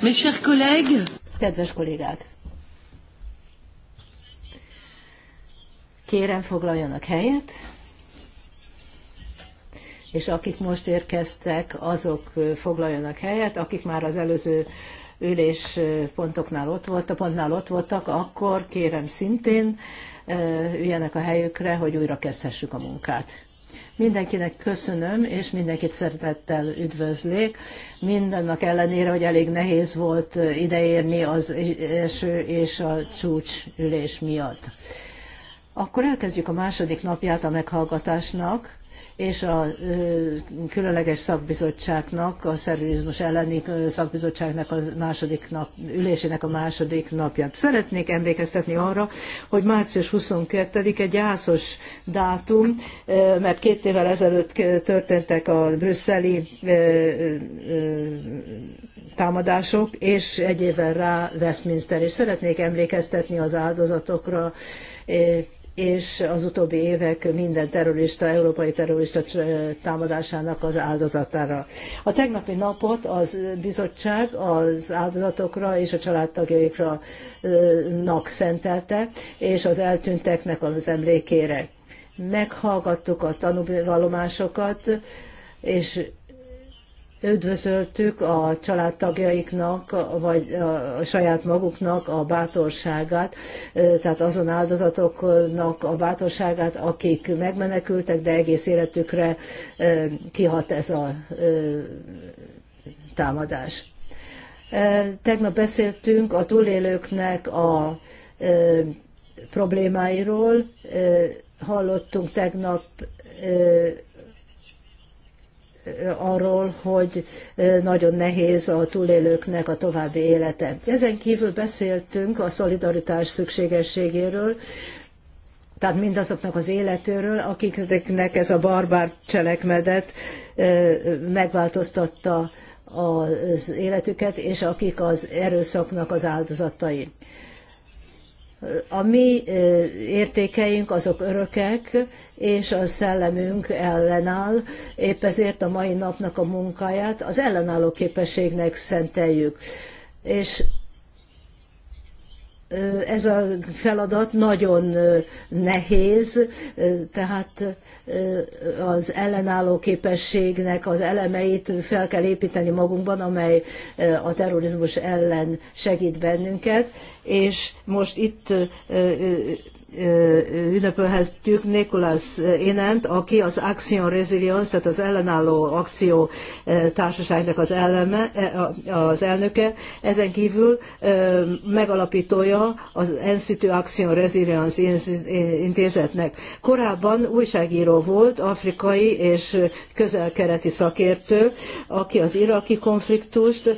Mes chers collègues, Kedves kollégák! Kérem foglaljanak helyet, és akik most érkeztek, azok foglaljanak helyet, akik már az előző ülés pontoknál ott voltak, pontnál ott voltak, akkor kérem szintén üljenek a helyükre, hogy újra kezdhessük a munkát. Mindenkinek köszönöm, és mindenkit szeretettel üdvözlék. Mindennek ellenére, hogy elég nehéz volt ideérni az eső és a csúcs ülés miatt. Akkor elkezdjük a második napját a meghallgatásnak, és a különleges szakbizottságnak, a szervizmus elleni szakbizottságnak a második nap, ülésének a második napját. Szeretnék emlékeztetni arra, hogy március 22-e gyászos dátum, mert két évvel ezelőtt történtek a brüsszeli támadások, és egy évvel rá Westminster. És szeretnék emlékeztetni az áldozatokra, és az utóbbi évek minden terrorista, európai terrorista támadásának az áldozatára. A tegnapi napot az bizottság az áldozatokra és a családtagjaikra nak szentelte, és az eltűnteknek az emlékére. Meghallgattuk a tanúvallomásokat, és üdvözöltük a családtagjaiknak, vagy a saját maguknak a bátorságát, tehát azon áldozatoknak a bátorságát, akik megmenekültek, de egész életükre kihat ez a támadás. Tegnap beszéltünk a túlélőknek a problémáiról, hallottunk tegnap arról, hogy nagyon nehéz a túlélőknek a további élete. Ezen kívül beszéltünk a szolidaritás szükségességéről, tehát mindazoknak az életéről, akiknek ez a barbár cselekedet megváltoztatta az életüket, és akik az erőszaknak az áldozatai a mi értékeink azok örökek, és a szellemünk ellenáll, épp ezért a mai napnak a munkáját az ellenálló képességnek szenteljük. És ez a feladat nagyon nehéz, tehát az ellenálló képességnek az elemeit fel kell építeni magunkban, amely a terrorizmus ellen segít bennünket, és most itt ünnepelhetjük Nicholas Inent, aki az Action Resilience, tehát az ellenálló akció társaságnak az, eleme, az elnöke, ezen kívül megalapítója az Institute Action Resilience intézetnek. Korábban újságíró volt, afrikai és közelkereti szakértő, aki az iraki konfliktust,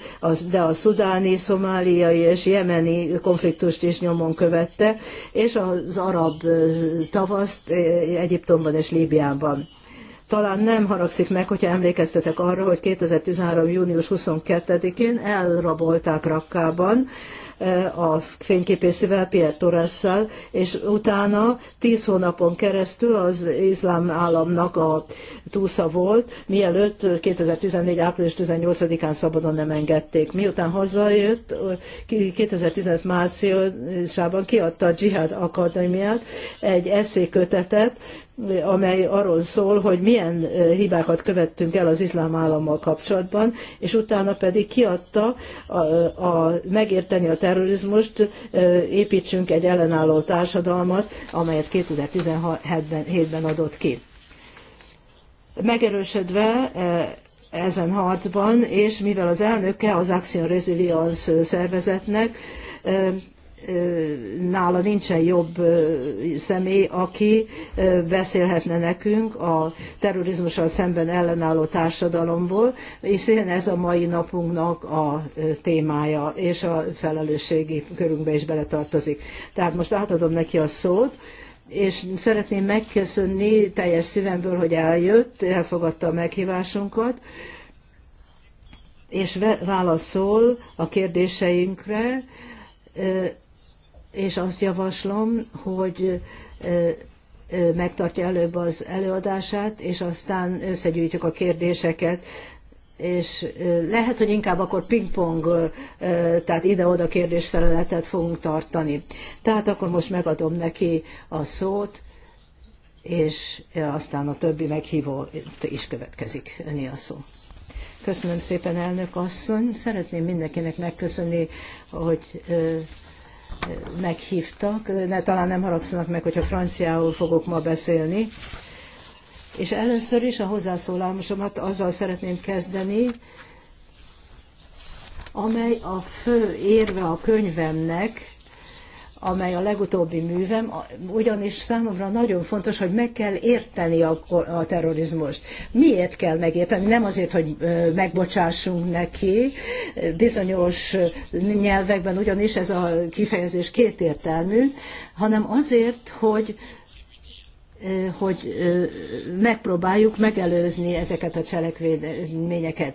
de a szudáni, szomáliai és jemeni konfliktust is nyomon követte, és az arab tavaszt Egyiptomban és Líbiában. Talán nem haragszik meg, hogyha emlékeztetek arra, hogy 2013. június 22-én elrabolták Rakkában a fényképészével, Pierre torres és utána tíz hónapon keresztül az iszlám államnak a túsza volt, mielőtt 2014. április 18-án szabadon nem engedték. Miután hazajött, 2015 márciusában kiadta a Jihad Akadémiát, egy eszékötetet, amely arról szól, hogy milyen hibákat követtünk el az iszlám állammal kapcsolatban, és utána pedig kiadta a, a megérteni a terrorizmust, építsünk egy ellenálló társadalmat, amelyet 2017-ben adott ki. Megerősödve ezen harcban, és mivel az elnöke az Action Resilience szervezetnek, nála nincsen jobb személy, aki beszélhetne nekünk a terrorizmussal szemben ellenálló társadalomból, hiszen ez a mai napunknak a témája, és a felelősségi körünkbe is beletartozik. Tehát most átadom neki a szót, és szeretném megköszönni teljes szívemből, hogy eljött, elfogadta a meghívásunkat, és válaszol a kérdéseinkre, és azt javaslom, hogy megtartja előbb az előadását, és aztán összegyűjtjük a kérdéseket, és lehet, hogy inkább akkor pingpong, tehát ide-oda kérdésfeleletet fogunk tartani. Tehát akkor most megadom neki a szót, és aztán a többi meghívó is következik, öné a szó. Köszönöm szépen, elnök asszony. Szeretném mindenkinek megköszönni, hogy meghívtak, de talán nem haragszanak meg, hogyha franciául fogok ma beszélni. És először is a hozzászólásomat azzal szeretném kezdeni, amely a fő érve a könyvemnek, amely a legutóbbi művem, ugyanis számomra nagyon fontos, hogy meg kell érteni a, a terrorizmust. Miért kell megérteni? Nem azért, hogy megbocsássunk neki, bizonyos nyelvekben ugyanis ez a kifejezés kétértelmű, hanem azért, hogy hogy megpróbáljuk megelőzni ezeket a cselekvényeket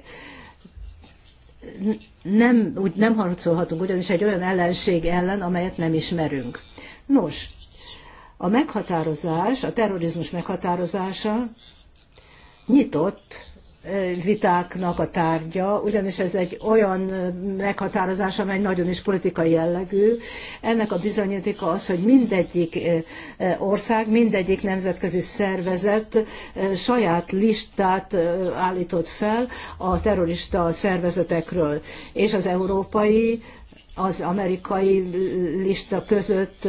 nem, úgy nem harcolhatunk ugyanis egy olyan ellenség ellen, amelyet nem ismerünk. Nos, a meghatározás, a terrorizmus meghatározása nyitott vitáknak a tárgya, ugyanis ez egy olyan meghatározás, amely nagyon is politikai jellegű. Ennek a bizonyítéka az, hogy mindegyik ország, mindegyik nemzetközi szervezet saját listát állított fel a terrorista szervezetekről, és az európai az amerikai lista között,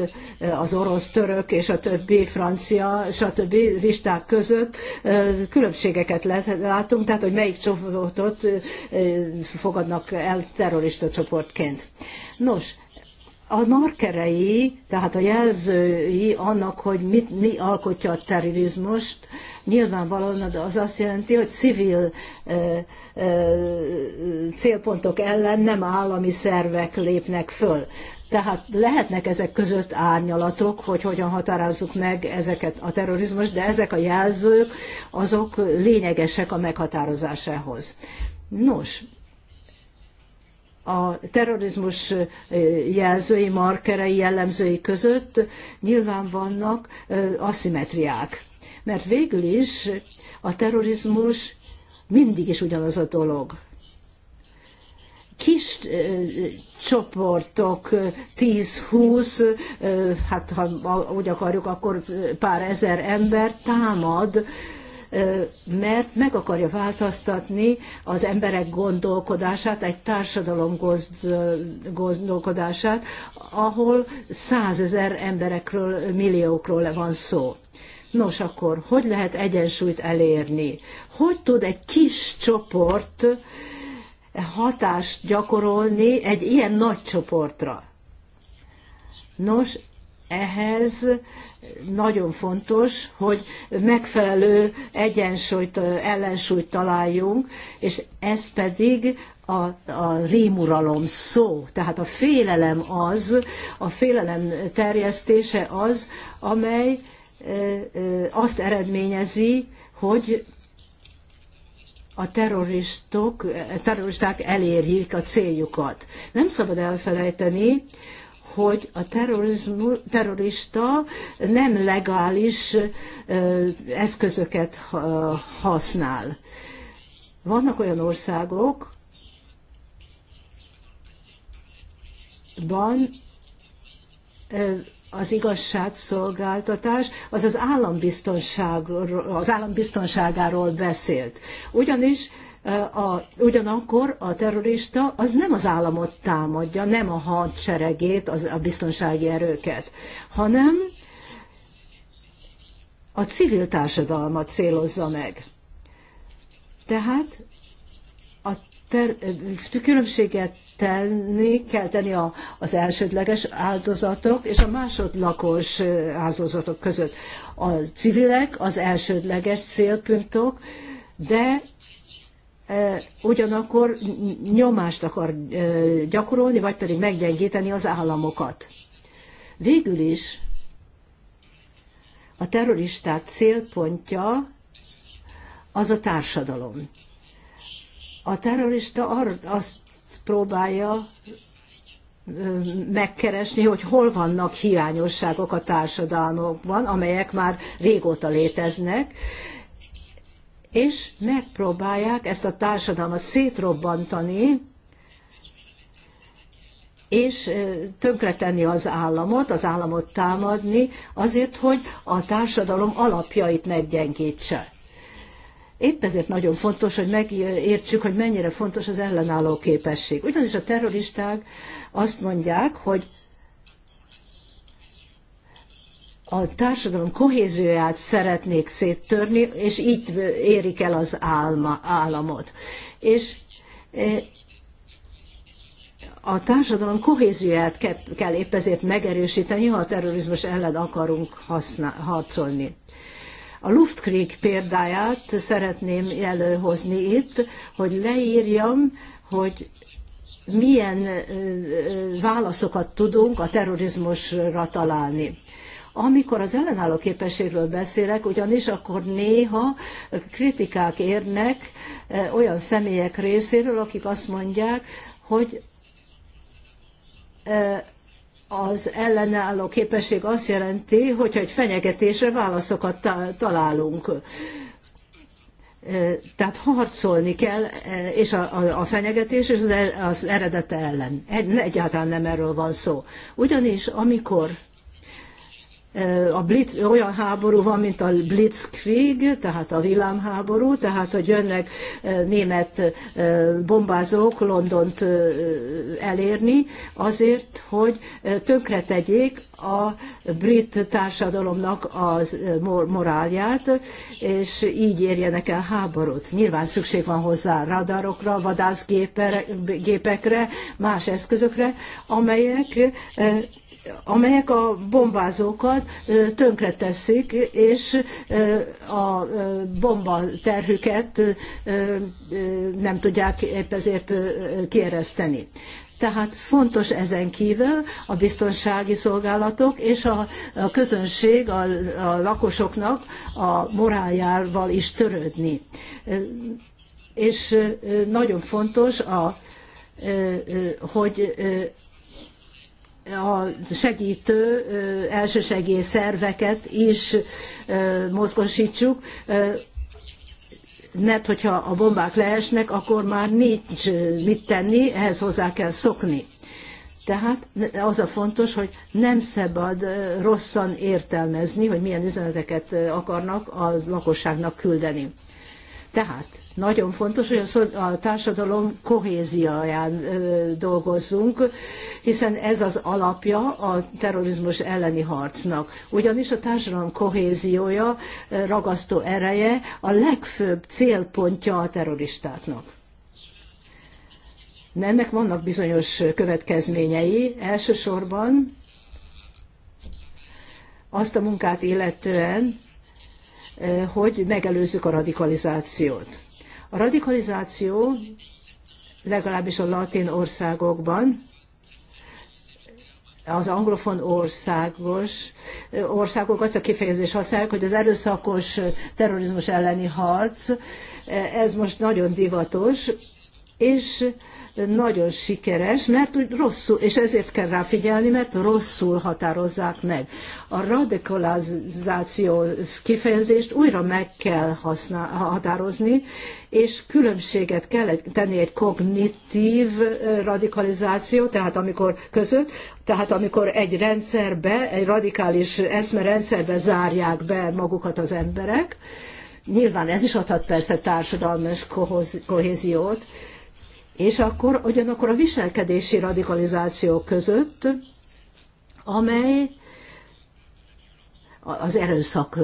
az orosz, török és a többi francia, a többi listák között különbségeket látunk, tehát hogy melyik csoportot fogadnak el terrorista csoportként. Nos, a markerei, tehát a jelzői annak, hogy mit, mi alkotja a terrorizmust, nyilvánvalóan az azt jelenti, hogy civil ö, ö, célpontok ellen nem állami szervek lépnek föl. Tehát lehetnek ezek között árnyalatok, hogy hogyan határozzuk meg ezeket a terrorizmust, de ezek a jelzők azok lényegesek a meghatározásához. Nos, a terrorizmus jelzői, markerei, jellemzői között nyilván vannak aszimetriák. Mert végül is a terrorizmus mindig is ugyanaz a dolog kis csoportok, 10-20, hát ha úgy akarjuk, akkor pár ezer ember támad mert meg akarja változtatni az emberek gondolkodását, egy társadalom gondolkodását, ahol százezer emberekről, milliókról van szó. Nos, akkor hogy lehet egyensúlyt elérni? Hogy tud egy kis csoport hatást gyakorolni egy ilyen nagy csoportra? Nos, ehhez nagyon fontos, hogy megfelelő egyensúlyt, ellensúlyt találjunk, és ez pedig a, a rémuralom szó, tehát a félelem az, a félelem terjesztése az, amely azt eredményezi, hogy a terroristok, terroristák elérjék a céljukat. Nem szabad elfelejteni, hogy a terrorista nem legális eszközöket használ. Vannak olyan országok, van az igazságszolgáltatás, az az állambiztonságról, az állambiztonságáról beszélt. Ugyanis a, ugyanakkor a terrorista az nem az államot támadja, nem a hadseregét, az, a biztonsági erőket, hanem a civil társadalmat célozza meg. Tehát a ter- különbséget tenni, kell tenni a, az elsődleges áldozatok és a másodlakos áldozatok között. A civilek az elsődleges célpontok, de ugyanakkor nyomást akar gyakorolni, vagy pedig meggyengíteni az államokat. Végül is a terroristák célpontja az a társadalom. A terrorista azt próbálja megkeresni, hogy hol vannak hiányosságok a társadalmakban, amelyek már régóta léteznek, és megpróbálják ezt a társadalmat szétrobbantani, és tönkretenni az államot, az államot támadni, azért, hogy a társadalom alapjait meggyengítse. Épp ezért nagyon fontos, hogy megértsük, hogy mennyire fontos az ellenálló képesség. Ugyanis a terroristák azt mondják, hogy a társadalom kohézióját szeretnék széttörni, és itt érik el az álma, államot. És eh, a társadalom kohézióját ke kell épp ezért megerősíteni, ha a terrorizmus ellen akarunk használ, harcolni. A Luftkrieg példáját szeretném előhozni itt, hogy leírjam, hogy milyen eh, eh, válaszokat tudunk a terrorizmusra találni. Amikor az ellenálló képességről beszélek, ugyanis akkor néha kritikák érnek eh, olyan személyek részéről, akik azt mondják, hogy eh, az ellenálló képesség azt jelenti, hogyha egy fenyegetésre válaszokat találunk. Eh, tehát harcolni kell, és a, a fenyegetés és az e- eredete ellen. Egyáltalán nem erről van szó. Ugyanis amikor a blitz, olyan háború van, mint a Blitzkrieg, tehát a villámháború, tehát hogy jönnek német bombázók Londont elérni azért, hogy tönkretegyék a brit társadalomnak a morálját, és így érjenek el háborút. Nyilván szükség van hozzá radarokra, vadászgépekre, más eszközökre, amelyek amelyek a bombázókat tönkre teszik, és a bombaterhüket nem tudják épp ezért kiereszteni. Tehát fontos ezen kívül a biztonsági szolgálatok és a, a közönség, a, a lakosoknak a moráljával is törődni. És nagyon fontos, a, hogy a segítő elsősegély szerveket is mozgosítsuk, mert hogyha a bombák leesnek, akkor már nincs mit tenni, ehhez hozzá kell szokni. Tehát az a fontos, hogy nem szabad rosszan értelmezni, hogy milyen üzeneteket akarnak a lakosságnak küldeni. Tehát nagyon fontos, hogy a társadalom kohézióján dolgozzunk, hiszen ez az alapja a terrorizmus elleni harcnak. Ugyanis a társadalom kohéziója, ragasztó ereje a legfőbb célpontja a terroristáknak. Ennek vannak bizonyos következményei, elsősorban azt a munkát illetően, hogy megelőzzük a radikalizációt. A radikalizáció legalábbis a latin országokban, az anglofon országos, országok azt a kifejezést használják, hogy az erőszakos terrorizmus elleni harc, ez most nagyon divatos, és nagyon sikeres, mert úgy rosszul, és ezért kell rá figyelni, mert rosszul határozzák meg. A radikalizáció kifejezést újra meg kell használ, határozni, és különbséget kell tenni egy kognitív radikalizáció, tehát amikor között, tehát amikor egy rendszerbe, egy radikális eszmerendszerbe zárják be magukat az emberek, Nyilván ez is adhat persze társadalmas kohéziót, és akkor ugyanakkor a viselkedési radikalizáció között, amely az erőszak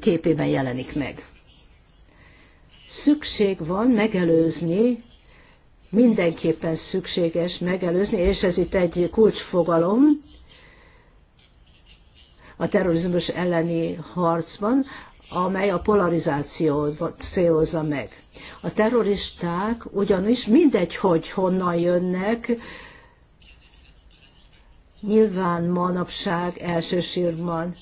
képében jelenik meg. Szükség van megelőzni, mindenképpen szükséges megelőzni, és ez itt egy kulcsfogalom a terrorizmus elleni harcban, amely a polarizációt célozza meg. A terroristák ugyanis mindegy, hogy honnan jönnek, nyilván manapság elsősorban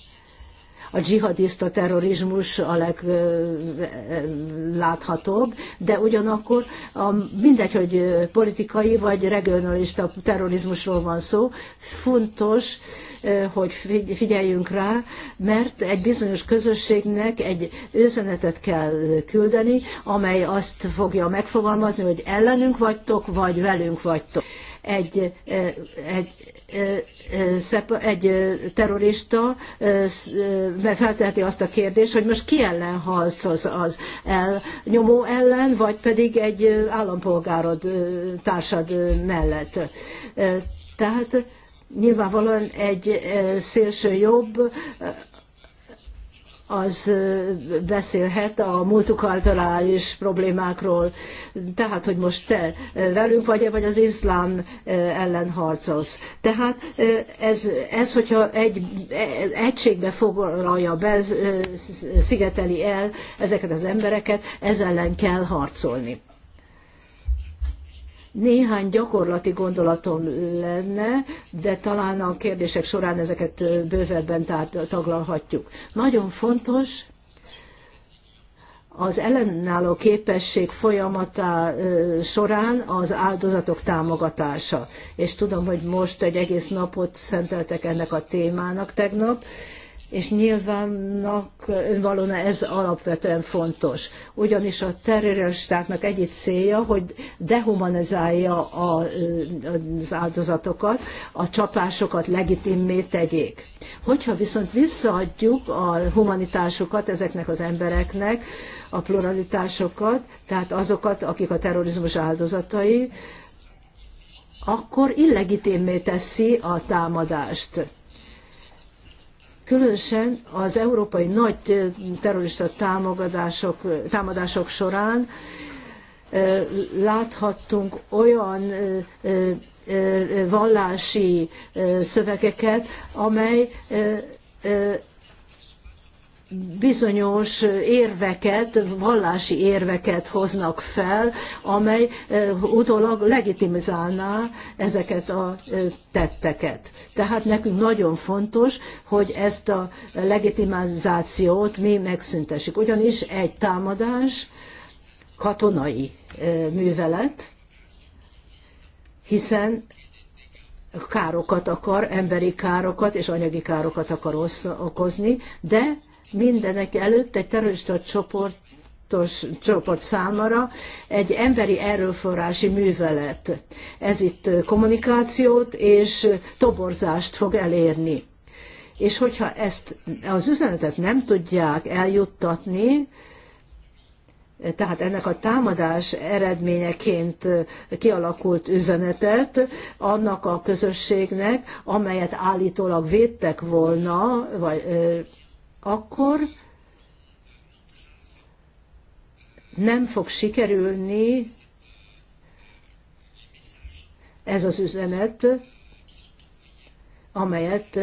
a dzsihadista terrorizmus a legláthatóbb, de ugyanakkor a, mindegy, hogy politikai vagy regionalista terrorizmusról van szó, fontos, hogy figyeljünk rá, mert egy bizonyos közösségnek egy üzenetet kell küldeni, amely azt fogja megfogalmazni, hogy ellenünk vagytok, vagy velünk vagytok. Egy, egy, egy terrorista felteheti azt a kérdést, hogy most ki ellen harcoz az el, nyomó ellen, vagy pedig egy állampolgárod társad mellett. Tehát nyilvánvalóan egy szélső jobb az beszélhet a általális problémákról, tehát hogy most te velünk vagy, vagy az iszlám ellen harcolsz. Tehát ez, ez hogyha egy e, egységbe foglalja be, szigeteli el ezeket az embereket, ez ellen kell harcolni. Néhány gyakorlati gondolatom lenne, de talán a kérdések során ezeket bővebben taglalhatjuk. Nagyon fontos, az ellenálló képesség folyamata során az áldozatok támogatása. És tudom, hogy most egy egész napot szenteltek ennek a témának tegnap, és nyilvánnak valóban ez alapvetően fontos. Ugyanis a terroristáknak egyik célja, hogy dehumanizálja az áldozatokat, a csapásokat legitimmé tegyék. Hogyha viszont visszaadjuk a humanitásokat ezeknek az embereknek, a pluralitásokat, tehát azokat, akik a terrorizmus áldozatai, akkor illegitimmé teszi a támadást Különösen az európai nagy terrorista támogatások támadások során láthattunk olyan vallási szövegeket, amely bizonyos érveket, vallási érveket hoznak fel, amely eh, utólag legitimizálná ezeket a eh, tetteket. Tehát nekünk nagyon fontos, hogy ezt a legitimizációt mi megszüntessük. Ugyanis egy támadás katonai eh, művelet, hiszen károkat akar, emberi károkat és anyagi károkat akar okozni, de mindenek előtt egy terrorista csoport csoport számára egy emberi erőforrási művelet. Ez itt kommunikációt és toborzást fog elérni. És hogyha ezt az üzenetet nem tudják eljuttatni, tehát ennek a támadás eredményeként kialakult üzenetet annak a közösségnek, amelyet állítólag védtek volna, vagy akkor nem fog sikerülni ez az üzenet, amelyet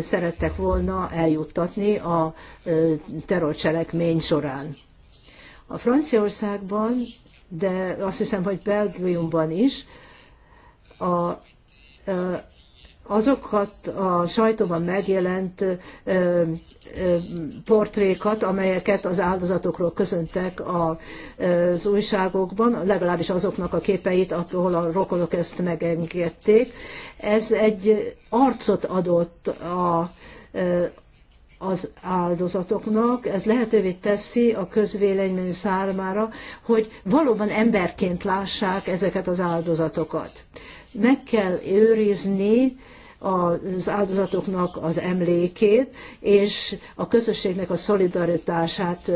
szerettek volna eljuttatni a terrorcselekmény során. A Franciaországban, de azt hiszem, hogy Belgiumban is a, azokat a sajtóban megjelent portrékat, amelyeket az áldozatokról közöntek az újságokban, legalábbis azoknak a képeit, ahol a rokonok ezt megengedték. Ez egy arcot adott a, az áldozatoknak, ez lehetővé teszi a közvélemény számára, hogy valóban emberként lássák ezeket az áldozatokat. Meg kell őrizni az áldozatoknak az emlékét, és a közösségnek a szolidaritását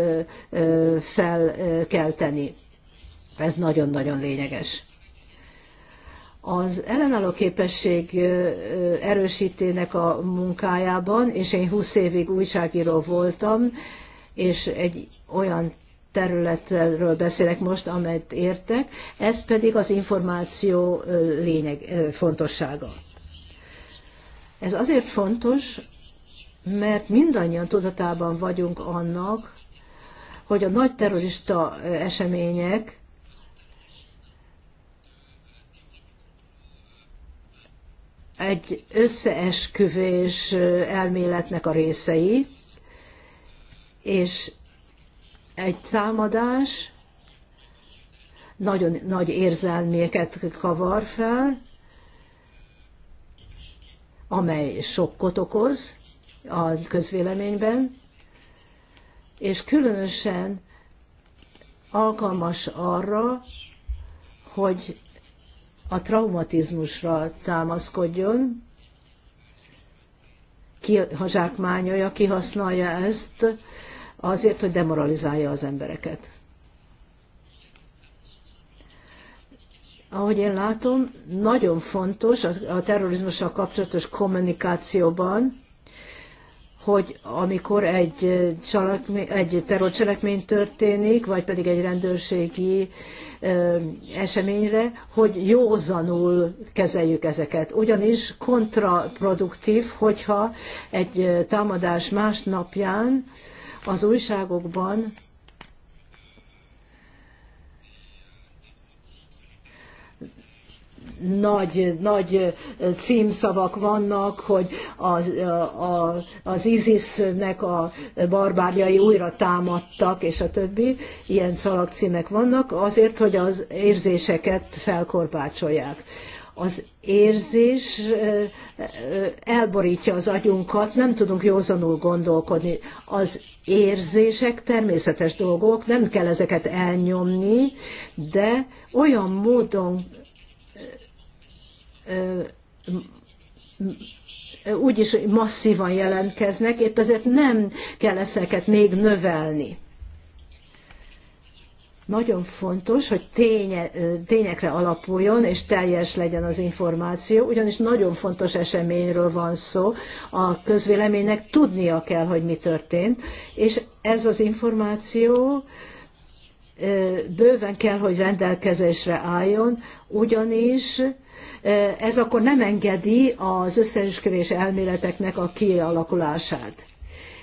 fel kell tenni. Ez nagyon-nagyon lényeges. Az ellenálló képesség erősítének a munkájában, és én 20 évig újságíró voltam, és egy olyan területről beszélek most, amelyet értek, ez pedig az információ lényeg, fontossága. Ez azért fontos, mert mindannyian tudatában vagyunk annak, hogy a nagy terrorista események egy összeesküvés elméletnek a részei, és egy támadás nagyon nagy érzelméket kavar fel, amely sokkot okoz a közvéleményben, és különösen alkalmas arra, hogy a traumatizmusra támaszkodjon, ki, ha zsákmányolja, kihasználja ezt azért, hogy demoralizálja az embereket. Ahogy én látom, nagyon fontos a terrorizmussal kapcsolatos kommunikációban, hogy amikor egy, egy terrorcselekmény történik, vagy pedig egy rendőrségi ö, eseményre, hogy józanul kezeljük ezeket. Ugyanis kontraproduktív, hogyha egy támadás más napján az újságokban nagy, nagy címszavak vannak, hogy az, a, az ISIS-nek a barbárjai újra támadtak, és a többi. Ilyen szalagcímek vannak azért, hogy az érzéseket felkorbácsolják az érzés elborítja az agyunkat, nem tudunk józanul gondolkodni. Az érzések természetes dolgok, nem kell ezeket elnyomni, de olyan módon úgyis masszívan jelentkeznek, épp ezért nem kell ezeket még növelni. Nagyon fontos, hogy ténye, tényekre alapuljon, és teljes legyen az információ, ugyanis nagyon fontos eseményről van szó, a közvéleménynek tudnia kell, hogy mi történt, és ez az információ bőven kell, hogy rendelkezésre álljon, ugyanis ez akkor nem engedi az összeesküvés elméleteknek a kialakulását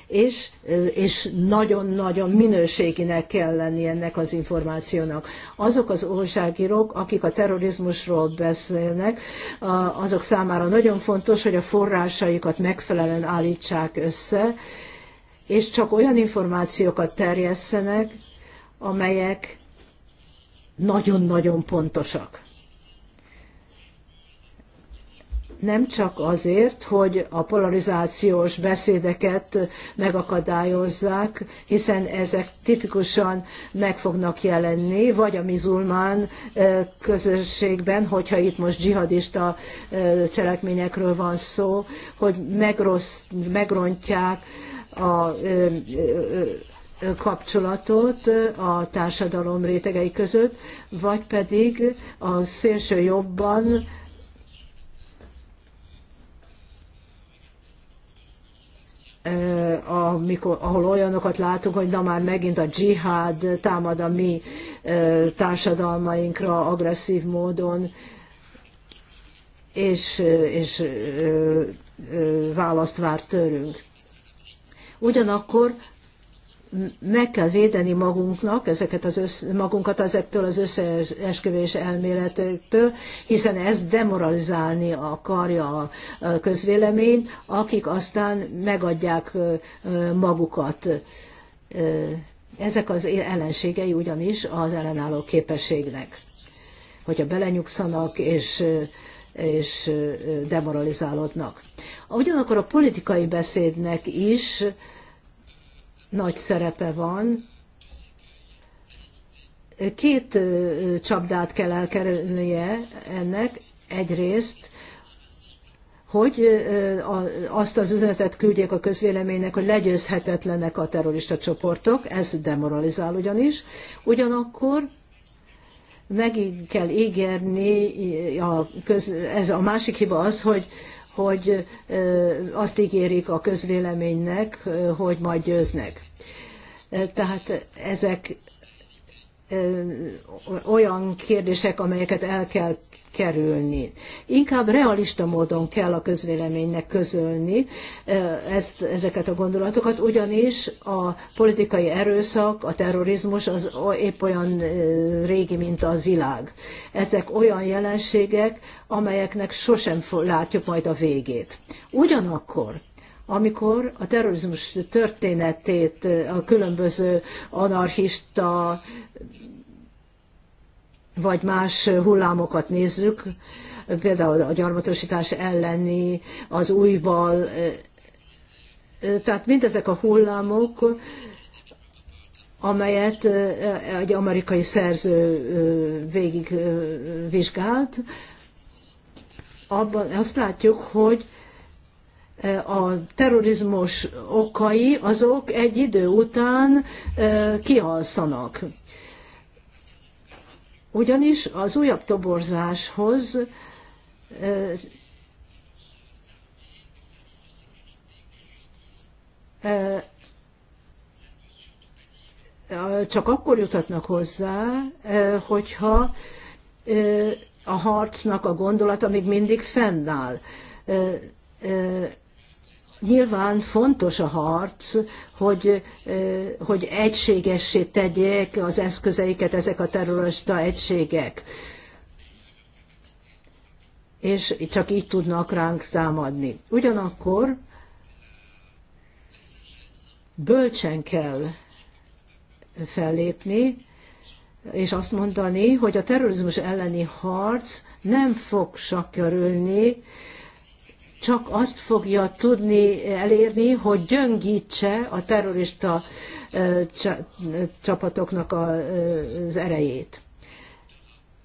és, és nagyon-nagyon minőséginek kell lenni ennek az információnak. Azok az újságírók, akik a terrorizmusról beszélnek, azok számára nagyon fontos, hogy a forrásaikat megfelelően állítsák össze, és csak olyan információkat terjesszenek, amelyek nagyon-nagyon pontosak. nem csak azért, hogy a polarizációs beszédeket megakadályozzák, hiszen ezek tipikusan meg fognak jelenni, vagy a mizulmán közösségben, hogyha itt most dzsihadista cselekményekről van szó, hogy megrossz, megrontják a kapcsolatot a társadalom rétegei között, vagy pedig a szélső jobban amikor, ahol olyanokat látunk, hogy na már megint a dzsihád támad a mi társadalmainkra agresszív módon, és, és választ vár törünk. Ugyanakkor meg kell védeni magunknak ezeket az össz, magunkat ezektől az összeesküvés elméletektől, hiszen ez demoralizálni akarja a közvélemény, akik aztán megadják magukat. Ezek az ellenségei ugyanis az ellenálló képességnek. Hogyha belenyugszanak és és demoralizálódnak. Ugyanakkor a politikai beszédnek is nagy szerepe van. Két csapdát kell elkerülnie ennek. Egyrészt, hogy azt az üzenetet küldjék a közvéleménynek, hogy legyőzhetetlenek a terrorista csoportok, ez demoralizál ugyanis. Ugyanakkor meg kell ígérni, a köz, ez a másik hiba az, hogy hogy azt ígérik a közvéleménynek, hogy majd győznek. Tehát ezek olyan kérdések, amelyeket el kell kerülni. Inkább realista módon kell a közvéleménynek közölni ezt, ezeket a gondolatokat, ugyanis a politikai erőszak, a terrorizmus az épp olyan régi, mint a világ. Ezek olyan jelenségek, amelyeknek sosem látjuk majd a végét. Ugyanakkor amikor a terrorizmus történetét a különböző anarchista vagy más hullámokat nézzük, például a gyarmatosítás elleni, az újval, tehát mindezek a hullámok, amelyet egy amerikai szerző végig vizsgált, abban azt látjuk, hogy a terrorizmus okai azok egy idő után kialszanak. Ugyanis az újabb toborzáshoz csak akkor juthatnak hozzá, hogyha a harcnak a gondolata még mindig fennáll Nyilván fontos a harc, hogy, hogy egységessé tegyék az eszközeiket ezek a terrorista egységek. És csak így tudnak ránk támadni. Ugyanakkor bölcsen kell fellépni, és azt mondani, hogy a terrorizmus elleni harc nem fog sakörülni csak azt fogja tudni elérni, hogy gyöngítse a terrorista csapatoknak az erejét.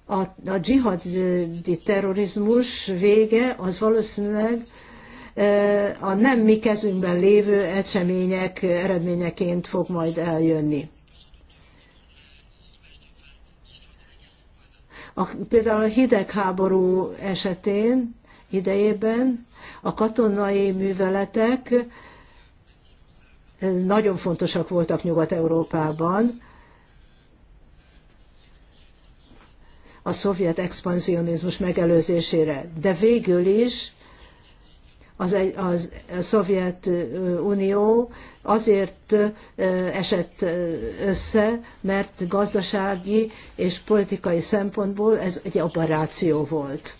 A, a dzsihadi terrorizmus vége az valószínűleg a nem mi kezünkben lévő események eredményeként fog majd eljönni. A, például a hidegháború esetén idejében a katonai műveletek eh, nagyon fontosak voltak Nyugat-Európában, a szovjet expanzionizmus megelőzésére. De végül is az, egy, az a Szovjet eh, Unió azért eh, esett össze, mert gazdasági és politikai szempontból ez egy operáció volt.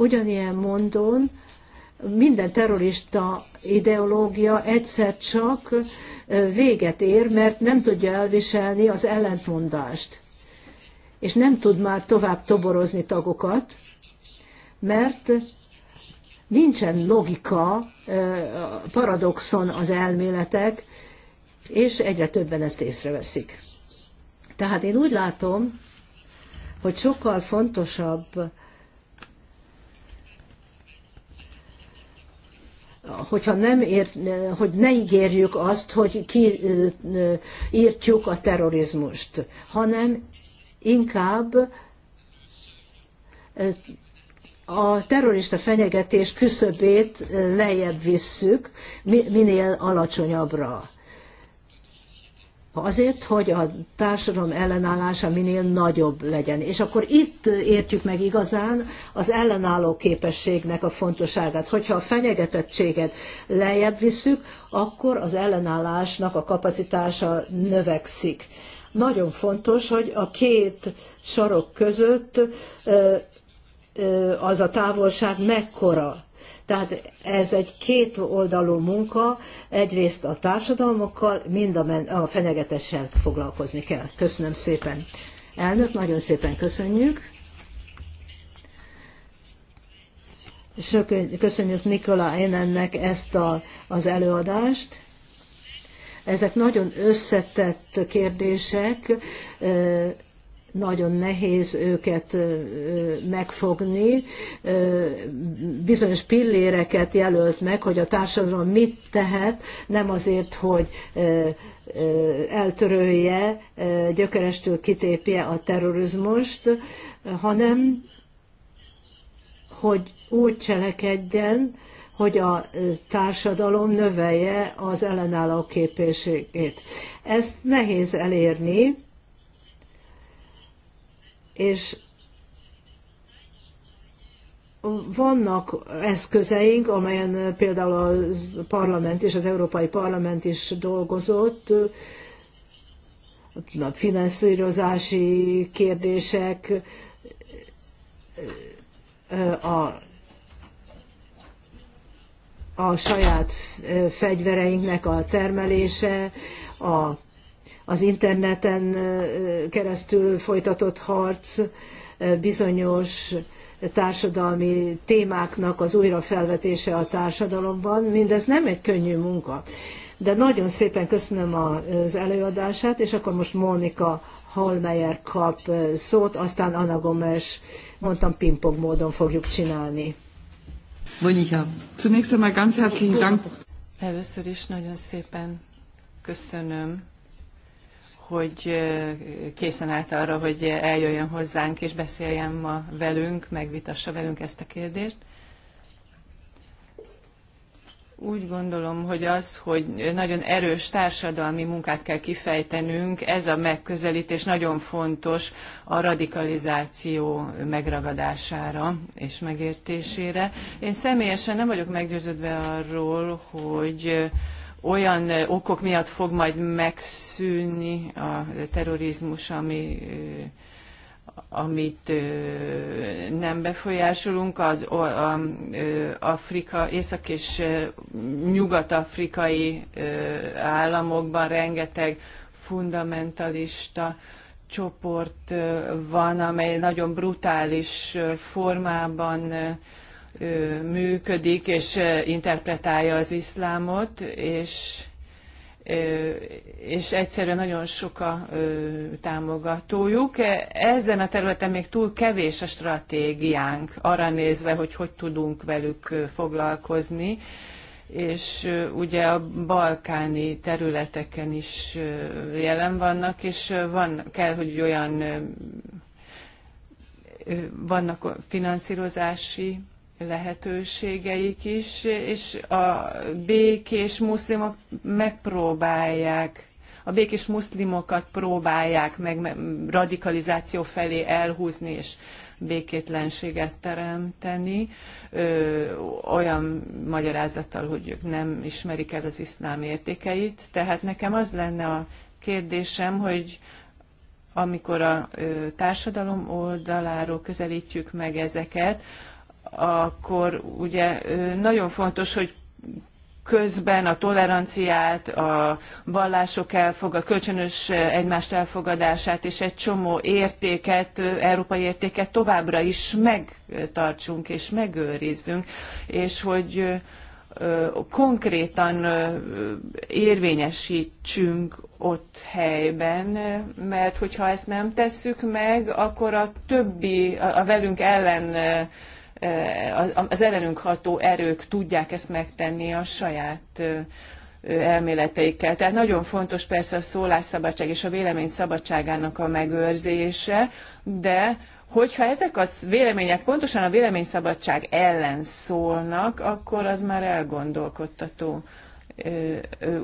Ugyanilyen mondon minden terrorista ideológia egyszer csak véget ér, mert nem tudja elviselni az ellentmondást. És nem tud már tovább toborozni tagokat, mert nincsen logika, paradoxon az elméletek, és egyre többen ezt észreveszik. Tehát én úgy látom, hogy sokkal fontosabb hogyha nem ér, hogy ne ígérjük azt, hogy kiírtjuk a terrorizmust, hanem inkább a terrorista fenyegetés küszöbét lejjebb visszük, minél alacsonyabbra azért, hogy a társadalom ellenállása minél nagyobb legyen. És akkor itt értjük meg igazán az ellenálló képességnek a fontosságát. Hogyha a fenyegetettséget lejjebb visszük, akkor az ellenállásnak a kapacitása növekszik. Nagyon fontos, hogy a két sarok között az a távolság mekkora tehát ez egy két oldalú munka, egyrészt a társadalmokkal, mind a, men- a fenyegetéssel foglalkozni kell. Köszönöm szépen. Elnök, nagyon szépen köszönjük. Köszönjük Nikola Énennek ezt a, az előadást. Ezek nagyon összetett kérdések nagyon nehéz őket megfogni. Bizonyos pilléreket jelölt meg, hogy a társadalom mit tehet, nem azért, hogy eltörölje, gyökerestül kitépje a terrorizmust, hanem hogy úgy cselekedjen, hogy a társadalom növelje az ellenálló képességét. Ezt nehéz elérni, és vannak eszközeink, amelyen eh, például a parlament és az Európai Parlament is dolgozott, eh, finanszírozási kérdések, eh, a, a saját fegyvereinknek a termelése, a az interneten keresztül folytatott harc bizonyos társadalmi témáknak az újrafelvetése a társadalomban, mindez nem egy könnyű munka. De nagyon szépen köszönöm az előadását, és akkor most Mónika Holmeyer kap szót, aztán Anna Gomes, mondtam pingpong módon fogjuk csinálni. Monika, zunächst einmal ganz herzlichen Dank. Először is nagyon szépen köszönöm hogy készen állt arra, hogy eljöjjön hozzánk és beszéljen ma velünk, megvitassa velünk ezt a kérdést. Úgy gondolom, hogy az, hogy nagyon erős társadalmi munkát kell kifejtenünk, ez a megközelítés nagyon fontos a radikalizáció megragadására és megértésére. Én személyesen nem vagyok meggyőződve arról, hogy olyan okok miatt fog majd megszűnni a terrorizmus, ami amit nem befolyásolunk, az Afrika, észak- és nyugat-afrikai államokban rengeteg fundamentalista csoport van, amely nagyon brutális formában működik és interpretálja az iszlámot, és, és egyszerűen nagyon sok a támogatójuk. E, ezen a területen még túl kevés a stratégiánk arra nézve, hogy hogy tudunk velük foglalkozni és ugye a balkáni területeken is jelen vannak, és van, kell, hogy olyan vannak finanszírozási lehetőségeik is, és a békés muszlimok megpróbálják, a békés muszlimokat próbálják meg radikalizáció felé elhúzni, és békétlenséget teremteni, ö, olyan magyarázattal, hogy ők nem ismerik el az iszlám értékeit. Tehát nekem az lenne a kérdésem, hogy amikor a ö, társadalom oldaláról közelítjük meg ezeket, akkor ugye nagyon fontos, hogy közben a toleranciát, a vallások elfog, a kölcsönös egymást elfogadását és egy csomó értéket, európai értéket továbbra is megtartsunk és megőrizzünk, és hogy konkrétan érvényesítsünk ott helyben, mert hogyha ezt nem tesszük meg, akkor a többi, a velünk ellen az ellenünk ható erők tudják ezt megtenni a saját elméleteikkel. Tehát nagyon fontos persze a szólásszabadság és a vélemény szabadságának a megőrzése, de hogyha ezek a vélemények pontosan a véleményszabadság ellen szólnak, akkor az már elgondolkodtató.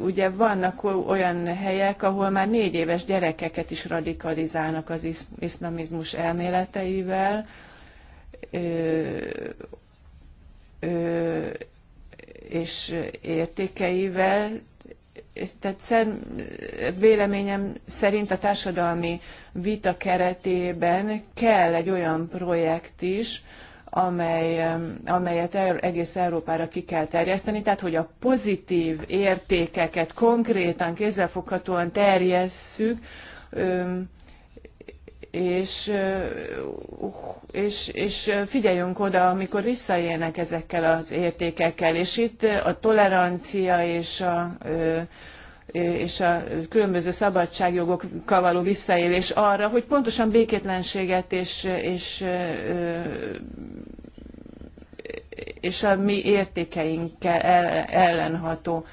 Ugye vannak olyan helyek, ahol már négy éves gyerekeket is radikalizálnak az iszlamizmus elméleteivel, és értékeivel. Tehát szem, véleményem szerint a társadalmi vita keretében kell egy olyan projekt is, amely, amelyet egész Európára ki kell terjeszteni, tehát hogy a pozitív értékeket konkrétan, kézzelfoghatóan terjesszük, és, és, és figyeljünk oda, amikor visszaélnek ezekkel az értékekkel. És itt a tolerancia és a, és a különböző szabadságjogokkal való visszaélés arra, hogy pontosan békétlenséget és, és, és a mi értékeinkkel ellenható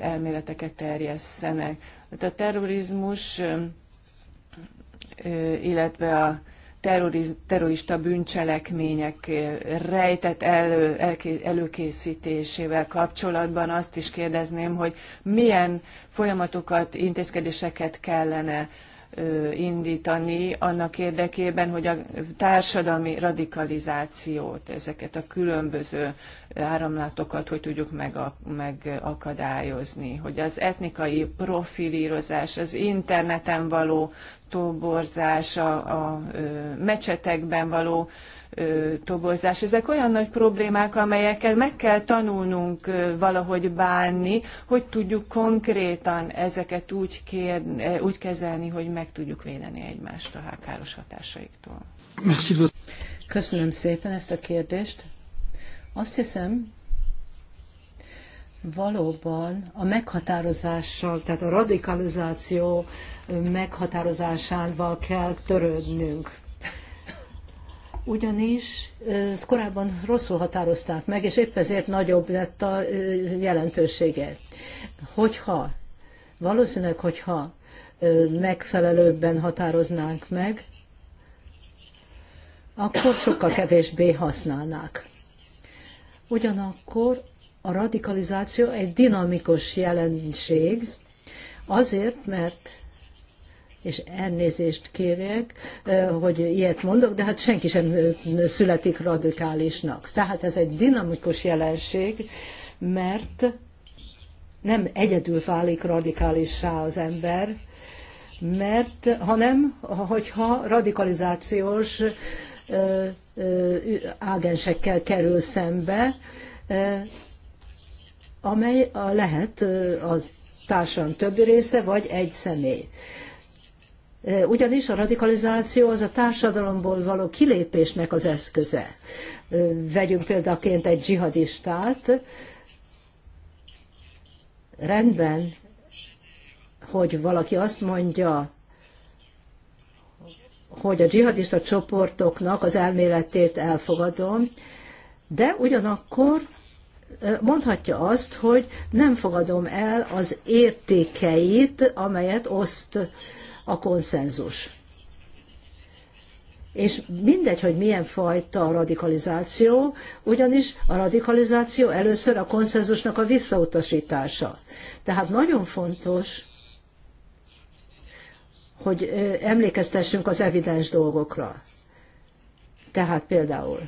elméleteket terjesszenek. Tehát a terrorizmus illetve a terroriz, terrorista bűncselekmények rejtett elő, előkészítésével kapcsolatban azt is kérdezném, hogy milyen folyamatokat, intézkedéseket kellene indítani annak érdekében, hogy a társadalmi radikalizációt, ezeket a különböző áramlatokat hogy tudjuk megakadályozni, meg hogy az etnikai profilírozás, az interneten való toborzás, a, a mecsetekben való tobozás. Ezek olyan nagy problémák, amelyekkel meg kell tanulnunk valahogy bánni, hogy tudjuk konkrétan ezeket úgy, kér, úgy kezelni, hogy meg tudjuk védeni egymást a káros hatásaiktól. Köszönöm szépen ezt a kérdést. Azt hiszem, valóban a meghatározással, tehát a radikalizáció meghatározásával kell törődnünk ugyanis korábban rosszul határozták meg, és épp ezért nagyobb lett a jelentősége. Hogyha, valószínűleg, hogyha megfelelőbben határoznánk meg, akkor sokkal kevésbé használnák. Ugyanakkor a radikalizáció egy dinamikus jelenség, azért, mert és elnézést kérek, hogy ilyet mondok, de hát senki sem születik radikálisnak. Tehát ez egy dinamikus jelenség, mert nem egyedül válik radikálissá az ember, mert hanem, hogyha radikalizációs ágensekkel kerül szembe, amely lehet a társadalom többi része, vagy egy személy. Ugyanis a radikalizáció az a társadalomból való kilépésnek az eszköze. Vegyünk példaként egy dzsihadistát. Rendben, hogy valaki azt mondja, hogy a dzsihadista csoportoknak az elméletét elfogadom, de ugyanakkor mondhatja azt, hogy nem fogadom el az értékeit, amelyet oszt a konszenzus. És mindegy, hogy milyen fajta a radikalizáció, ugyanis a radikalizáció először a konszenzusnak a visszautasítása. Tehát nagyon fontos, hogy emlékeztessünk az evidens dolgokra. Tehát például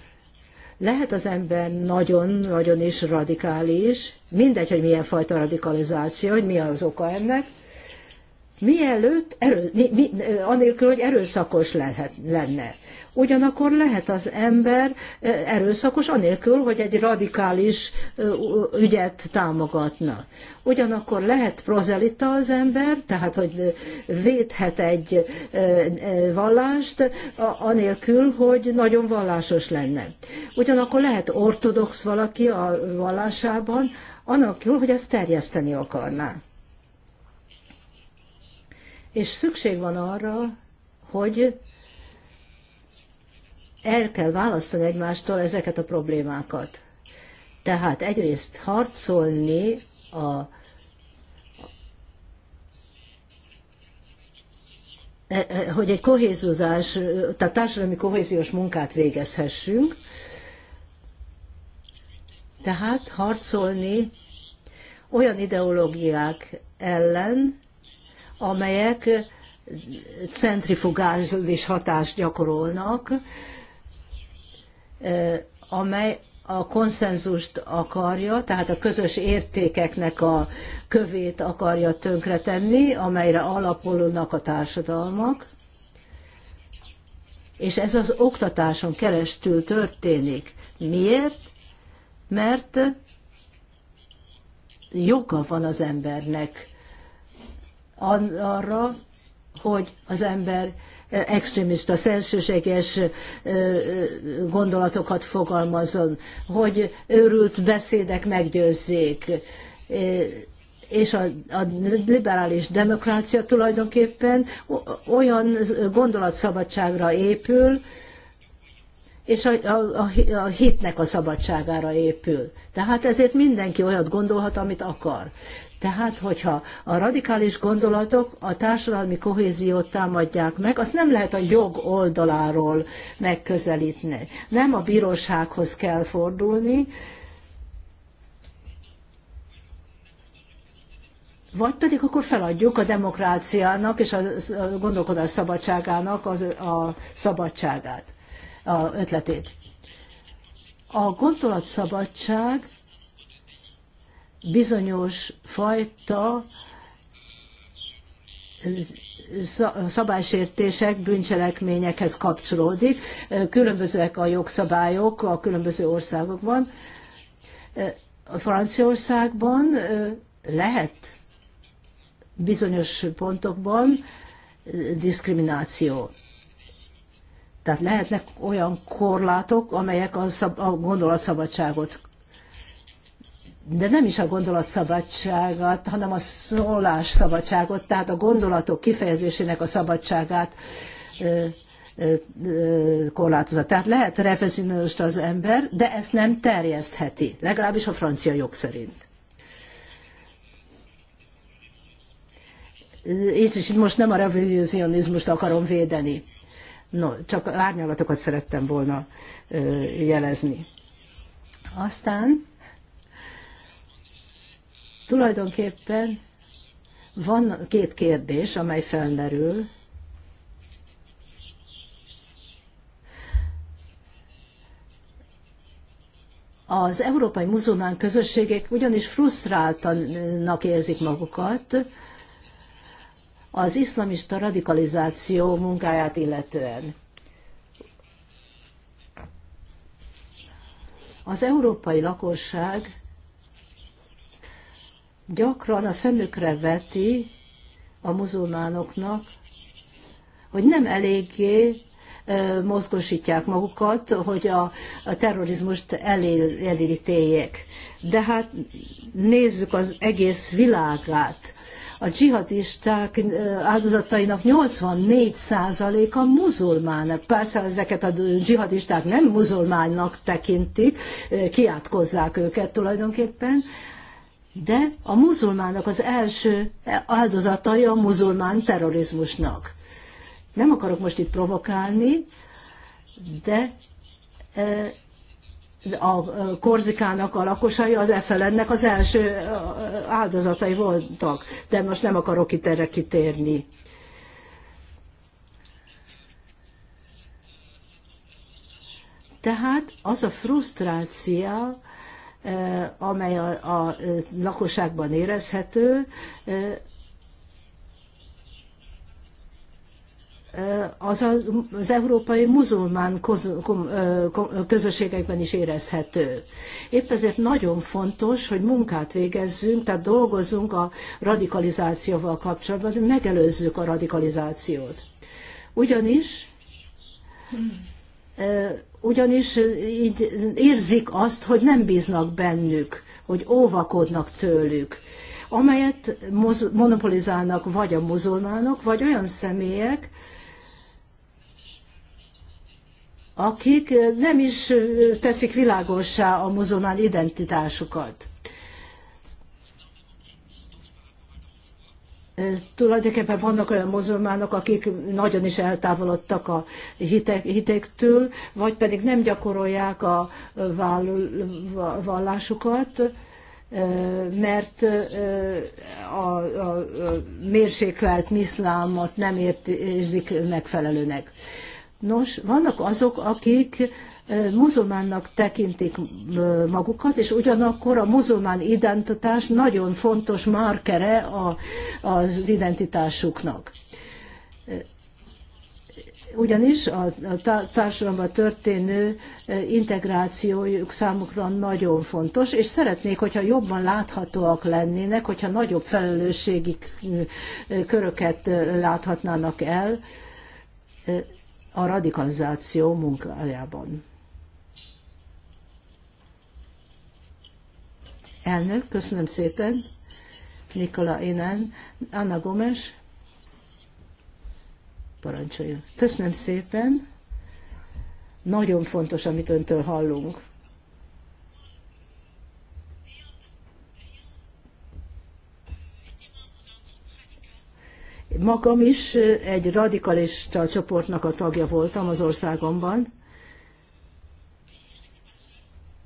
lehet az ember nagyon-nagyon is radikális, mindegy, hogy milyen fajta radikalizáció, hogy mi az oka ennek, mielőtt, erő, mi, mi, anélkül, hogy erőszakos lehet, lenne. Ugyanakkor lehet az ember eh, erőszakos anélkül, hogy egy radikális eh, ügyet támogatna. Ugyanakkor lehet prozelita az ember, tehát hogy védhet egy eh, vallást, anélkül, hogy nagyon vallásos lenne. Ugyanakkor lehet ortodox valaki a vallásában, anélkül, hogy ezt terjeszteni akarná és szükség van arra, hogy el kell választani egymástól ezeket a problémákat. Tehát egyrészt harcolni a e, e, hogy egy kohézózás, tehát társadalmi kohéziós munkát végezhessünk, tehát harcolni olyan ideológiák ellen, amelyek centrifugális hatást gyakorolnak, eh, amely a konszenzust akarja, tehát a közös értékeknek a kövét akarja tönkretenni, amelyre alapulnak a társadalmak, és ez az oktatáson keresztül történik. Miért? Mert joga van az embernek arra, hogy az ember extrémista, szélsőséges gondolatokat fogalmazon, hogy őrült beszédek meggyőzzék. És a, a liberális demokrácia tulajdonképpen olyan gondolatszabadságra épül, és a, a, a hitnek a szabadságára épül. Tehát ezért mindenki olyat gondolhat, amit akar. Tehát, hogyha a radikális gondolatok a társadalmi kohéziót támadják meg, azt nem lehet a jog oldaláról megközelítni. Nem a bírósághoz kell fordulni, vagy pedig akkor feladjuk a demokráciának és a gondolkodás szabadságának az, a szabadságát, a ötletét. A gondolatszabadság bizonyos fajta szabálysértések, bűncselekményekhez kapcsolódik. Különbözőek a jogszabályok a különböző országokban. A Franciaországban lehet bizonyos pontokban diszkrimináció. Tehát lehetnek olyan korlátok, amelyek a, szab- a gondolatszabadságot de nem is a gondolatszabadságát, hanem a szólásszabadságot, tehát a gondolatok kifejezésének a szabadságát korlátozza. Tehát lehet refezinőst az ember, de ezt nem terjesztheti, legalábbis a francia jog szerint. És, és most nem a revizionizmust akarom védeni. No, csak árnyalatokat szerettem volna jelezni. Aztán Tulajdonképpen van két kérdés, amely felmerül. Az európai muzulmán közösségek ugyanis frusztráltanak érzik magukat az iszlamista radikalizáció munkáját illetően. Az európai lakosság gyakran a szemükre veti a muzulmánoknak, hogy nem eléggé mozgósítják magukat, hogy a, a terrorizmust elítéljék. De hát nézzük az egész világát. A dzsihadisták áldozatainak 84%-a muzulmán. Persze ezeket a dzsihadisták nem muzulmánnak tekintik, kiátkozzák őket tulajdonképpen, de a muzulmának az első áldozatai a muzulmán terrorizmusnak. Nem akarok most itt provokálni, de e, a Korzikának a lakosai az efelennek az első e, áldozatai voltak, de most nem akarok itt erre kitérni. Tehát az a frusztráció, Eh, amely a, a eh, lakosságban érezhető, eh, az az európai muzulmán közösségekben is érezhető. Épp ezért nagyon fontos, hogy munkát végezzünk, tehát dolgozzunk a radikalizációval kapcsolatban, hogy megelőzzük a radikalizációt. Ugyanis ugyanis így érzik azt, hogy nem bíznak bennük, hogy óvakodnak tőlük, amelyet monopolizálnak vagy a muzulmánok, vagy olyan személyek, akik nem is teszik világossá a muzulmán identitásukat. tulajdonképpen vannak olyan mozulmánok, akik nagyon is eltávolodtak a hitek, hitektől, vagy pedig nem gyakorolják a vallásukat, mert a, a, a mérséklet, iszlámot nem érzik megfelelőnek. Nos, vannak azok, akik muzulmánnak tekintik magukat, és ugyanakkor a muzulmán identitás nagyon fontos markere a, az identitásuknak. Ugyanis a társadalomban történő integrációjuk számukra nagyon fontos, és szeretnék, hogyha jobban láthatóak lennének, hogyha nagyobb felelősségi köröket láthatnának el a radikalizáció munkájában. Elnök, köszönöm szépen. Nikola Inen, Anna Gomes, parancsoljon. Köszönöm szépen. Nagyon fontos, amit öntől hallunk. Magam is egy radikalista csoportnak a tagja voltam az országomban,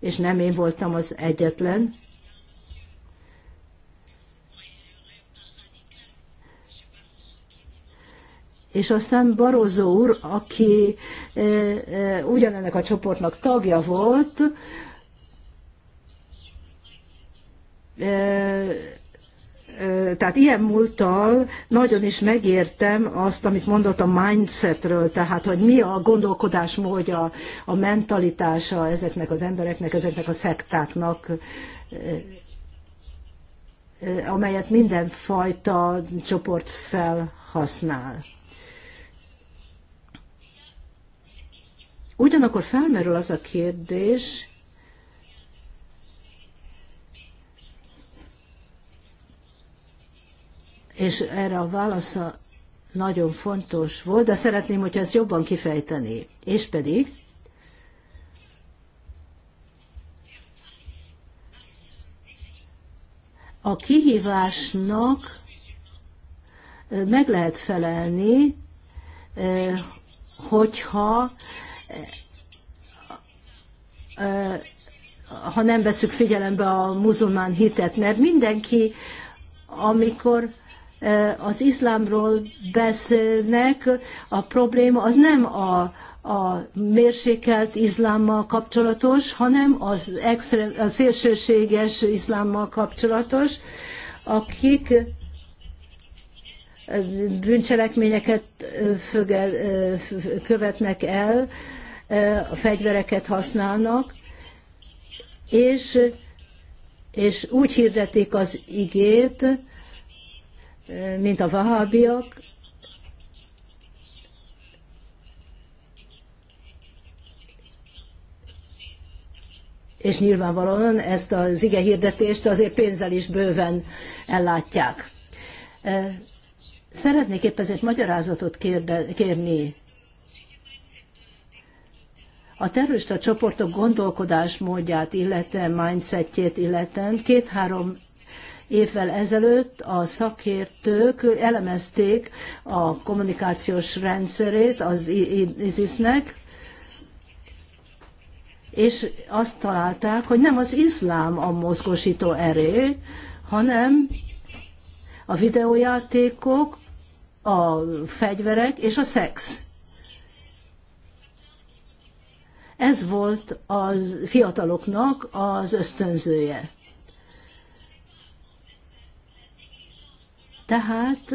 és nem én voltam az egyetlen, És aztán Barozó úr, aki e, e, ugyanennek a csoportnak tagja volt, e, tehát ilyen múlttal nagyon is megértem azt, amit mondott a mindsetről, tehát hogy mi a gondolkodásmódja, a mentalitása ezeknek az embereknek, ezeknek a szektáknak, amelyet mindenfajta csoport felhasznál. Ugyanakkor felmerül az a kérdés, és erre a válasza nagyon fontos volt, de szeretném, hogyha ezt jobban kifejteni. És pedig a kihívásnak meg lehet felelni, eh, hogyha ha nem veszük figyelembe a muzulmán hitet, mert mindenki, amikor az iszlámról beszélnek, a probléma az nem a, a mérsékelt iszlámmal kapcsolatos, hanem az extrém, a szélsőséges iszlámmal kapcsolatos, akik bűncselekményeket fögel, követnek el, a fegyvereket használnak, és, és úgy hirdetik az igét, mint a vahábiak, és nyilvánvalóan ezt az ige hirdetést azért pénzzel is bőven ellátják. Szeretnék épp ezért magyarázatot kérde, kérni. A terrorista csoportok gondolkodásmódját, illetve mindsetjét, illetően két-három évvel ezelőtt a szakértők elemezték a kommunikációs rendszerét az ISIS-nek, és azt találták, hogy nem az iszlám a mozgósító erő, hanem a videójátékok, a fegyverek és a szex. Ez volt a fiataloknak az ösztönzője. Tehát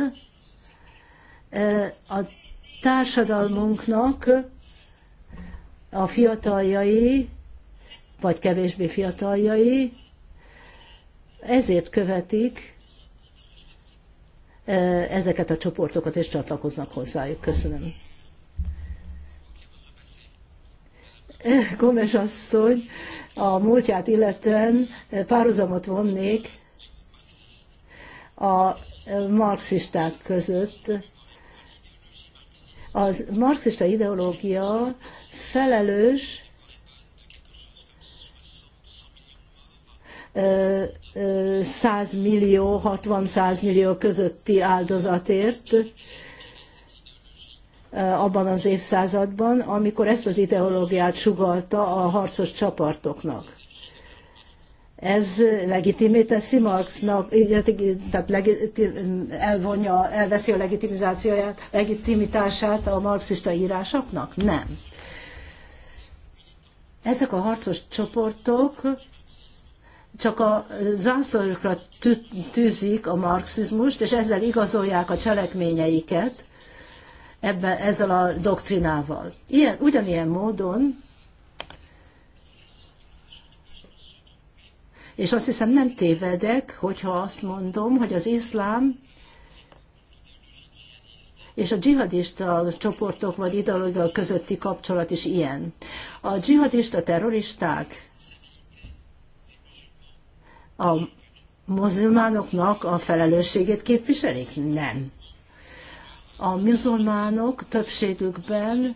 e, a társadalmunknak a fiataljai, vagy kevésbé fiataljai ezért követik ezeket a csoportokat, és csatlakoznak hozzájuk. Köszönöm. Gomes asszony, a múltját illetően párhuzamot vonnék a marxisták között. Az marxista ideológia felelős 100 millió, 60-100 millió közötti áldozatért abban az évszázadban, amikor ezt az ideológiát sugalta a harcos csapartoknak. Ez legitimé teszi Marxnak, hát, tehát legitim, elvonja, elveszi a legitimizációját, legitimitását a marxista írásoknak? Nem. Ezek a harcos csoportok csak a zászlójukra tűzik a marxizmust, és ezzel igazolják a cselekményeiket ebben, ezzel a doktrinával. Ilyen, ugyanilyen módon, és azt hiszem nem tévedek, hogyha azt mondom, hogy az iszlám és a dzsihadista csoportok vagy ideológia közötti kapcsolat is ilyen. A dzsihadista terroristák a muzulmánoknak a felelősségét képviselik? Nem. A muzulmánok többségükben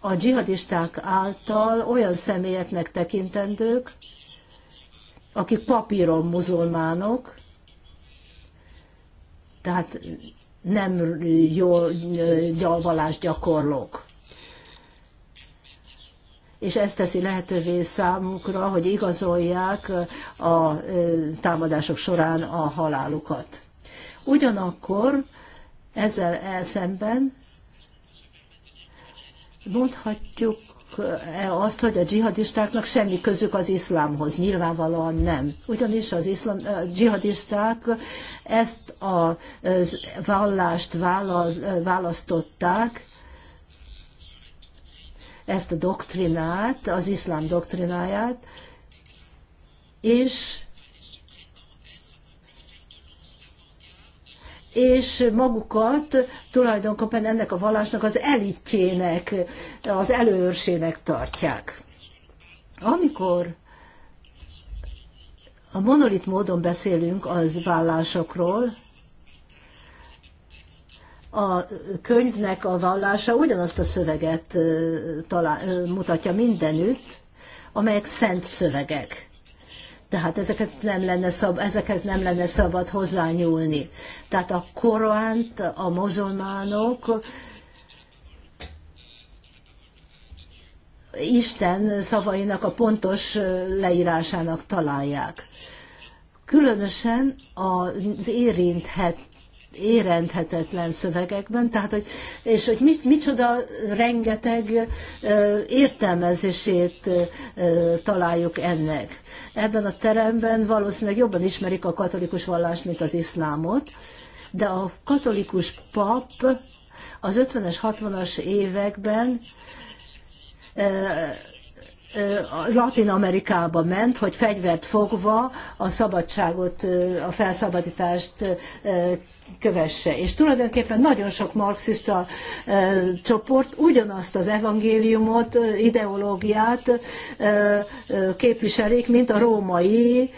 a dzsihadisták által olyan személyeknek tekintendők, akik papíron muzulmánok, tehát nem jó gyalvalás gyakorlók és ez teszi lehetővé számukra, hogy igazolják a támadások során a halálukat. Ugyanakkor ezzel szemben mondhatjuk -e azt, hogy a dzsihadistáknak semmi közük az iszlámhoz. Nyilvánvalóan nem. Ugyanis az iszlám, a dzsihadisták ezt a vallást választották, ezt a doktrinát, az iszlám doktrináját, és és magukat tulajdonképpen ennek a vallásnak az elitjének, az előőrsének tartják. Amikor a monolit módon beszélünk az vállásokról, a könyvnek a vallása ugyanazt a szöveget talál, mutatja mindenütt, amelyek szent szövegek. Tehát ezeket nem lenne szab, ezekhez nem lenne szabad hozzányúlni. Tehát a Koránt a mozulmánok Isten szavainak a pontos leírásának találják. Különösen az érinthet érenthetetlen szövegekben, tehát hogy, és hogy mit, micsoda rengeteg értelmezését találjuk ennek. Ebben a teremben valószínűleg jobban ismerik a katolikus vallást, mint az iszlámot, de a katolikus pap az 50-es, 60-as években Latin Amerikába ment, hogy fegyvert fogva a szabadságot, a felszabadítást kövesse. És tulajdonképpen nagyon sok marxista e, csoport ugyanazt az evangéliumot, eh, ideológiát e, e, képviselik, mint a római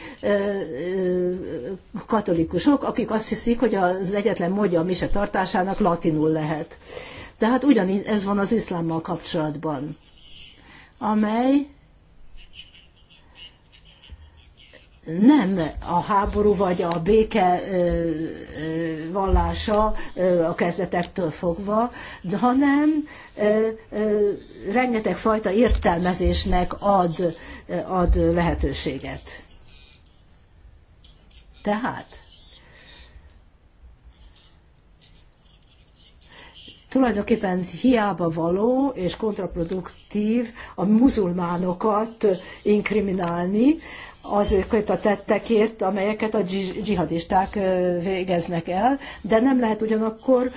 katolikusok, akik azt hiszik, hogy az egyetlen módja a mise tartásának latinul lehet. Tehát ugyanígy ez van az iszlámmal kapcsolatban, amely nem a háború vagy a béke vallása a kezdetektől fogva, hanem rengeteg fajta értelmezésnek ad, ad lehetőséget. Tehát tulajdonképpen hiába való és kontraproduktív a muzulmánokat inkriminálni, azokért a tettekért, amelyeket a dzsihadisták végeznek el, de nem lehet ugyanakkor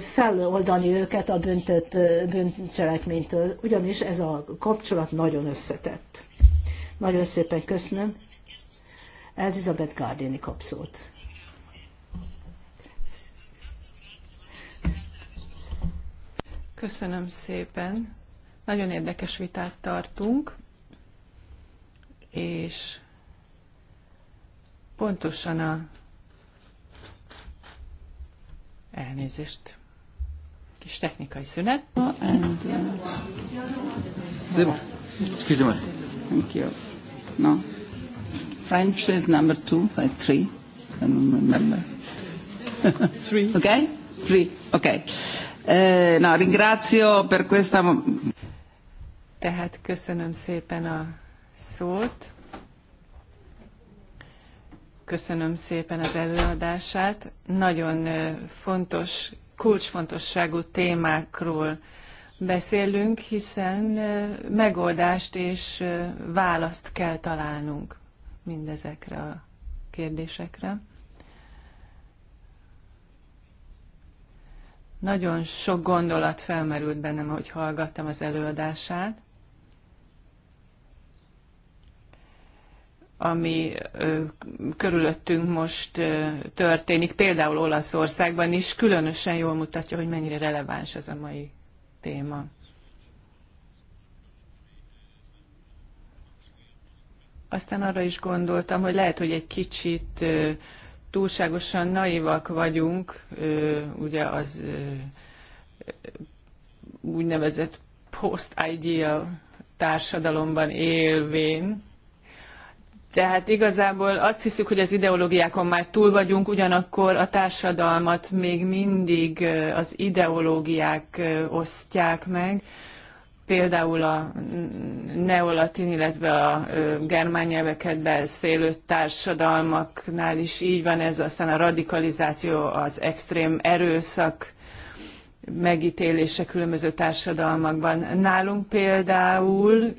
feloldani őket a büntet, bűncselekménytől, ugyanis ez a kapcsolat nagyon összetett. Nagyon szépen köszönöm. Ez Elizabeth Gárdéni kap Köszönöm szépen. Nagyon érdekes vitát tartunk és pontosan a elnézést kis technikai szünet. C'est bon. Thank you. No. French is number two, by three. I don't remember. three. Okay? Three. Okay. Uh, no, ringrazio per questa... Tehát köszönöm szépen a szót. Köszönöm szépen az előadását. Nagyon fontos, kulcsfontosságú témákról beszélünk, hiszen megoldást és választ kell találnunk mindezekre a kérdésekre. Nagyon sok gondolat felmerült bennem, hogy hallgattam az előadását. ami körülöttünk most történik, például Olaszországban is, különösen jól mutatja, hogy mennyire releváns ez a mai téma. Aztán arra is gondoltam, hogy lehet, hogy egy kicsit túlságosan naivak vagyunk, ugye az úgynevezett post-ideal társadalomban élvén, tehát igazából azt hiszük, hogy az ideológiákon már túl vagyunk, ugyanakkor a társadalmat még mindig az ideológiák osztják meg. Például a neolatin, illetve a germán nyelveket beszélő társadalmaknál is így van ez, aztán a radikalizáció, az extrém erőszak megítélése különböző társadalmakban. Nálunk például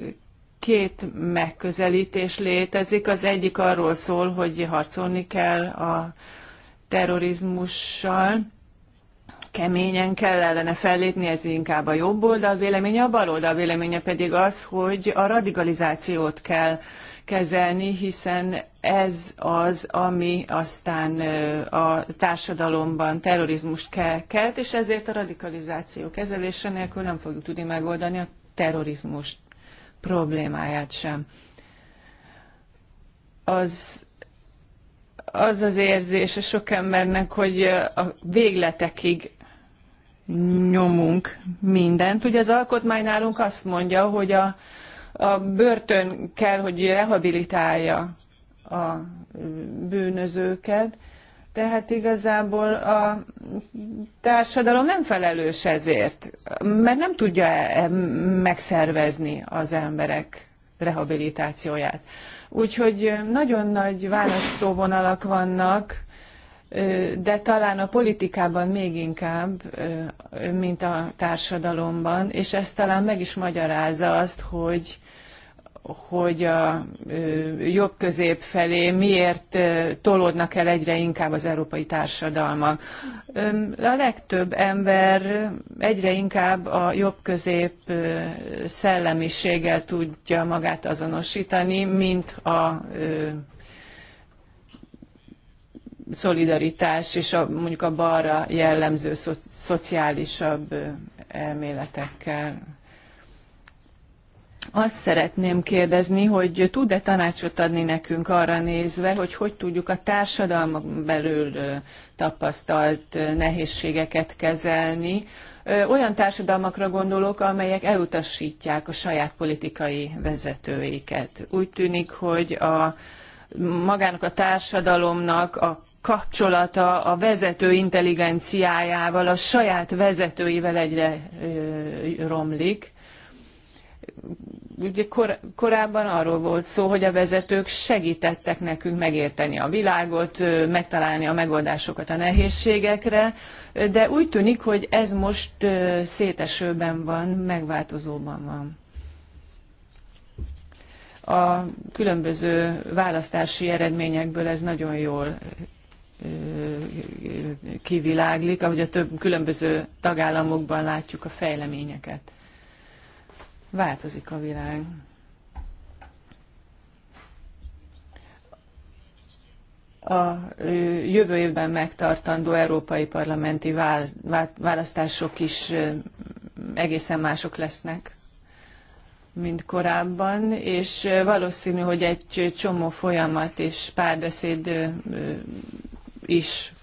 két megközelítés létezik. Az egyik arról szól, hogy harcolni kell a terrorizmussal, keményen kell ellene fellépni, ez inkább a jobb oldal véleménye, a bal oldal véleménye pedig az, hogy a radikalizációt kell kezelni, hiszen ez az, ami aztán a társadalomban terrorizmust kelt, és ezért a radikalizáció kezelése nélkül nem fogjuk tudni megoldani a terrorizmust problémáját sem. Az az az érzése sok embernek, hogy a végletekig nyomunk mindent. Ugye az alkotmány nálunk azt mondja, hogy a, a börtön kell, hogy rehabilitálja a bűnözőket, tehát igazából a társadalom nem felelős ezért, mert nem tudja e- megszervezni az emberek rehabilitációját. Úgyhogy nagyon nagy választóvonalak vannak, de talán a politikában még inkább, mint a társadalomban, és ez talán meg is magyarázza azt, hogy hogy a jobb közép felé miért tolódnak el egyre inkább az európai társadalmak. A legtöbb ember egyre inkább a jobb közép szellemiséggel tudja magát azonosítani, mint a szolidaritás és a, mondjuk a balra jellemző szociálisabb elméletekkel azt szeretném kérdezni, hogy tud-e tanácsot adni nekünk arra nézve, hogy hogy tudjuk a társadalmak belül tapasztalt nehézségeket kezelni. Olyan társadalmakra gondolok, amelyek elutasítják a saját politikai vezetőiket. Úgy tűnik, hogy a magának a társadalomnak a kapcsolata a vezető intelligenciájával, a saját vezetőivel egyre romlik ugye kor, korábban arról volt szó, hogy a vezetők segítettek nekünk megérteni a világot, megtalálni a megoldásokat a nehézségekre, de úgy tűnik, hogy ez most szétesőben van, megváltozóban van. A különböző választási eredményekből ez nagyon jól kiviláglik, ahogy a több különböző tagállamokban látjuk a fejleményeket. Változik a világ. a jövő évben megtartandó európai parlamenti választások is egészen mások lesznek, mint korábban, és valószínű, hogy egy csomó folyamat és párbeszéd is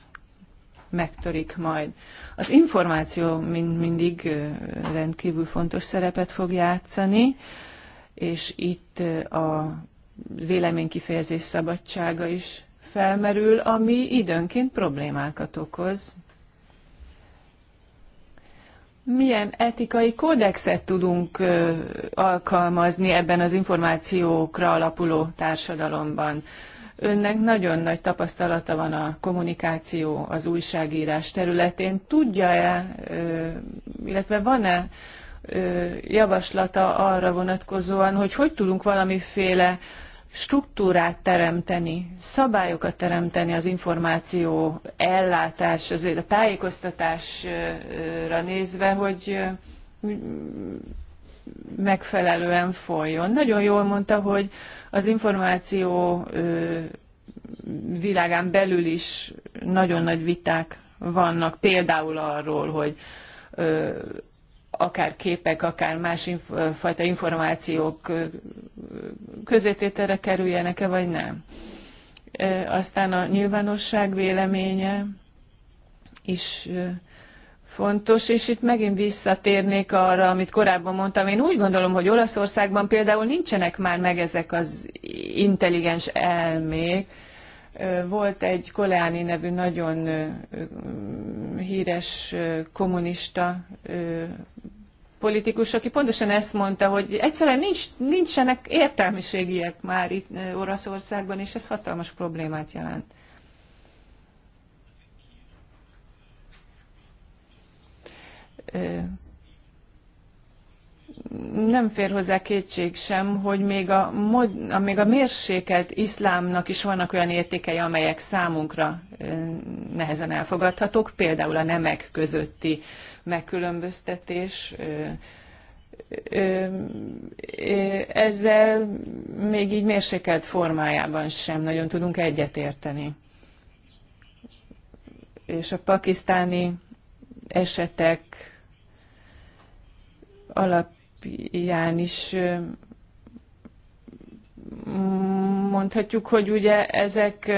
megtörik majd. Az információ mind, mindig rendkívül fontos szerepet fog játszani, és itt a véleménykifejezés szabadsága is felmerül, ami időnként problémákat okoz. Milyen etikai kódexet tudunk alkalmazni ebben az információkra alapuló társadalomban? Önnek nagyon nagy tapasztalata van a kommunikáció, az újságírás területén. Tudja-e, illetve van-e javaslata arra vonatkozóan, hogy hogy tudunk valamiféle struktúrát teremteni, szabályokat teremteni az információ ellátás, azért a tájékoztatásra nézve, hogy megfelelően folyjon. Nagyon jól mondta, hogy az információ világán belül is nagyon nagy viták vannak, például arról, hogy akár képek, akár más fajta információk közététere kerüljenek-e, vagy nem. Aztán a nyilvánosság véleménye is fontos, és itt megint visszatérnék arra, amit korábban mondtam. Én úgy gondolom, hogy Olaszországban például nincsenek már meg ezek az intelligens elmék. Volt egy Koleáni nevű nagyon híres kommunista politikus, aki pontosan ezt mondta, hogy egyszerűen nincs, nincsenek értelmiségiek már itt Olaszországban, és ez hatalmas problémát jelent. nem fér hozzá kétség sem, hogy még a, mod, még a mérsékelt iszlámnak is vannak olyan értékei, amelyek számunkra nehezen elfogadhatók, például a nemek közötti megkülönböztetés. Ezzel még így mérsékelt formájában sem nagyon tudunk egyetérteni. És a pakisztáni esetek alapján is mondhatjuk, hogy ugye ezek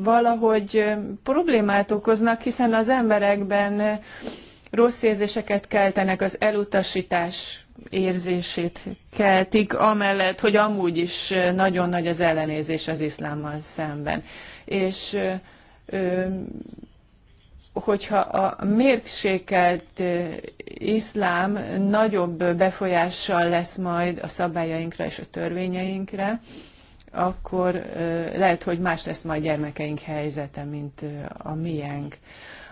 valahogy problémát okoznak, hiszen az emberekben rossz érzéseket keltenek, az elutasítás érzését keltik, amellett, hogy amúgy is nagyon nagy az ellenézés az iszlámmal szemben. És hogyha a mérsékelt iszlám nagyobb befolyással lesz majd a szabályainkra és a törvényeinkre, akkor lehet, hogy más lesz majd gyermekeink helyzete, mint a miénk.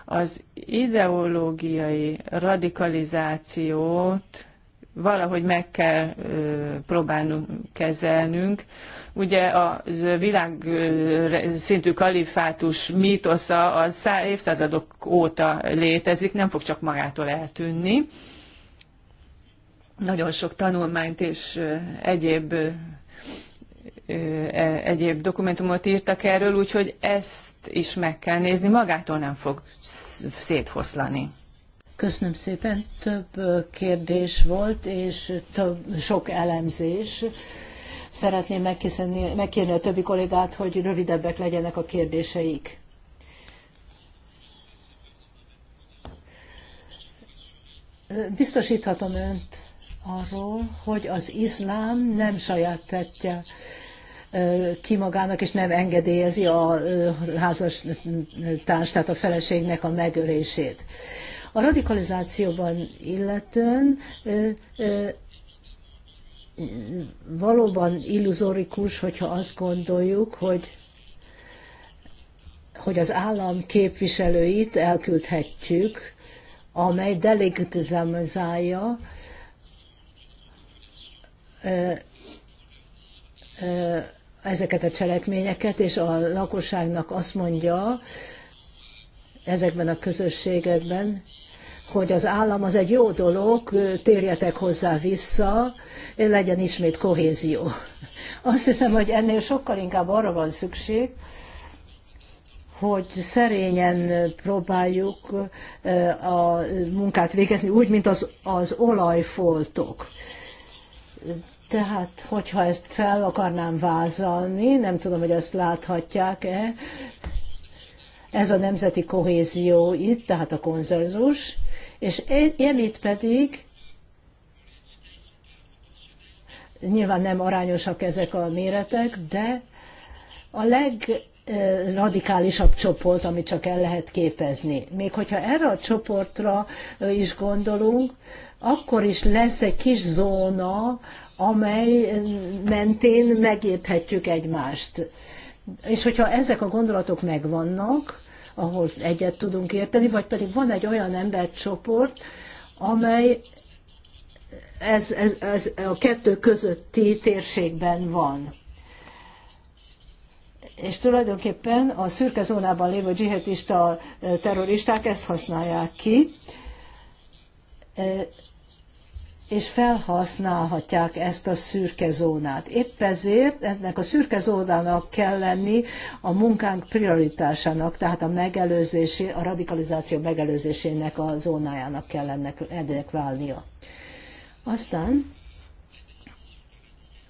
Az ideológiai radikalizációt valahogy meg kell próbálnunk kezelnünk. Ugye a világ szintű kalifátus mítosza az évszázadok óta létezik, nem fog csak magától eltűnni. Nagyon sok tanulmányt és egyéb e, egyéb dokumentumot írtak erről, úgyhogy ezt is meg kell nézni, magától nem fog szétfoszlani. Köszönöm szépen. Több kérdés volt, és több, sok elemzés. Szeretném megkérni a többi kollégát, hogy rövidebbek legyenek a kérdéseik. Biztosíthatom önt arról, hogy az iszlám nem sajátítja ki magának, és nem engedélyezi a házastárs, tehát a feleségnek a megölését. A radikalizációban illetően valóban illuzorikus, hogyha azt gondoljuk, hogy hogy az állam képviselőit elküldhetjük, amely delegitizálja ezeket a cselekményeket, és a lakosságnak azt mondja ezekben a közösségekben, hogy az állam az egy jó dolog, térjetek hozzá vissza, legyen ismét kohézió. Azt hiszem, hogy ennél sokkal inkább arra van szükség, hogy szerényen próbáljuk eh, a munkát végezni, úgy, mint az, az olajfoltok. Tehát, hogyha ezt fel akarnám vázalni, nem tudom, hogy ezt láthatják-e, ez a nemzeti kohézió itt, tehát a konzerzus, és én itt pedig nyilván nem arányosak ezek a méretek, de a legradikálisabb csoport, amit csak el lehet képezni. Még hogyha erre a csoportra is gondolunk, akkor is lesz egy kis zóna, amely mentén megérthetjük egymást. És hogyha ezek a gondolatok megvannak, ahol egyet tudunk érteni, vagy pedig van egy olyan embercsoport, amely ez, ez, ez a kettő közötti térségben van. És tulajdonképpen a szürke zónában lévő dzsihetista eh, terroristák ezt használják ki eh, és felhasználhatják ezt a szürke zónát. Épp ezért ennek a szürke zónának kell lenni a munkánk prioritásának, tehát a megelőzésé, a radikalizáció megelőzésének a zónájának kell ennek, ennek válnia. Aztán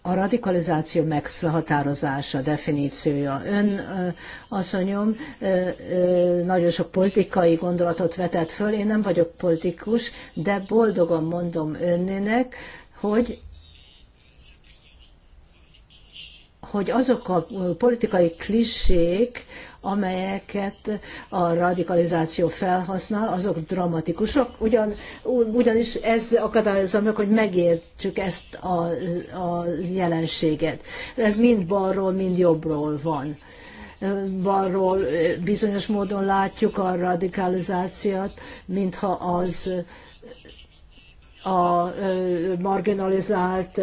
a radikalizáció meghatározása, definíciója. Ön, asszonyom, nagyon sok politikai gondolatot vetett föl, én nem vagyok politikus, de boldogan mondom önnének, hogy hogy azok a politikai klisék, amelyeket a radikalizáció felhasznál, azok dramatikusak, ugyan, ugyanis ez akadályozza meg, hogy megértsük ezt a, a jelenséget. Ez mind balról, mind jobbról van balról eh, bizonyos módon látjuk a radikalizációt, mintha az a marginalizált,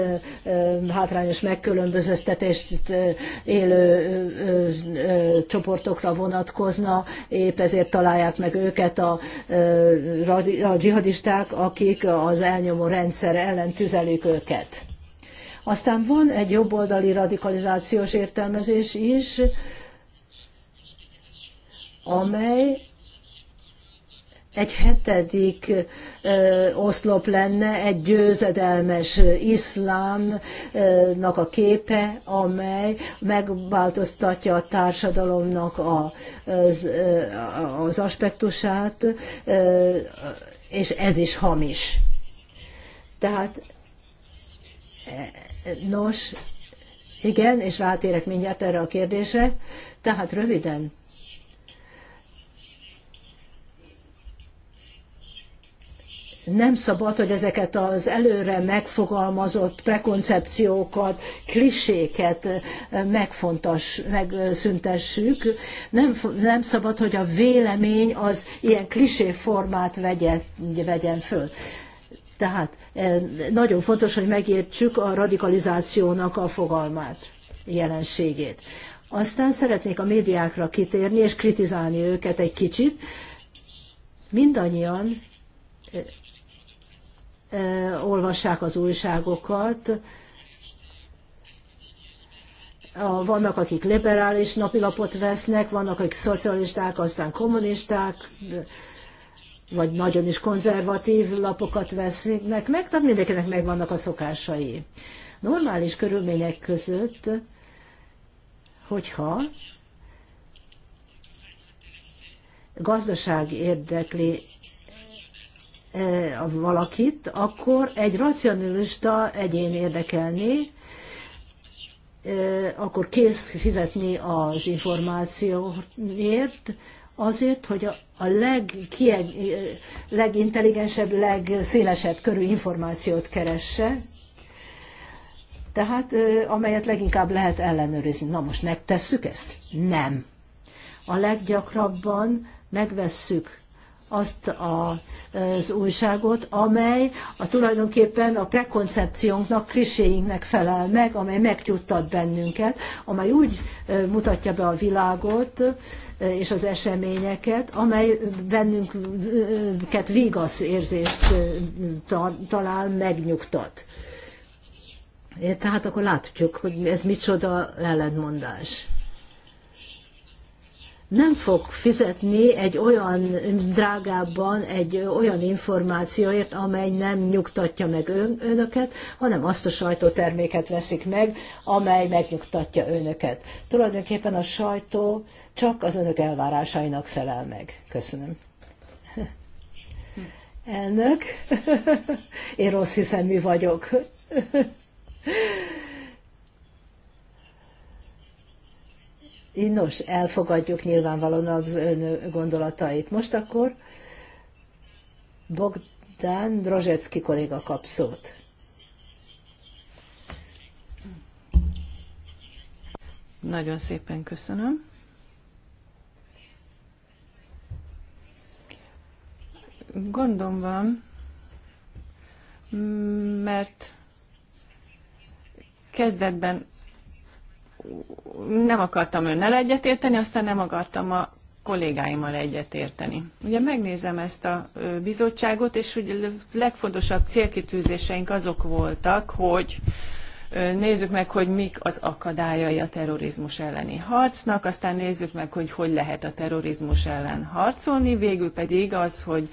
hátrányos megkülönböztetést élő csoportokra vonatkozna, épp ezért találják meg őket a, a dzsihadisták, akik az elnyomó rendszer ellen tüzelik őket. Aztán van egy jobboldali radikalizációs értelmezés is, amely egy hetedik oszlop lenne egy győzedelmes iszlámnak a képe, amely megváltoztatja a társadalomnak az, az aspektusát, és ez is hamis. Tehát, nos, igen, és rátérek mindjárt erre a kérdésre, tehát röviden nem szabad, hogy ezeket az előre megfogalmazott prekoncepciókat, kliséket eh, megfontas, megszüntessük. Nem, nem szabad, hogy a vélemény az ilyen klisé formát vegye, vegyen föl. Tehát eh, nagyon fontos, hogy megértsük a radikalizációnak a fogalmát, jelenségét. Aztán szeretnék a médiákra kitérni és kritizálni őket egy kicsit. Mindannyian eh, olvassák az újságokat, vannak, akik liberális napilapot vesznek, vannak, akik szocialisták, aztán kommunisták, vagy nagyon is konzervatív lapokat vesznek meg, tehát mindenkinek megvannak a szokásai. Normális körülmények között, hogyha gazdaság érdekli Eh, valakit, akkor egy racionalista egyén érdekelni, eh, akkor kész fizetni az információért, azért, hogy a legkieg, eh, legintelligensebb, legszélesebb körű információt keresse, tehát amelyet leginkább lehet ellenőrizni. Na most megtesszük ezt? Nem. A leggyakrabban megvesszük azt a, az újságot, amely a tulajdonképpen a prekoncepciónknak, kriséinknek felel meg, amely meggyuttat bennünket, amely úgy mutatja be a világot és az eseményeket, amely bennünket vigasz érzést talál, megnyugtat. Tehát akkor látjuk, hogy ez micsoda ellentmondás nem fog fizetni egy olyan drágábban egy olyan információért, amely nem nyugtatja meg ön, önöket, hanem azt a sajtóterméket veszik meg, amely megnyugtatja önöket. Tulajdonképpen a sajtó csak az önök elvárásainak felel meg. Köszönöm. Elnök, én rossz hiszemű vagyok. Nos, elfogadjuk nyilvánvalóan az ön gondolatait. Most akkor Bogdán Drozsecki kolléga kap szót. Nagyon szépen köszönöm. Gondom van, mert kezdetben nem akartam önnel egyetérteni, aztán nem akartam a kollégáimmal egyetérteni. Ugye megnézem ezt a bizottságot, és ugye legfontosabb célkitűzéseink azok voltak, hogy nézzük meg, hogy mik az akadályai a terrorizmus elleni harcnak, aztán nézzük meg, hogy hogy lehet a terrorizmus ellen harcolni, végül pedig az, hogy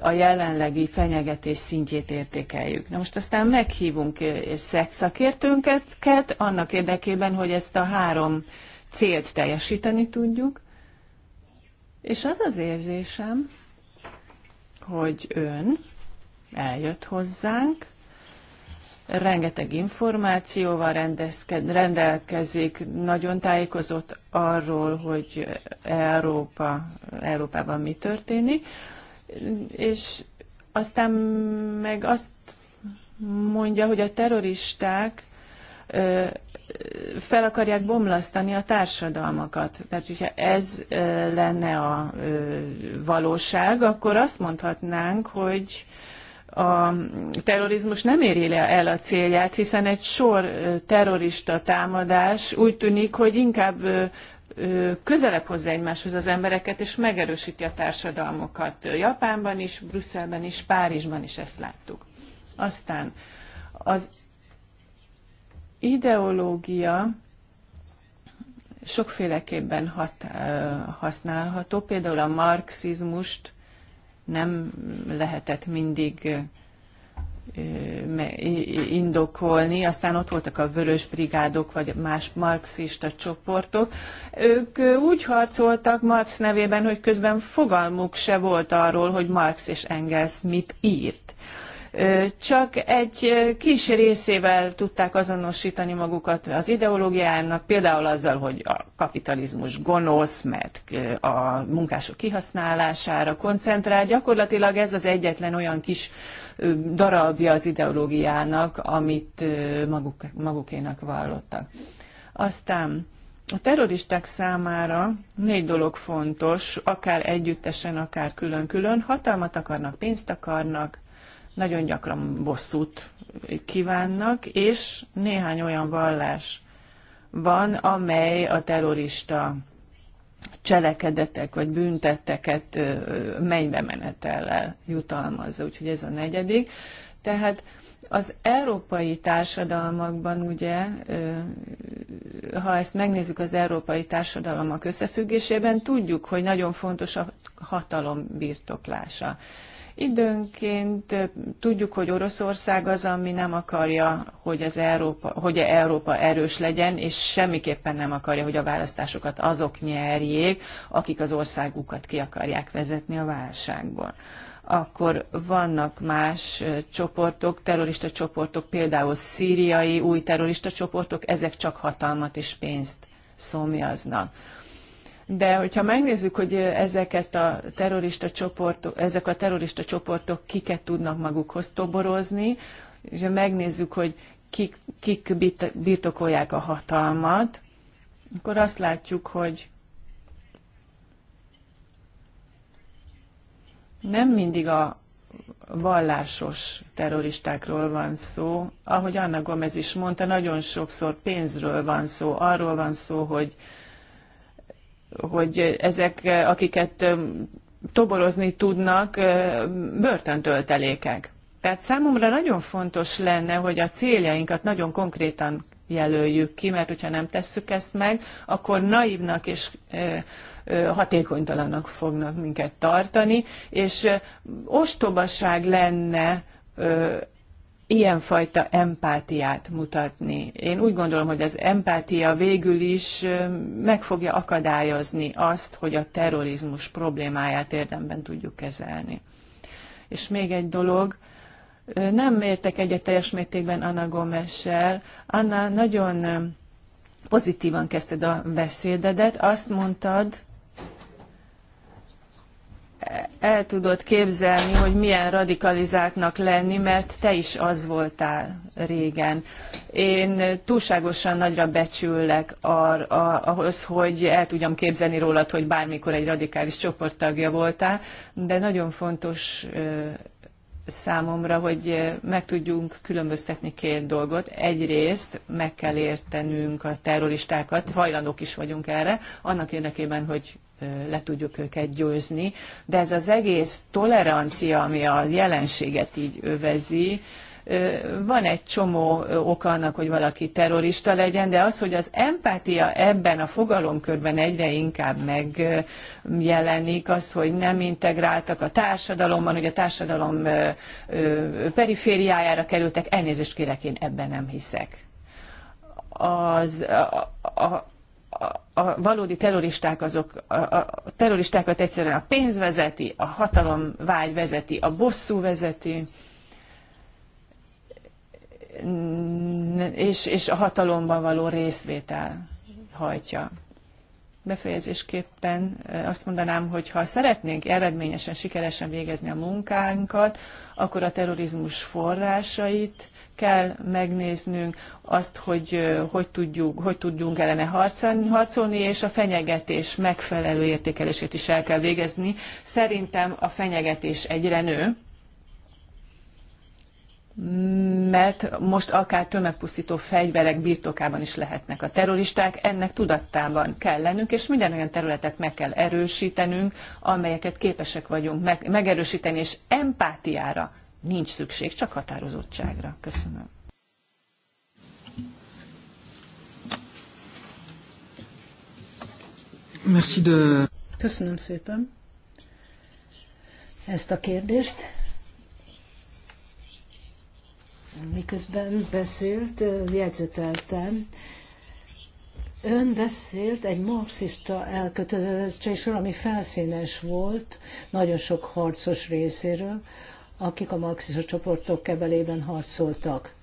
a jelenlegi fenyegetés szintjét értékeljük. Na most aztán meghívunk szexszakértőnket annak érdekében, hogy ezt a három célt teljesíteni tudjuk, és az az érzésem, hogy ön eljött hozzánk, rengeteg információval rendelkezik, nagyon tájékozott arról, hogy Európa, Európában mi történik és aztán meg azt mondja, hogy a terroristák fel akarják bomlasztani a társadalmakat. Tehát, hogyha ez lenne a valóság, akkor azt mondhatnánk, hogy a terrorizmus nem éri el a célját, hiszen egy sor terrorista támadás úgy tűnik, hogy inkább közelebb hozza egymáshoz az embereket, és megerősíti a társadalmokat. Japánban is, Brüsszelben is, Párizsban is ezt láttuk. Aztán az ideológia sokféleképpen hat, használható, például a marxizmust nem lehetett mindig indokolni. Aztán ott voltak a vörös brigádok, vagy más marxista csoportok. Ők úgy harcoltak Marx nevében, hogy közben fogalmuk se volt arról, hogy Marx és Engels mit írt csak egy kis részével tudták azonosítani magukat az ideológiának, például azzal, hogy a kapitalizmus gonosz, mert a munkások kihasználására koncentrál. Gyakorlatilag ez az egyetlen olyan kis darabja az ideológiának, amit maguk, magukénak vallottak. Aztán a terroristák számára négy dolog fontos, akár együttesen, akár külön-külön. Hatalmat akarnak, pénzt akarnak, nagyon gyakran bosszút kívánnak, és néhány olyan vallás van, amely a terrorista cselekedetek vagy büntetteket mennybe menetellel jutalmazza. Úgyhogy ez a negyedik. Tehát az európai társadalmakban ugye, ha ezt megnézzük az európai társadalmak összefüggésében, tudjuk, hogy nagyon fontos a hatalom birtoklása. Időnként tudjuk, hogy Oroszország az, ami nem akarja, hogy, az Európa, hogy Európa erős legyen, és semmiképpen nem akarja, hogy a választásokat azok nyerjék, akik az országukat ki akarják vezetni a válságból akkor vannak más csoportok, terrorista csoportok, például szíriai új terrorista csoportok, ezek csak hatalmat és pénzt szomjaznak. De hogyha megnézzük, hogy ezeket a terrorista csoportok, ezek a terrorista csoportok kiket tudnak magukhoz toborozni, és megnézzük, hogy kik, kik birtokolják a hatalmat, akkor azt látjuk, hogy nem mindig a vallásos terroristákról van szó. Ahogy Anna Gomez is mondta, nagyon sokszor pénzről van szó, arról van szó, hogy hogy ezek, akiket toborozni tudnak, börtöntöltelékek. Tehát számomra nagyon fontos lenne, hogy a céljainkat nagyon konkrétan jelöljük ki, mert hogyha nem tesszük ezt meg, akkor naívnak és hatékonytalanak fognak minket tartani, és ostobaság lenne ilyenfajta empátiát mutatni. Én úgy gondolom, hogy az empátia végül is meg fogja akadályozni azt, hogy a terrorizmus problémáját érdemben tudjuk kezelni. És még egy dolog, nem értek egyet teljes mértékben Anna Gomes-sel. Anna, nagyon pozitívan kezdted a beszédedet, azt mondtad, el tudod képzelni, hogy milyen radikalizáltnak lenni, mert te is az voltál régen. Én túlságosan nagyra becsüllek ar- a- ahhoz, hogy el tudjam képzelni rólad, hogy bármikor egy radikális csoporttagja voltál, de nagyon fontos számomra, hogy meg tudjunk különböztetni két dolgot. Egyrészt meg kell értenünk a terroristákat, hajlandók is vagyunk erre, annak érdekében, hogy le tudjuk őket győzni, de ez az egész tolerancia, ami a jelenséget így övezi, van egy csomó oka annak, hogy valaki terrorista legyen, de az, hogy az empátia ebben a fogalomkörben egyre inkább megjelenik, az, hogy nem integráltak a társadalomban, hogy a társadalom perifériájára kerültek, elnézést kérek, én ebben nem hiszek. Az, a, a, a, valódi terroristák azok, a, a terroristákat egyszerűen a pénz vezeti, a hatalom vágy vezeti, a bosszú vezeti, és, és a hatalomban való részvétel hajtja. Befejezésképpen azt mondanám, hogy ha szeretnénk eredményesen, sikeresen végezni a munkánkat, akkor a terrorizmus forrásait, kell megnéznünk azt, hogy hogy, tudjuk, hogy tudjunk ellene harcolni, és a fenyegetés megfelelő értékelését is el kell végezni. Szerintem a fenyegetés egyre nő, mert most akár tömegpusztító fegyverek birtokában is lehetnek a terroristák, ennek tudattában kell lennünk, és minden olyan területet meg kell erősítenünk, amelyeket képesek vagyunk meg, megerősíteni, és empátiára nincs szükség, csak határozottságra. Köszönöm. Merci de... Köszönöm szépen ezt a kérdést. Miközben beszélt, jegyzeteltem, Ön beszélt egy marxista elkötelezettségről, ami felszínes volt nagyon sok harcos részéről, akik a marxista csoportok kebelében harcoltak.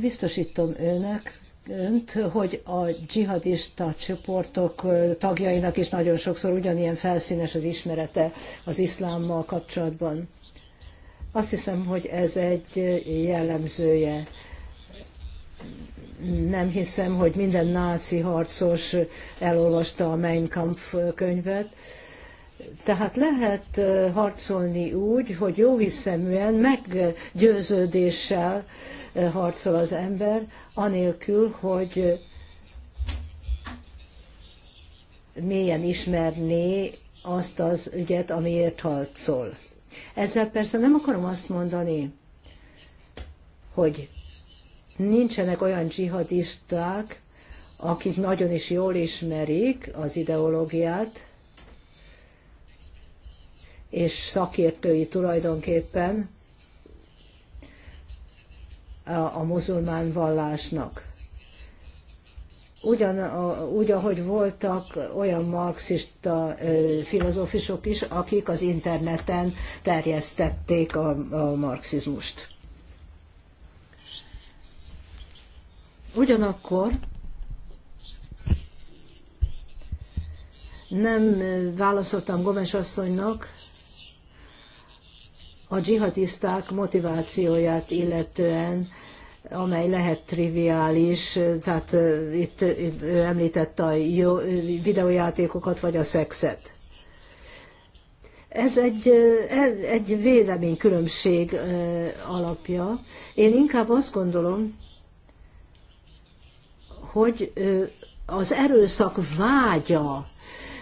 Biztosítom önök, önt, hogy a dzsihadista csoportok tagjainak is nagyon sokszor ugyanilyen felszínes az ismerete az iszlámmal kapcsolatban. Azt hiszem, hogy ez egy jellemzője. Nem hiszem, hogy minden náci harcos elolvasta a Mein Kampf könyvet, tehát lehet harcolni úgy, hogy jó hiszeműen, meggyőződéssel harcol az ember, anélkül, hogy mélyen ismerné azt az ügyet, amiért harcol. Ezzel persze nem akarom azt mondani, hogy nincsenek olyan dzsihadisták, akik nagyon is jól ismerik az ideológiát, és szakértői tulajdonképpen a muzulmán vallásnak. Ugyan, úgy, ahogy voltak olyan marxista filozófusok is, akik az interneten terjesztették a, a marxizmust. Ugyanakkor nem válaszoltam Gomes asszonynak, a dzsihadiszták motivációját illetően, amely lehet triviális, tehát itt, itt ő említette a jó, videójátékokat vagy a szexet. Ez egy, e, egy véleménykülönbség alapja. Én inkább azt gondolom, hogy az erőszak vágya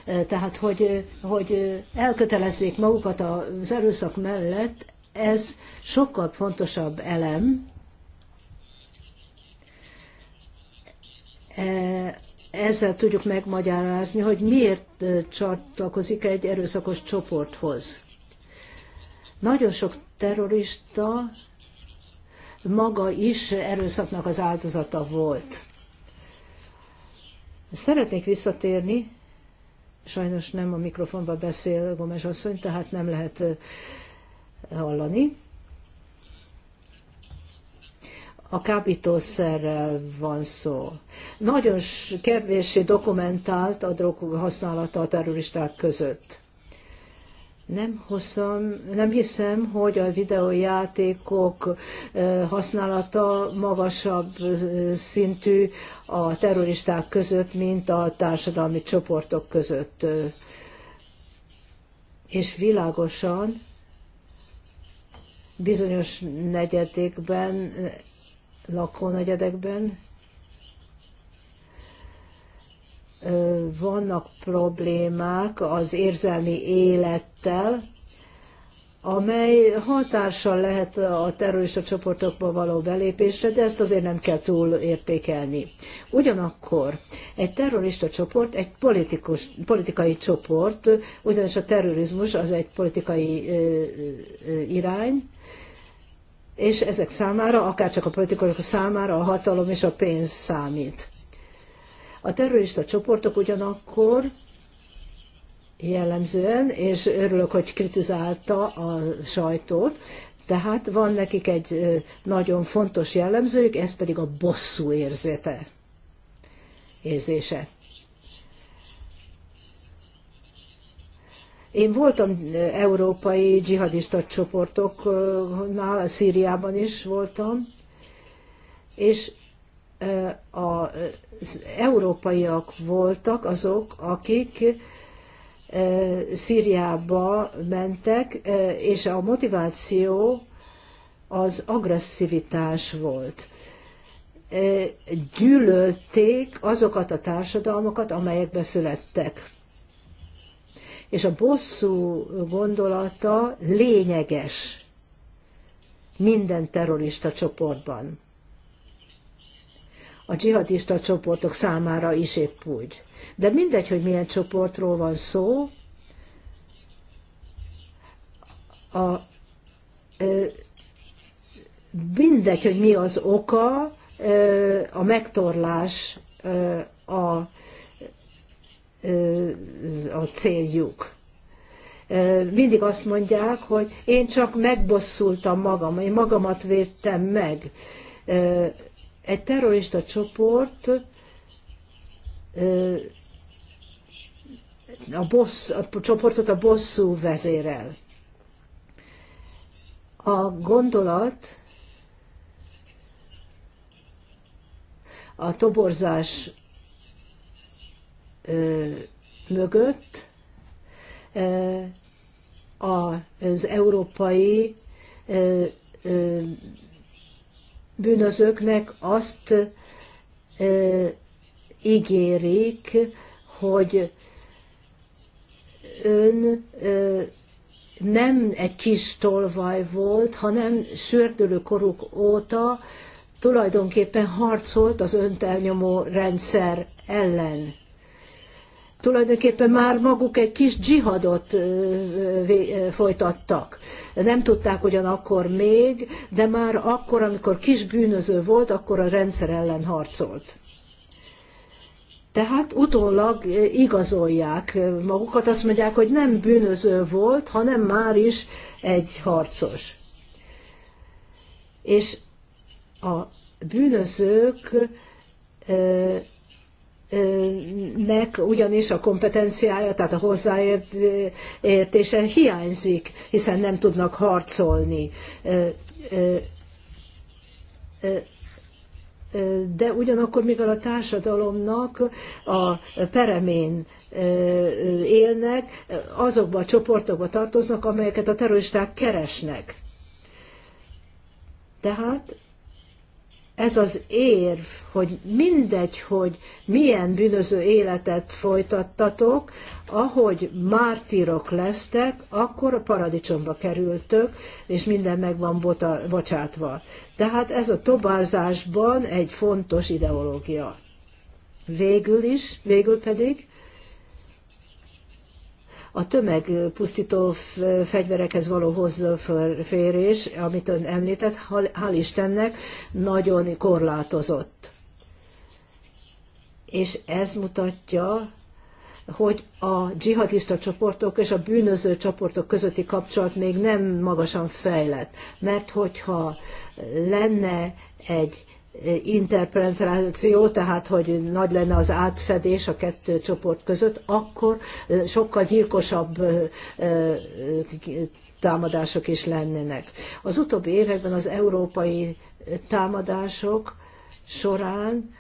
Eh, tehát, hogy, eh, hogy eh, elkötelezzék magukat az erőszak mellett, ez sokkal fontosabb elem, ezzel tudjuk megmagyarázni, hogy miért csatlakozik egy erőszakos csoporthoz. Nagyon sok terrorista maga is erőszaknak az áldozata volt. Szeretnék visszatérni Sajnos nem a mikrofonba beszél Gomes asszony, tehát nem lehet hallani. A kábítószerrel van szó. Nagyon kevéssé dokumentált a drog használata a terroristák között nem, hosszan, nem hiszem, hogy a videójátékok használata magasabb szintű a terroristák között, mint a társadalmi csoportok között. És világosan bizonyos negyedékben, lakónegyedekben vannak problémák az érzelmi élettel, amely hatással lehet a terrorista csoportokba való belépésre, de ezt azért nem kell túl értékelni. Ugyanakkor egy terrorista csoport egy politikus, politikai csoport, ugyanis a terrorizmus az egy politikai ö, ö, irány, és ezek számára, akár csak a politikusok számára a hatalom és a pénz számít. A terrorista csoportok ugyanakkor jellemzően, és örülök, hogy kritizálta a sajtót, tehát van nekik egy nagyon fontos jellemzőjük, ez pedig a bosszú érzete, érzése. Én voltam európai dzsihadista csoportoknál, Szíriában is voltam, és az európaiak voltak azok, akik Szíriába mentek, és a motiváció az agresszivitás volt. Gyűlölték azokat a társadalmakat, amelyekbe születtek. És a bosszú gondolata lényeges minden terrorista csoportban a dzsihadista csoportok számára is épp úgy. De mindegy, hogy milyen csoportról van szó, a, mindegy, hogy mi az oka, a megtorlás a, a céljuk. Mindig azt mondják, hogy én csak megbosszultam magam, én magamat védtem meg egy terrorista csoport a, bossz, a csoportot a bosszú vezérel. A gondolat a toborzás ö, mögött ö, az európai ö, ö, bűnözőknek azt e, ígérik, hogy ön e, nem egy kis tolvaj volt, hanem sürdülő koruk óta tulajdonképpen harcolt az önt elnyomó rendszer ellen tulajdonképpen már maguk egy kis dzsihadot folytattak. Nem tudták ugyanakkor még, de már akkor, amikor kis bűnöző volt, akkor a rendszer ellen harcolt. Tehát utólag igazolják magukat, azt mondják, hogy nem bűnöző volt, hanem már is egy harcos. És a bűnözők nek ugyanis a kompetenciája, tehát a hozzáértése hiányzik, hiszen nem tudnak harcolni. De ugyanakkor, mivel a társadalomnak a peremén élnek, azokba a csoportokba tartoznak, amelyeket a terroristák keresnek. Tehát ez az érv, hogy mindegy, hogy milyen bűnöző életet folytattatok, ahogy mártírok lesztek, akkor a paradicsomba kerültök, és minden meg van bota, bocsátva. Tehát ez a tobázásban egy fontos ideológia. Végül is, végül pedig a tömegpusztító fegyverekhez való hozzáférés, amit ön említett, hál' Istennek, nagyon korlátozott. És ez mutatja, hogy a dzsihadista csoportok és a bűnöző csoportok közötti kapcsolat még nem magasan fejlett. Mert hogyha lenne egy interpretáció, tehát hogy nagy lenne az átfedés a kettő csoport között, akkor sokkal gyilkosabb támadások is lennének. Az utóbbi években az európai támadások során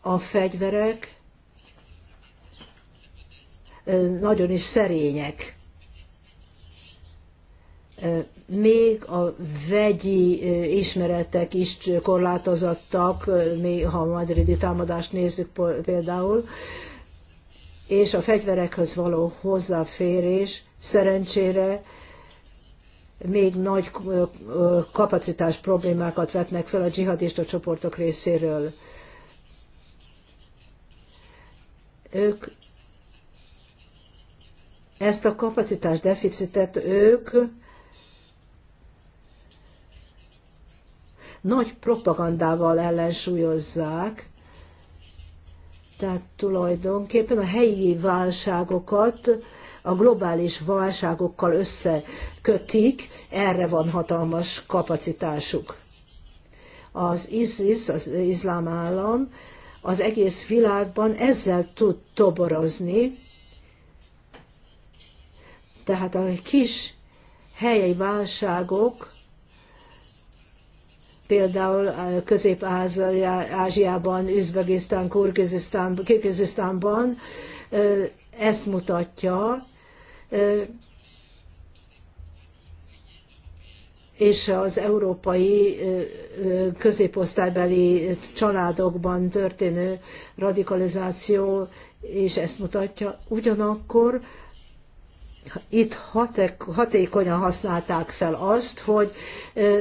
a fegyverek nagyon is szerények még a vegyi ismeretek is korlátozottak, még ha a madridi támadást nézzük például, és a fegyverekhez való hozzáférés szerencsére még nagy kapacitás problémákat vetnek fel a dzsihadista csoportok részéről. Ők ezt a kapacitás deficitet ők nagy propagandával ellensúlyozzák, tehát tulajdonképpen a helyi válságokat a globális válságokkal összekötik, erre van hatalmas kapacitásuk. Az ISIS, az iszlám állam az egész világban ezzel tud toborozni, tehát a kis helyi válságok például eh, Közép-Ázsiában, Üzbegisztán, Kirgizisztánban eh, ezt mutatja, eh, és az európai középosztálybeli családokban történő radikalizáció és ezt mutatja. Ugyanakkor itt hatékonyan használták fel azt, hogy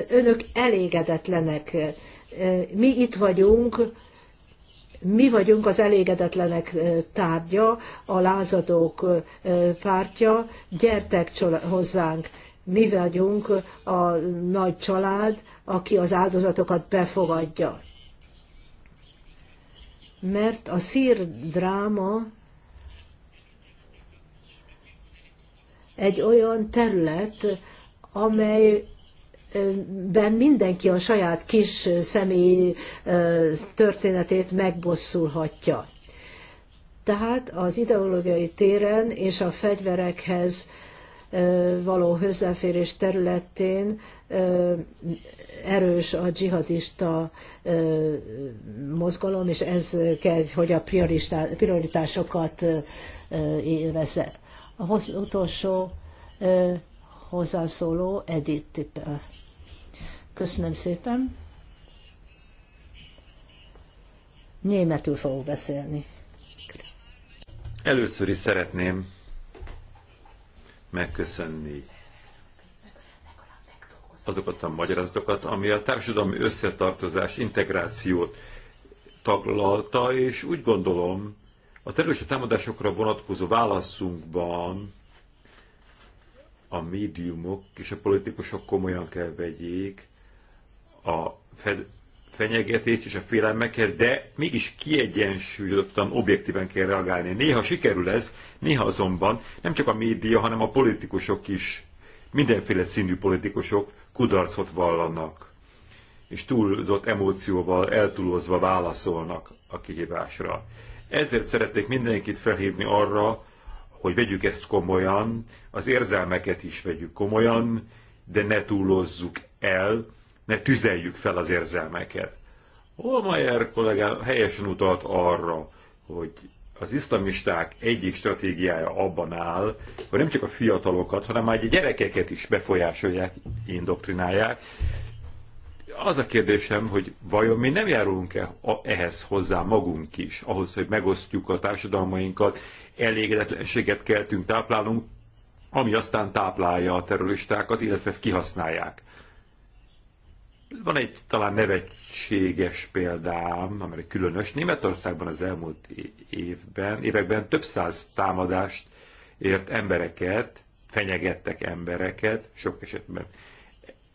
önök elégedetlenek. Mi itt vagyunk, mi vagyunk az elégedetlenek tárgya, a lázadók pártja, gyertek hozzánk. Mi vagyunk a nagy család, aki az áldozatokat befogadja. Mert a szír dráma egy olyan terület, amely ben mindenki a saját kis személy történetét megbosszulhatja. Tehát az ideológiai téren és a fegyverekhez való hozzáférés területén erős a dzsihadista mozgalom, és ez kell, hogy a prioritásokat élvezze. Az utolsó hozzászóló Edith Tipper. Köszönöm szépen. Németül fogok beszélni. Először is szeretném megköszönni azokat a magyarázatokat, ami a társadalmi összetartozás, integrációt taglalta, és úgy gondolom, a terrorista támadásokra vonatkozó válaszunkban a médiumok és a politikusok komolyan kell vegyék a fenyegetést és a félelmeket, de mégis kiegyensúlyozottan, objektíven kell reagálni. Néha sikerül ez, néha azonban nem csak a média, hanem a politikusok is, mindenféle színű politikusok kudarcot vallanak, és túlzott emócióval eltúlozva válaszolnak a kihívásra. Ezért szeretnék mindenkit felhívni arra, hogy vegyük ezt komolyan, az érzelmeket is vegyük komolyan, de ne túlozzuk el, ne tüzeljük fel az érzelmeket. Holmeyer kollégám helyesen utalt arra, hogy az iszlamisták egyik stratégiája abban áll, hogy nem csak a fiatalokat, hanem már a gyerekeket is befolyásolják, indoktrinálják, az a kérdésem, hogy vajon mi nem járulunk-e ehhez hozzá magunk is, ahhoz, hogy megosztjuk a társadalmainkat, elégedetlenséget keltünk, táplálunk, ami aztán táplálja a terroristákat, illetve kihasználják. Van egy talán nevetséges példám, amely különös. Németországban az elmúlt évben, években több száz támadást ért embereket, fenyegettek embereket, sok esetben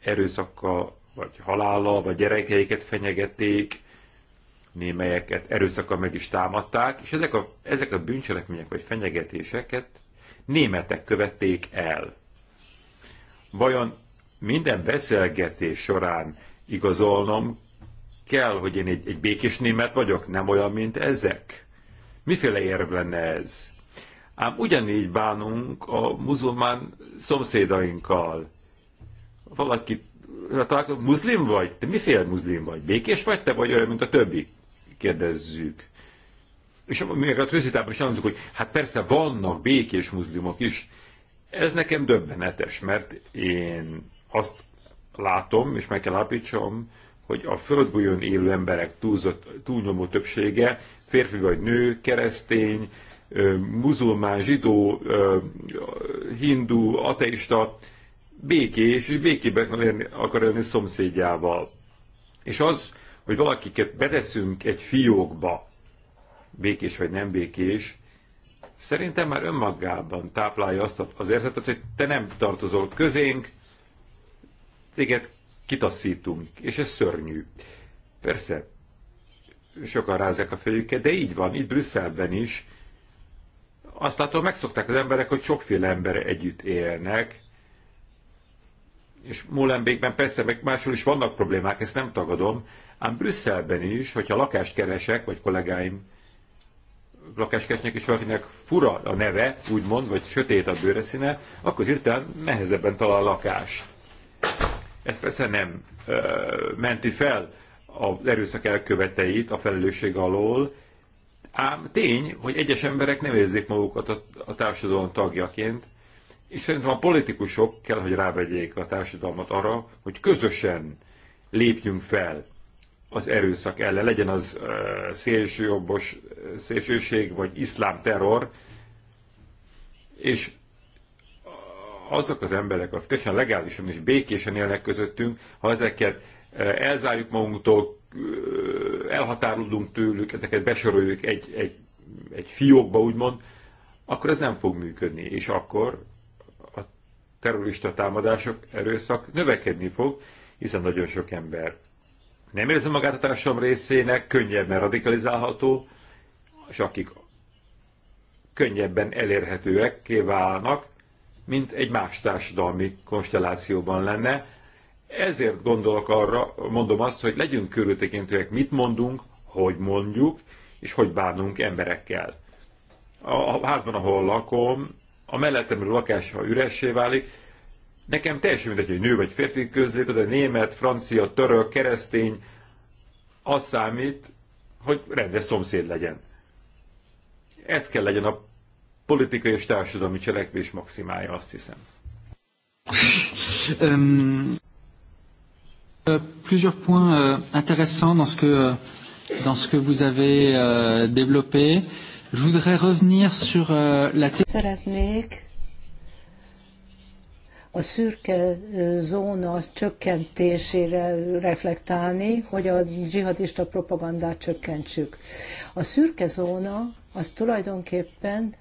erőszakkal vagy halállal, vagy gyerekeiket fenyegették, némelyeket erőszakkal meg is támadták, és ezek a, ezek a bűncselekmények vagy fenyegetéseket németek követték el. Vajon minden beszélgetés során igazolnom kell, hogy én egy, egy békés német vagyok, nem olyan, mint ezek? Miféle érv lenne ez? Ám ugyanígy bánunk a muzulmán szomszédainkkal. Valakit muszlim vagy? Te miféle muszlim vagy? Békés vagy te, vagy olyan, mint a többi? Kérdezzük. És még a közvitában is elmondjuk, hogy hát persze vannak békés muszlimok is. Ez nekem döbbenetes, mert én azt látom, és meg kell állapítsam, hogy a földbújon élő emberek túlzott, túlnyomó többsége, férfi vagy nő, keresztény, muzulmán, zsidó, hindu, ateista, békés és békében akar élni szomszédjával. És az, hogy valakiket beteszünk egy fiókba, békés vagy nem békés, szerintem már önmagában táplálja azt az érzetet, hogy te nem tartozol közénk, téged kitaszítunk, és ez szörnyű. Persze, sokan rázek a fejüket, de így van, itt Brüsszelben is. Azt látom, megszokták az emberek, hogy sokféle ember együtt élnek, és Molenbeekben persze meg máshol is vannak problémák, ezt nem tagadom, ám Brüsszelben is, hogyha lakást keresek, vagy kollégáim lakást keresnek, és valakinek fura a neve, úgymond, vagy sötét a bőreszíne, akkor hirtelen nehezebben talál lakást. Ez persze nem ö, menti fel az erőszak elköveteit a felelősség alól, ám tény, hogy egyes emberek nem érzik magukat a, a társadalom tagjaként, és szerintem a politikusok kell, hogy rávegyék a társadalmat arra, hogy közösen lépjünk fel az erőszak ellen, legyen az uh, szélsőjobbos szélsőség, vagy iszlám terror, és azok az emberek, akik teljesen legálisan és békésen élnek közöttünk, ha ezeket elzárjuk magunktól, elhatárolunk tőlük, ezeket besoroljuk egy, egy, egy fiókba, úgymond, akkor ez nem fog működni, és akkor terrorista támadások, erőszak növekedni fog, hiszen nagyon sok ember nem érzi magát a társadalom részének, könnyebben radikalizálható, és akik könnyebben elérhetőek, válnak, mint egy más társadalmi konstellációban lenne. Ezért gondolok arra, mondom azt, hogy legyünk körültekintőek, mit mondunk, hogy mondjuk, és hogy bánunk emberekkel. A házban, ahol lakom, a mellettem lakás, ha üressé válik, nekem teljesen mindegy, hogy nő vagy férfi közlét, de német, francia, török, keresztény, az számít, hogy rendes szomszéd legyen. Ez kell legyen a politikai és társadalmi cselekvés maximája, azt hiszem. um, uh, plusieurs points uh, intéressants dans ce que, uh, dans ce que vous avez uh, développé. Uh, Je voudrais revenir sur euh, la... Szeretnék a szürke zóna csökkentésére reflektálni, hogy a dzsihadista propagandát csökkentsük. A szürke zóna az tulajdonképpen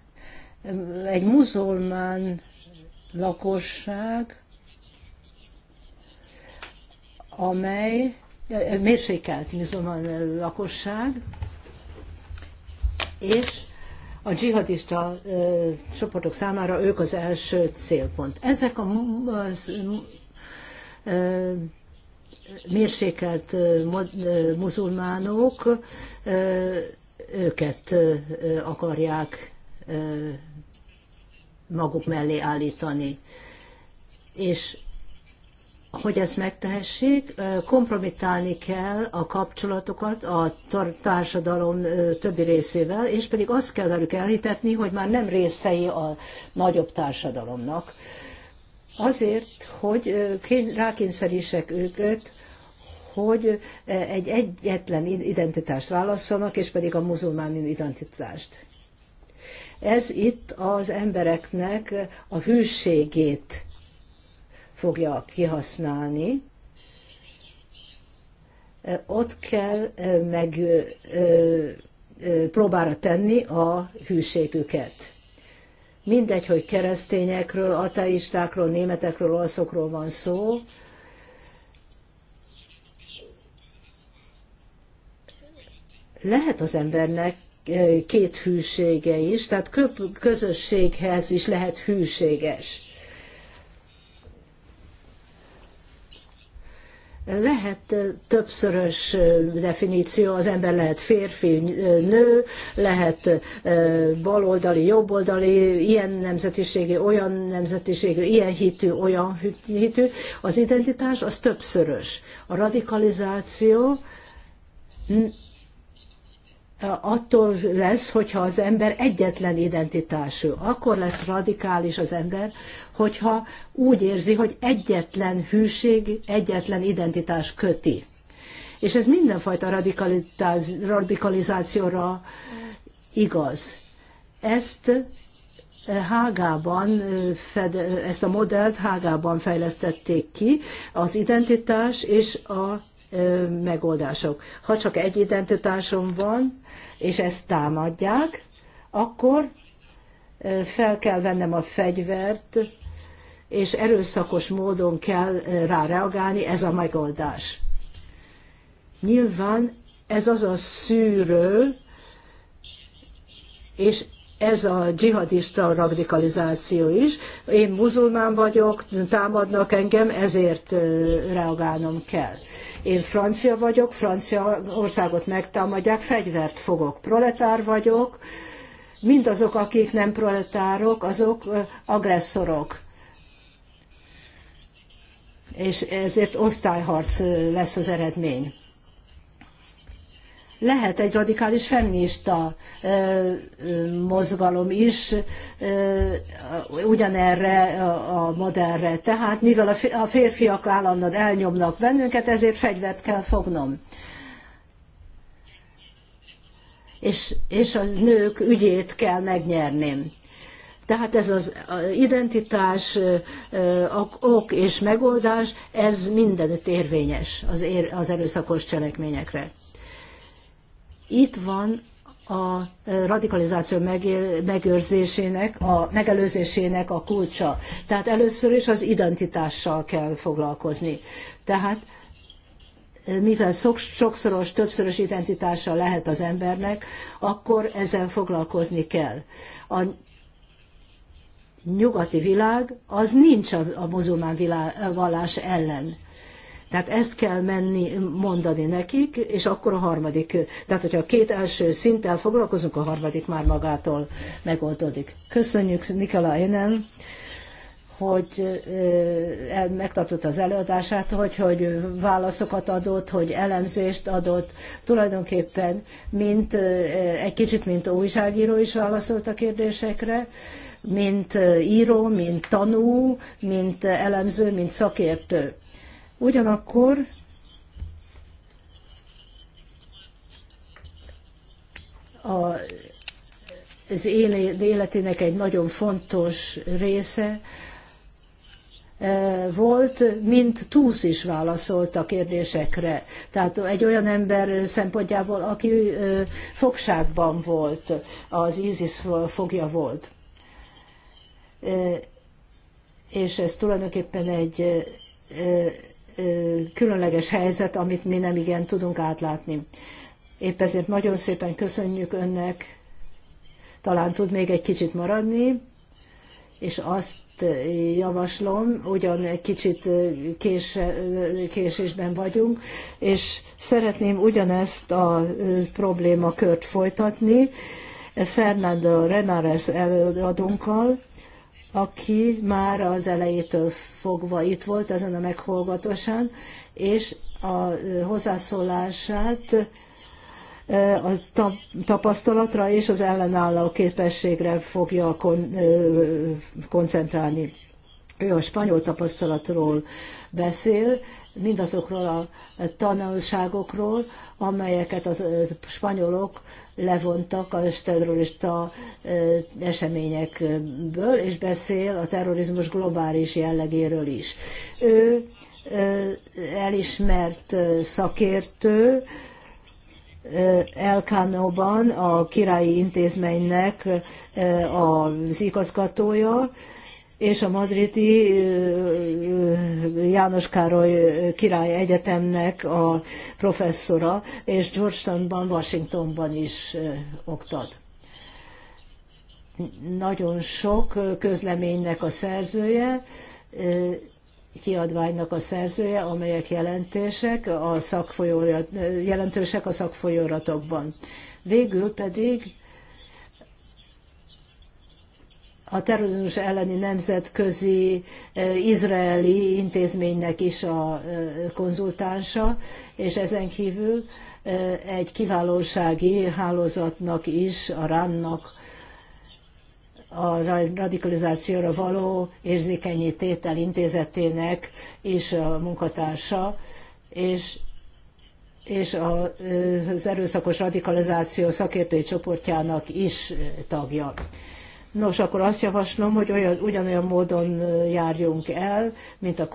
egy muzulmán lakosság, amely mérsékelt muzulmán lakosság, és a dzsihadista csoportok számára ők az első célpont. Ezek a mérsékelt muzulmánok őket akarják maguk mellé állítani. És hogy ezt megtehessék, kompromittálni kell a kapcsolatokat a társadalom többi részével, és pedig azt kell velük elhitetni, hogy már nem részei a nagyobb társadalomnak. Azért, hogy rákényszerítsek őket, hogy egy egyetlen identitást válasszanak, és pedig a muzulmán identitást. Ez itt az embereknek a hűségét fogja kihasználni. Ott kell meg próbára tenni a hűségüket. Mindegy, hogy keresztényekről, ateistákról, németekről, olaszokról van szó, lehet az embernek két hűsége is, tehát közösséghez is lehet hűséges. Lehet többszörös definíció, az ember lehet férfi, nő, lehet baloldali, jobboldali, ilyen nemzetiségű, olyan nemzetiségű, ilyen hitű, olyan hitű. Az identitás az többszörös. A radikalizáció attól lesz, hogyha az ember egyetlen identitású. Akkor lesz radikális az ember, hogyha úgy érzi, hogy egyetlen hűség, egyetlen identitás köti. És ez mindenfajta radikalizációra igaz. Ezt eh, Hágában, eh, eh, ezt a modellt Hágában fejlesztették ki, az identitás és a megoldások. Ha csak egy identitásom van, és ezt támadják, akkor fel kell vennem a fegyvert, és erőszakos módon kell rá reagálni, ez a megoldás. Nyilván ez az a szűrő, és ez a dzsihadista radikalizáció is. Én muzulmán vagyok, támadnak engem, ezért reagálnom kell. Én francia vagyok, francia országot megtámadják, fegyvert fogok. Proletár vagyok, mindazok, akik nem proletárok, azok agresszorok. És ezért osztályharc lesz az eredmény. Lehet egy radikális feminista mozgalom is ugyanerre a modellre. Tehát mivel a férfiak állandóan elnyomnak bennünket, ezért fegyvert kell fognom és, és a nők ügyét kell megnyerném. Tehát ez az identitás, ok és megoldás, ez mindenütt érvényes az, ér, az erőszakos cselekményekre. Itt van a radikalizáció megőrzésének, a megelőzésének a kulcsa. Tehát először is az identitással kell foglalkozni. Tehát mivel sokszoros, többszörös identitása lehet az embernek, akkor ezzel foglalkozni kell. A nyugati világ az nincs a, a muzulmán világ, vallás ellen. Tehát ezt kell menni, mondani nekik, és akkor a harmadik, tehát hogyha a két első szinttel foglalkozunk, a harmadik már magától megoldódik. Köszönjük Nikola Enen, hogy megtartotta az előadását, hogy, hogy válaszokat adott, hogy elemzést adott. Tulajdonképpen mint, egy kicsit, mint újságíró is válaszolt a kérdésekre, mint író, mint tanú, mint elemző, mint szakértő Ugyanakkor a, az életének egy nagyon fontos része e, volt, mint Túsz is válaszolt a kérdésekre. Tehát egy olyan ember szempontjából, aki e, fogságban volt, az ISIS fogja volt. E, és ez tulajdonképpen egy különleges helyzet, amit mi nem igen tudunk átlátni. Épp ezért nagyon szépen köszönjük önnek, talán tud még egy kicsit maradni, és azt javaslom, ugyan egy kicsit kés, késésben vagyunk, és szeretném ugyanezt a problémakört folytatni Fernando Renares előadónkkal, aki már az elejétől fogva itt volt ezen a meghallgatósán, és a hozzászólását a tapasztalatra és az ellenálló képességre fogja kon koncentrálni. Ő a spanyol tapasztalatról beszél, mindazokról a tanulságokról, amelyeket a spanyolok levontak a terrorista eseményekből, és beszél a terrorizmus globális jellegéről is. Ő elismert szakértő, Elkánóban a királyi intézménynek az igazgatója, és a madridi János Károly Király Egyetemnek a professzora, és Georgetownban, Washingtonban is oktat nagyon sok közleménynek a szerzője, kiadványnak a szerzője, amelyek jelentések a jelentősek a szakfolyóratokban. Végül pedig a terrorizmus elleni nemzetközi e, izraeli intézménynek is a e, konzultánsa, és ezen kívül e, egy kiválósági hálózatnak is, a RAN-nak, a radikalizációra való érzékenyi tétel intézetének és a munkatársa, és, és a, az erőszakos radikalizáció szakértői csoportjának is tagja. Nos, akkor azt javaslom, hogy olyan, ugyanolyan módon járjunk el, mint a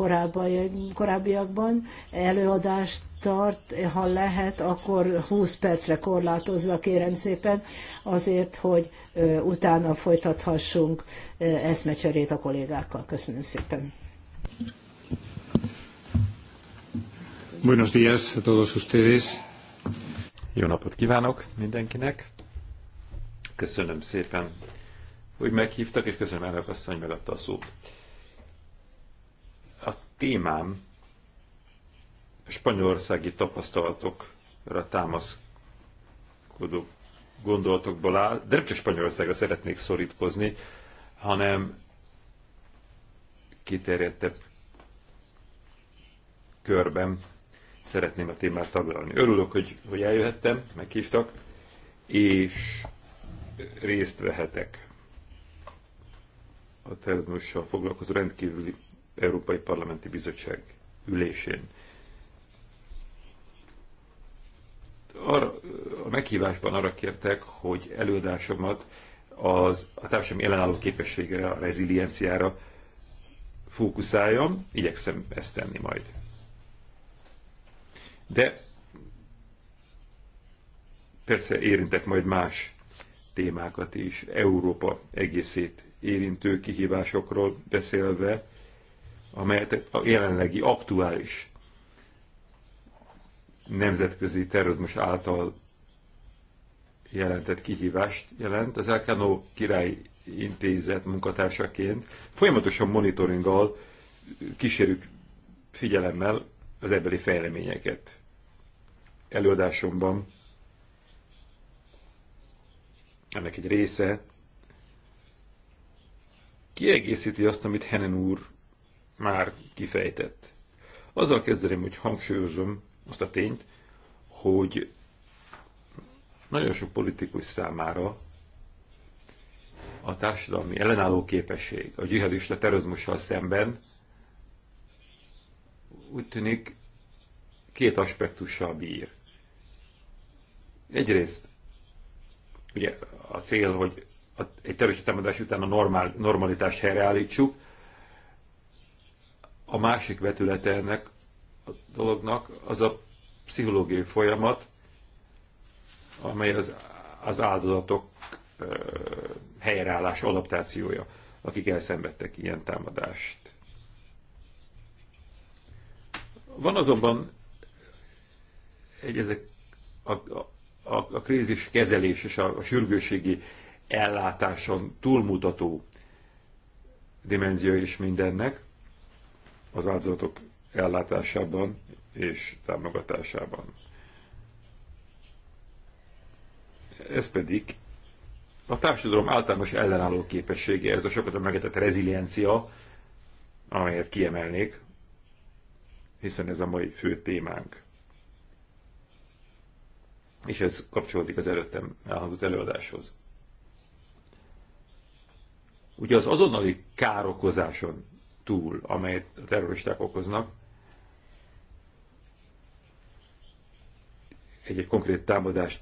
korábbiakban. Előadást tart, ha lehet, akkor 20 percre korlátozza, kérem szépen, azért, hogy utána folytathassunk eszmecserét a kollégákkal. Köszönöm szépen. Buenos días a todos ustedes. Jó napot kívánok mindenkinek! Köszönöm szépen hogy meghívtak, és köszönöm elnök asszony megadta a szót. A témám spanyolországi tapasztalatokra támaszkodó gondolatokból áll, de nem csak Spanyolországra szeretnék szorítkozni, hanem kiterjedtebb körben szeretném a témát taglalni. Örülök, hogy, hogy eljöhettem, meghívtak, és részt vehetek a terrorizmussal foglalkozó rendkívüli Európai Parlamenti Bizottság ülésén. Arra, a meghívásban arra kértek, hogy előadásomat az, a társadalmi ellenálló képességre, a rezilienciára fókuszáljam, igyekszem ezt tenni majd. De persze érintek majd más témákat is, Európa egészét érintő kihívásokról beszélve, amelyet a jelenlegi aktuális nemzetközi terrorizmus által jelentett kihívást jelent. Az Elkánó Király Intézet munkatársaként folyamatosan monitoringgal kísérjük figyelemmel az ebbeli fejleményeket. Előadásomban ennek egy része kiegészíti azt, amit Henen úr már kifejtett. Azzal kezdeném, hogy hangsúlyozom azt a tényt, hogy nagyon sok politikus számára a társadalmi ellenálló képesség a dzsihadista terrorizmussal szemben úgy tűnik két aspektussal bír. Egyrészt ugye a cél, hogy a, egy terrorista támadás után a normál, normalitást helyreállítsuk. A másik vetülete ennek a dolognak az a pszichológiai folyamat, amely az, az áldozatok ö, helyreállás adaptációja, akik elszenvedtek ilyen támadást. Van azonban egy ezek a, a, a, a krízis kezelés és a, a sürgőségi ellátáson túlmutató dimenzió is mindennek az áldozatok ellátásában és támogatásában. Ez pedig a társadalom általános ellenálló képessége, ez a sokat a megetett reziliencia, amelyet kiemelnék, hiszen ez a mai fő témánk. És ez kapcsolódik az előttem elhangzott előadáshoz ugye az azonnali károkozáson túl, amelyet a terroristák okoznak, egy-egy konkrét támadás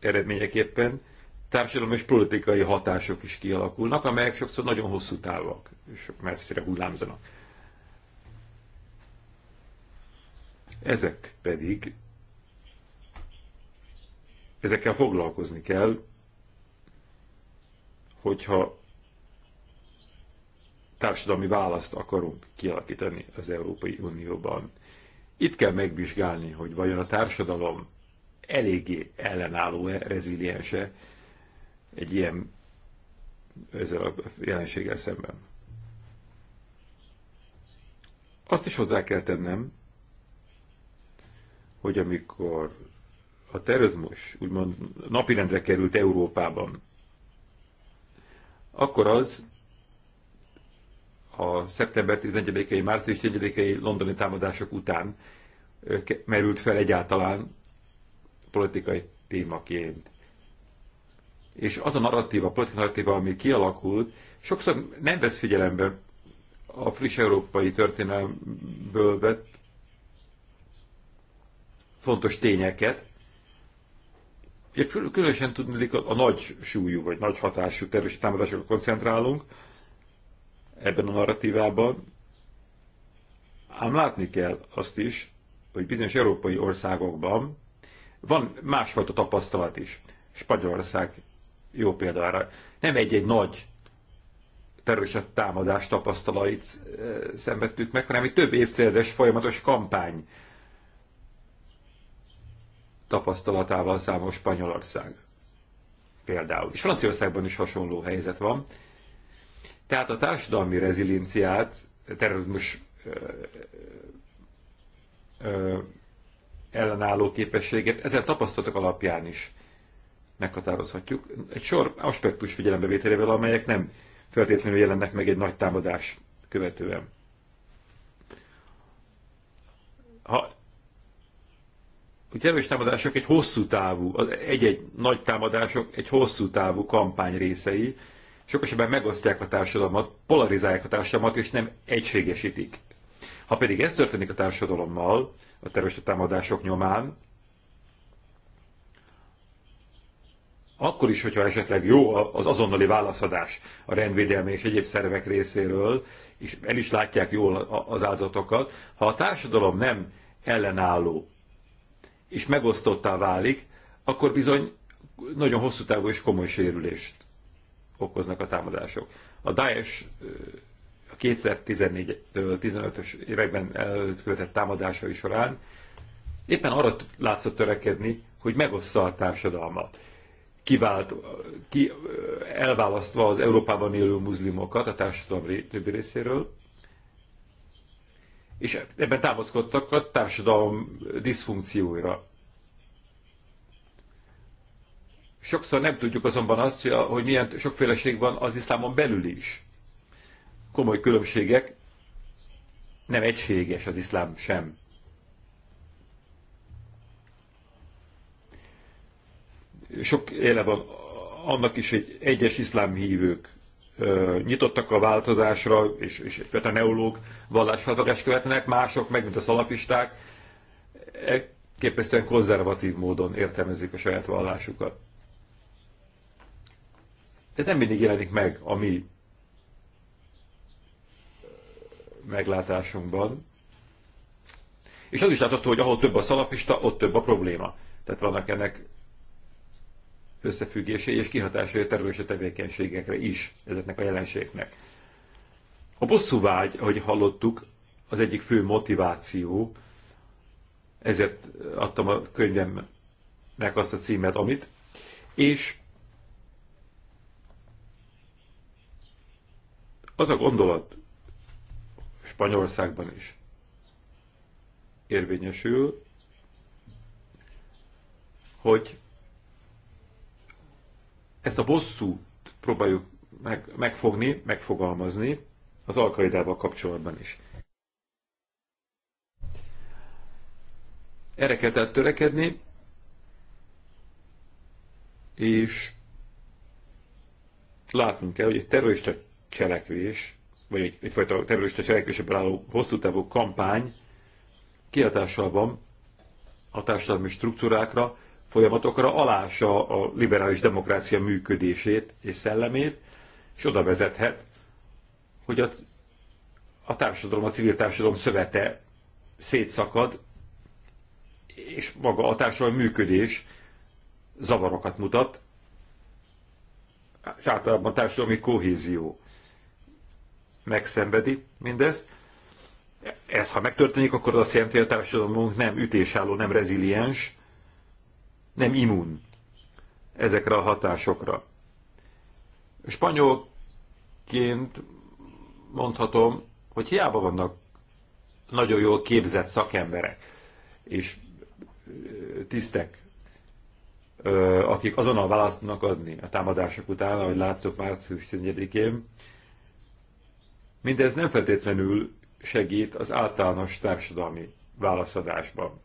eredményeképpen társadalmi és politikai hatások is kialakulnak, amelyek sokszor nagyon hosszú távak, és messzire hullámzanak. Ezek pedig, ezekkel foglalkozni kell, hogyha társadalmi választ akarunk kialakítani az Európai Unióban. Itt kell megvizsgálni, hogy vajon a társadalom eléggé ellenálló-e, reziliense egy ilyen ezzel a jelenséggel szemben. Azt is hozzá kell tennem, hogy amikor a terrorizmus úgymond napirendre került Európában, akkor az a szeptember 11-i, március 11-i londoni támadások után merült fel egyáltalán politikai témaként. És az a narratíva, a politikai narratíva, ami kialakult, sokszor nem vesz figyelembe a friss európai történelmből vett fontos tényeket, különösen tudnék a, a nagy súlyú vagy nagy hatású terrorista támadásokra koncentrálunk, ebben a narratívában, ám látni kell azt is, hogy bizonyos európai országokban van másfajta tapasztalat is. Spanyolország jó példára. Nem egy-egy nagy terrorista támadás tapasztalait szenvedtük meg, hanem egy több évtizedes folyamatos kampány tapasztalatával számol Spanyolország. Például. És Franciaországban is hasonló helyzet van. Tehát a társadalmi rezilienciát, terrorizmus ellenálló képességet ezen tapasztalatok alapján is meghatározhatjuk. Egy sor aspektus figyelembevételével, amelyek nem feltétlenül jelennek meg egy nagy támadás követően. Ha a kevés támadások egy hosszú távú, egy-egy nagy támadások egy hosszú távú kampány részei, sok esetben megosztják a társadalmat, polarizálják a társadalmat, és nem egységesítik. Ha pedig ez történik a társadalommal, a terrorista támadások nyomán, akkor is, hogyha esetleg jó az azonnali válaszadás a rendvédelmi és egyéb szervek részéről, és el is látják jól az áldozatokat, ha a társadalom nem ellenálló és megosztottá válik, akkor bizony nagyon hosszú távú és komoly sérülést okoznak a támadások. A Daesh a 2014-15-ös években elkövetett támadásai során éppen arra látszott törekedni, hogy megossza a társadalmat. Kivált, ki, elválasztva az Európában élő muszlimokat a társadalom többi részéről, és ebben támaszkodtak a társadalom diszfunkcióira Sokszor nem tudjuk azonban azt, hogy milyen sokféleség van az iszlámon belül is. Komoly különbségek, nem egységes az iszlám sem. Sok éle van annak is, hogy egyes iszlám hívők nyitottak a változásra, és, és a neológ vallásváltozást követnek, mások meg, mint a szalapisták, képesztően konzervatív módon értelmezik a saját vallásukat. Ez nem mindig jelenik meg a mi meglátásunkban. És az is látható, hogy ahol több a szalafista, ott több a probléma. Tehát vannak ennek összefüggései és kihatásai a terrorista tevékenységekre is, ezeknek a jelenségnek. A vágy, ahogy hallottuk, az egyik fő motiváció, ezért adtam a könyvemnek azt a címet, amit, és Az a gondolat Spanyolországban is érvényesül, hogy ezt a bosszút próbáljuk meg, megfogni, megfogalmazni az alkaidával kapcsolatban is. Erre kell tehát törekedni, és látnunk kell, hogy egy terrorista cselekvés, vagy egy, egyfajta terrorista cselekvésebben álló hosszú távú kampány kihatással van a társadalmi struktúrákra, folyamatokra, alása a liberális demokrácia működését és szellemét, és oda vezethet, hogy a, a társadalom, a civil társadalom szövete szétszakad, és maga a társadalmi működés zavarokat mutat, és általában társadalmi kohézió megszenvedi mindezt. Ez, ha megtörténik, akkor az azt jelenti, hogy a társadalomunk nem ütésálló, nem reziliens, nem immun ezekre a hatásokra. Spanyolként mondhatom, hogy hiába vannak nagyon jól képzett szakemberek és tisztek, akik azonnal választnak adni a támadások után, ahogy láttuk március 11 én Mindez nem feltétlenül segít az általános társadalmi válaszadásban.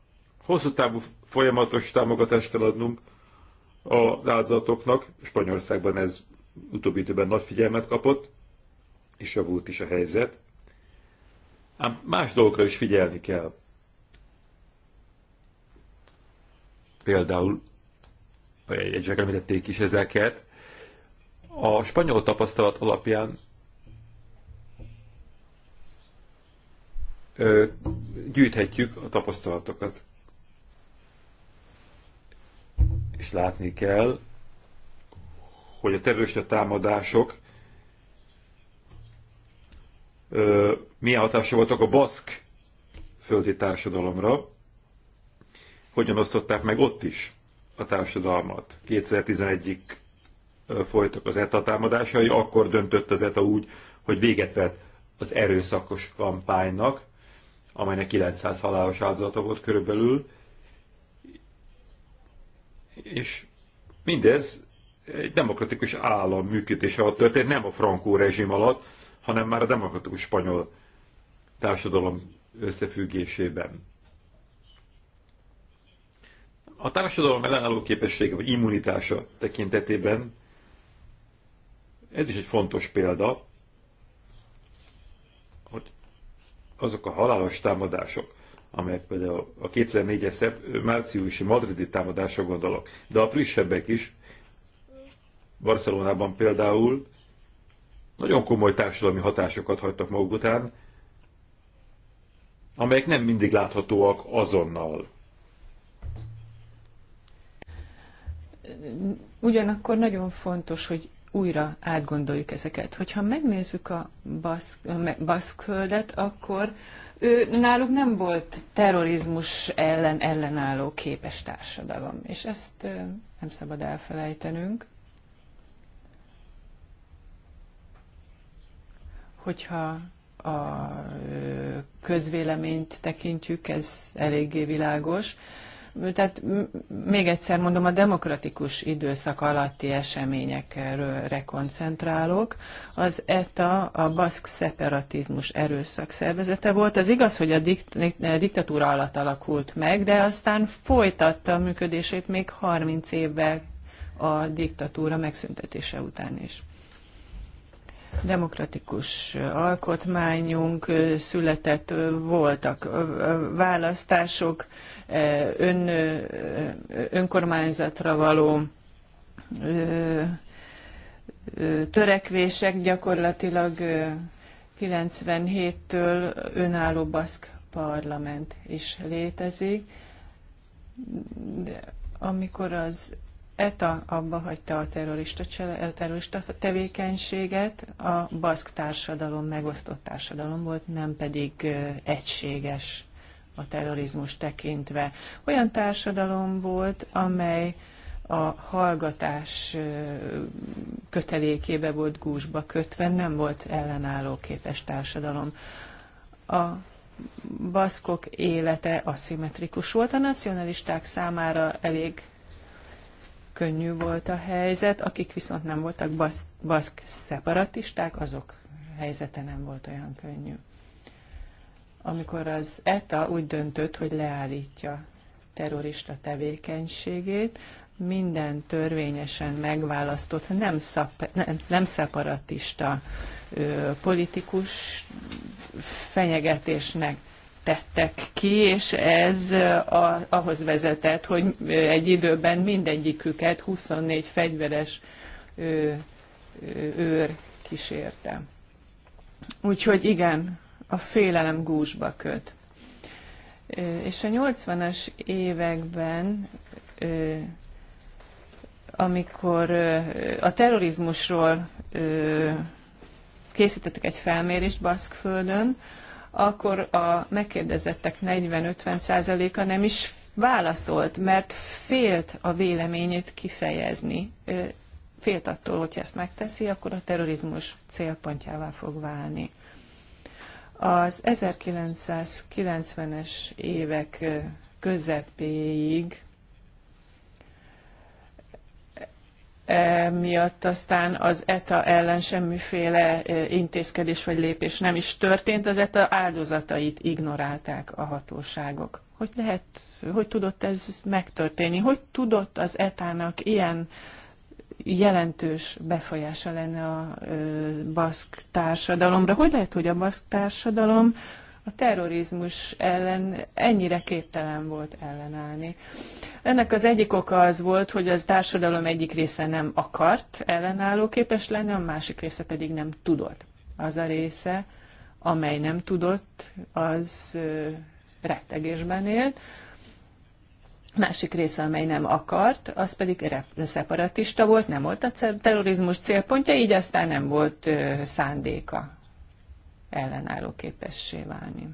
Hosszú távú folyamatos támogatást kell adnunk az áldozatoknak, Spanyolországban ez utóbbi időben nagy figyelmet kapott, és javult is a helyzet. Ám más dolgokra is figyelni kell. Például, egyesek említették is ezeket, a spanyol tapasztalat alapján gyűjthetjük a tapasztalatokat. És látni kell, hogy a terrorista támadások milyen hatása voltak a baszk földi társadalomra, hogyan osztották meg ott is a társadalmat. 2011-ig folytak az ETA támadásai, akkor döntött az ETA úgy, hogy véget vett az erőszakos kampánynak, amelynek 900 halálos áldozata volt körülbelül, és mindez egy demokratikus állam működése alatt történt, nem a frankó rezsim alatt, hanem már a demokratikus spanyol társadalom összefüggésében. A társadalom ellenálló képessége vagy immunitása tekintetében ez is egy fontos példa, azok a halálos támadások, amelyek például a 2004-es márciusi madridi támadásra gondolok, de a frissebbek is, Barcelonában például nagyon komoly társadalmi hatásokat hagytak maguk után, amelyek nem mindig láthatóak azonnal. Ugyanakkor nagyon fontos, hogy újra átgondoljuk ezeket. Hogyha megnézzük a baszk, baszkföldet, akkor ő, náluk nem volt terrorizmus ellen ellenálló képes társadalom, és ezt nem szabad elfelejtenünk. Hogyha a közvéleményt tekintjük, ez eléggé világos. Tehát még egyszer mondom, a demokratikus időszak alatti eseményekről rekoncentrálok. Az ETA a baszk szeparatizmus erőszak szervezete volt. Az igaz, hogy a diktatúra alatt alakult meg, de aztán folytatta a működését még 30 évvel a diktatúra megszüntetése után is demokratikus alkotmányunk született, voltak választások, ön, önkormányzatra való törekvések gyakorlatilag 97-től önálló baszk parlament is létezik. De amikor az ETA abba hagyta a terrorista, a terrorista tevékenységet, a baszk társadalom megosztott társadalom volt, nem pedig egységes a terrorizmus tekintve. Olyan társadalom volt, amely a hallgatás kötelékébe volt gúzsba kötve, nem volt ellenálló képes társadalom. A baszkok élete aszimmetrikus volt, a nacionalisták számára elég könnyű volt a helyzet, akik viszont nem voltak basz, baszk szeparatisták, azok helyzete nem volt olyan könnyű. Amikor az ETA úgy döntött, hogy leállítja terrorista tevékenységét, minden törvényesen megválasztott, nem, szap, nem, nem szeparatista ö, politikus fenyegetésnek tettek ki, és ez a, ahhoz vezetett, hogy egy időben mindegyiküket 24 fegyveres ő, őr kísérte. Úgyhogy igen, a félelem gúzsba köt. És a 80-as években, amikor a terrorizmusról készítettek egy felmérést Baszkföldön, akkor a megkérdezettek 40-50%-a nem is válaszolt, mert félt a véleményét kifejezni. Félt attól, hogy ezt megteszi, akkor a terrorizmus célpontjává fog válni. Az 1990-es évek közepéig E, miatt aztán az ETA ellen semmiféle e, intézkedés vagy lépés nem is történt, az ETA áldozatait ignorálták a hatóságok. Hogy lehet, hogy tudott ez megtörténni? Hogy tudott az ETA-nak ilyen jelentős befolyása lenne a e, baszk társadalomra? Hogy lehet, hogy a baszk társadalom a terrorizmus ellen ennyire képtelen volt ellenállni. Ennek az egyik oka az volt, hogy az társadalom egyik része nem akart ellenálló képes lenni, a másik része pedig nem tudott. Az a része, amely nem tudott, az rettegésben élt, másik része, amely nem akart, az pedig szeparatista volt, nem volt a terrorizmus célpontja, így aztán nem volt szándéka ellenálló képessé válni.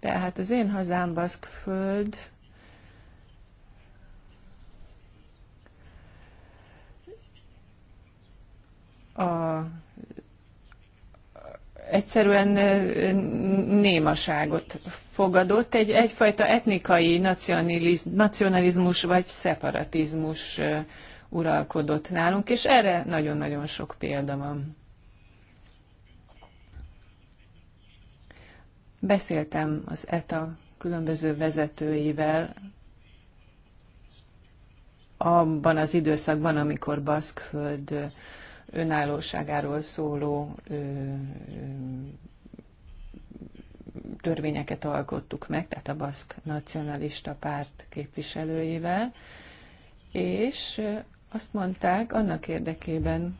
Tehát az én hazám Baszkföld a egyszerűen némaságot fogadott, egy, egyfajta etnikai nacionalizmus vagy szeparatizmus uralkodott nálunk, és erre nagyon-nagyon sok példa van. Beszéltem az ETA különböző vezetőivel abban az időszakban, amikor Baszkföld önállóságáról szóló ö, ö, törvényeket alkottuk meg, tehát a Baszk Nacionalista Párt képviselőivel, és azt mondták annak érdekében,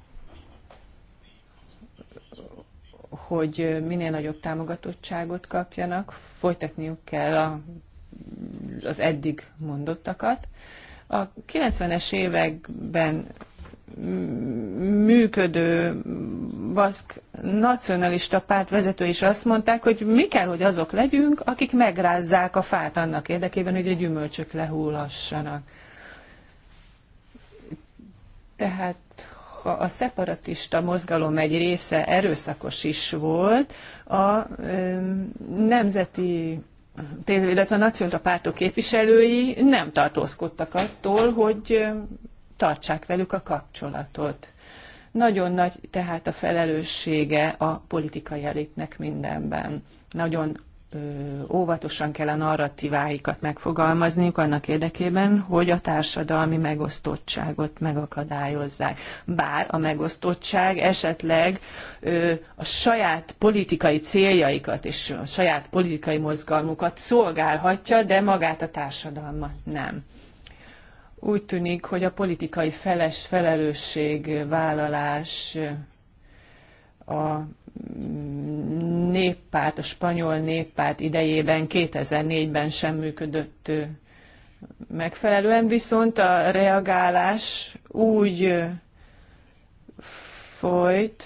hogy minél nagyobb támogatottságot kapjanak, folytatniuk kell a, az eddig mondottakat. A 90-es években működő baszk nacionalista párt vezető is azt mondták, hogy mi kell, hogy azok legyünk, akik megrázzák a fát annak érdekében, hogy a gyümölcsök lehullassanak. Tehát a szeparatista mozgalom egy része erőszakos is volt, a nemzeti illetve a nacionalista pártok képviselői nem tartózkodtak attól, hogy tartsák velük a kapcsolatot. Nagyon nagy tehát a felelőssége a politikai elitnek mindenben. Nagyon óvatosan kell a narratíváikat megfogalmazniuk annak érdekében, hogy a társadalmi megosztottságot megakadályozzák. Bár a megosztottság esetleg a saját politikai céljaikat és a saját politikai mozgalmukat szolgálhatja, de magát a társadalmat nem úgy tűnik, hogy a politikai feles felelősségvállalás a néppárt, a spanyol néppárt idejében 2004-ben sem működött megfelelően, viszont a reagálás úgy folyt,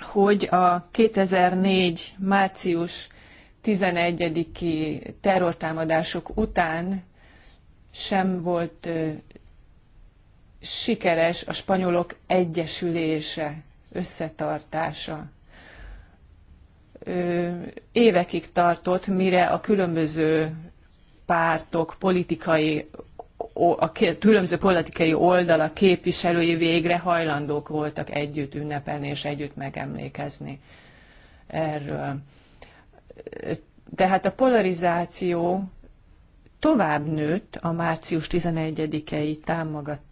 hogy a 2004. március 11-i terrortámadások után sem volt sikeres a spanyolok egyesülése összetartása. Évekig tartott, mire a különböző pártok, politikai, a különböző politikai oldala képviselői végre hajlandók voltak együtt ünnepelni és együtt megemlékezni erről. Tehát a polarizáció tovább nőtt a március 11-i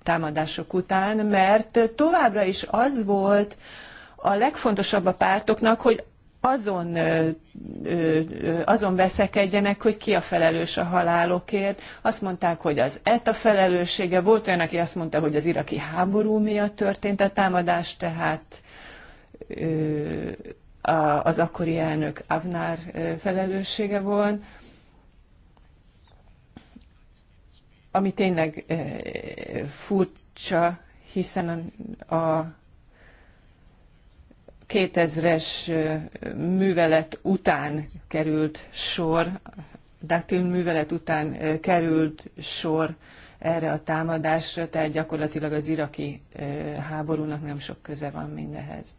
támadások után, mert továbbra is az volt a legfontosabb a pártoknak, hogy azon, azon veszekedjenek, hogy ki a felelős a halálokért. Azt mondták, hogy az ETA felelőssége. Volt olyan, aki azt mondta, hogy az iraki háború miatt történt a támadás, tehát az akkori elnök Avnár felelőssége volt. ami tényleg furcsa, hiszen a 2000-es művelet után került sor, daktil művelet után került sor erre a támadásra, tehát gyakorlatilag az iraki háborúnak nem sok köze van mindehez.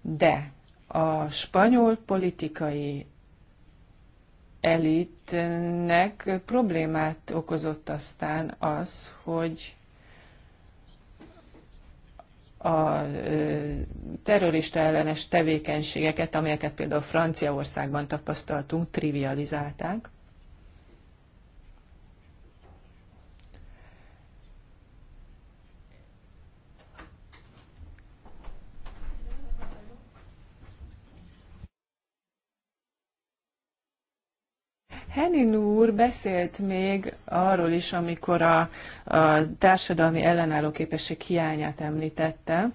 De a spanyol politikai elitnek problémát okozott aztán az, hogy a terrorista ellenes tevékenységeket, amelyeket például Franciaországban tapasztaltunk, trivializálták. Henning úr beszélt még arról is, amikor a, a társadalmi ellenálló képesség hiányát említette,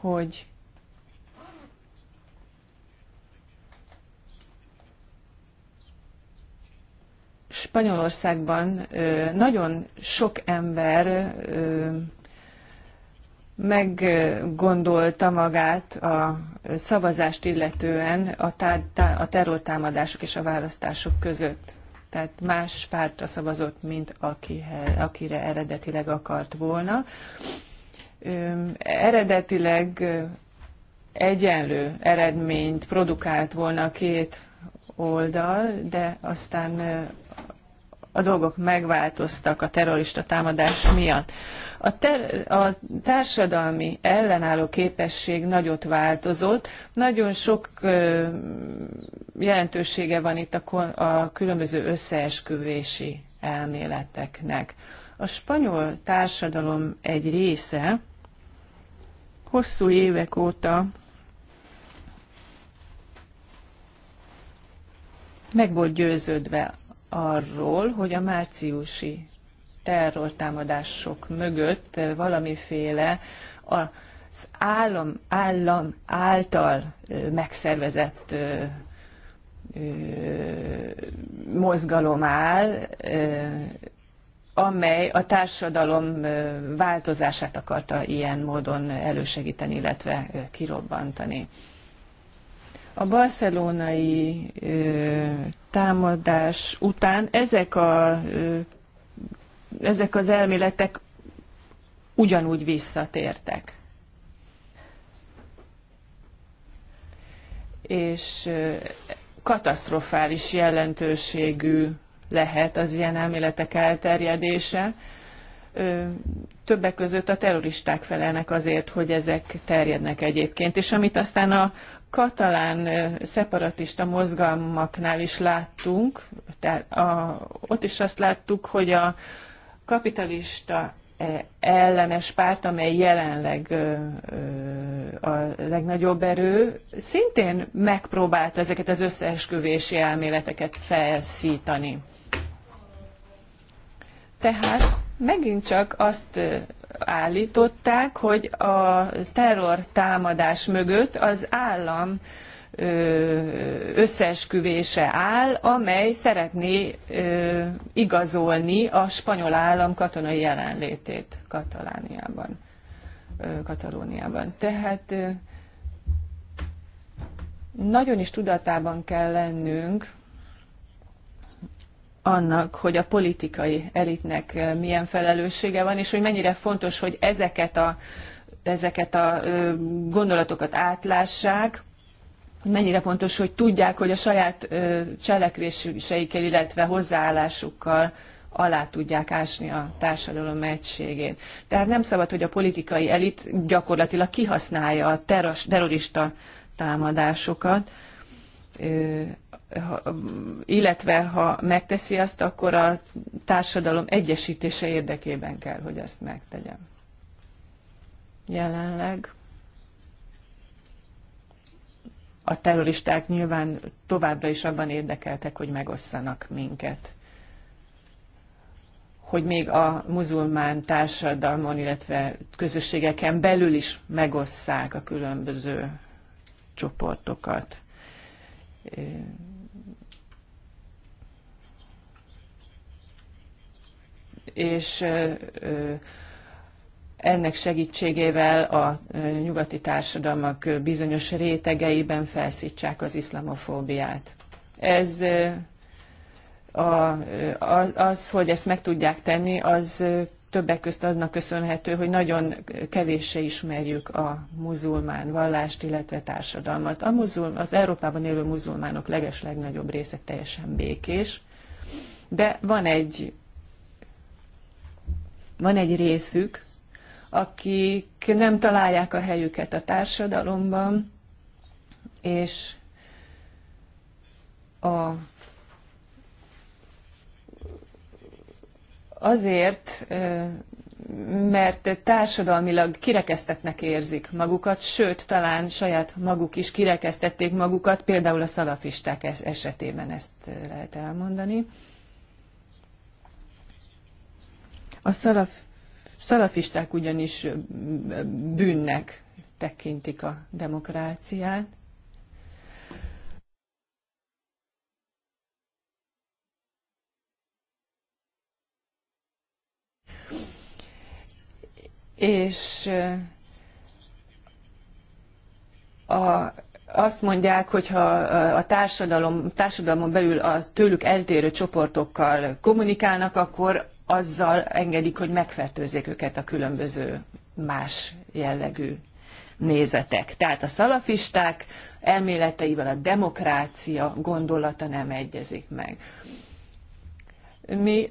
hogy Spanyolországban nagyon sok ember meggondolta magát a szavazást illetően a, tá- a terrortámadások és a választások között. Tehát más pártra szavazott, mint akihe, akire eredetileg akart volna. eredetileg egyenlő eredményt produkált volna a két oldal, de aztán a dolgok megváltoztak a terrorista támadás miatt. A, ter, a társadalmi ellenálló képesség nagyot változott, nagyon sok ö, jelentősége van itt a, a különböző összeesküvési elméleteknek. A spanyol társadalom egy része hosszú évek óta meg volt győződve arról, hogy a márciusi terrortámadások mögött valamiféle az állam, állam által megszervezett mozgalom áll, amely a társadalom változását akarta ilyen módon elősegíteni, illetve kirobbantani. A barcelonai támadás után ezek, a, ezek az elméletek ugyanúgy visszatértek. És katasztrofális jelentőségű lehet az ilyen elméletek elterjedése, többek között a terroristák felelnek azért, hogy ezek terjednek egyébként. És amit aztán a katalán szeparatista mozgalmaknál is láttunk, tehát a, ott is azt láttuk, hogy a kapitalista e, ellenes párt, amely jelenleg a legnagyobb erő, szintén megpróbált ezeket az összeesküvési elméleteket felszítani. Tehát megint csak azt állították, hogy a terror támadás mögött az állam összeesküvése áll, amely szeretné igazolni a spanyol állam katonai jelenlétét Katalániában, Katalóniában. Tehát nagyon is tudatában kell lennünk annak, hogy a politikai elitnek eh, milyen felelőssége van, és hogy mennyire fontos, hogy ezeket a, ezeket a gondolatokat átlássák, mennyire fontos, hogy tudják, hogy a saját cselekvéseikkel, illetve hozzáállásukkal alá tudják ásni a társadalom egységét. Tehát nem szabad, hogy a politikai elit gyakorlatilag kihasználja a terrorista támadásokat, illetve ha megteszi azt, akkor a társadalom egyesítése érdekében kell, hogy ezt megtegyem. Jelenleg a terroristák nyilván továbbra is abban érdekeltek, hogy megosszanak minket. Hogy még a muzulmán társadalmon, illetve közösségeken belül is megosszák a különböző csoportokat és ennek segítségével a nyugati társadalmak bizonyos rétegeiben felszítsák az iszlamofóbiát. Ez a, az, hogy ezt meg tudják tenni, az többek közt adnak köszönhető, hogy nagyon kevéssé ismerjük a muzulmán vallást, illetve társadalmat. A muzul, az Európában élő muzulmánok leges legnagyobb része teljesen békés, de van egy van egy részük, akik nem találják a helyüket a társadalomban, és a, azért, mert társadalmilag kirekesztetnek érzik magukat, sőt, talán saját maguk is kirekesztették magukat, például a szalafisták esetében ezt lehet elmondani. A szalaf, szalafisták ugyanis bűnnek tekintik a demokráciát, és a, azt mondják, hogy ha a társadalom, társadalmon belül a tőlük eltérő csoportokkal kommunikálnak, akkor azzal engedik, hogy megfertőzzék őket a különböző más jellegű nézetek. Tehát a szalafisták elméleteivel a demokrácia gondolata nem egyezik meg. Mi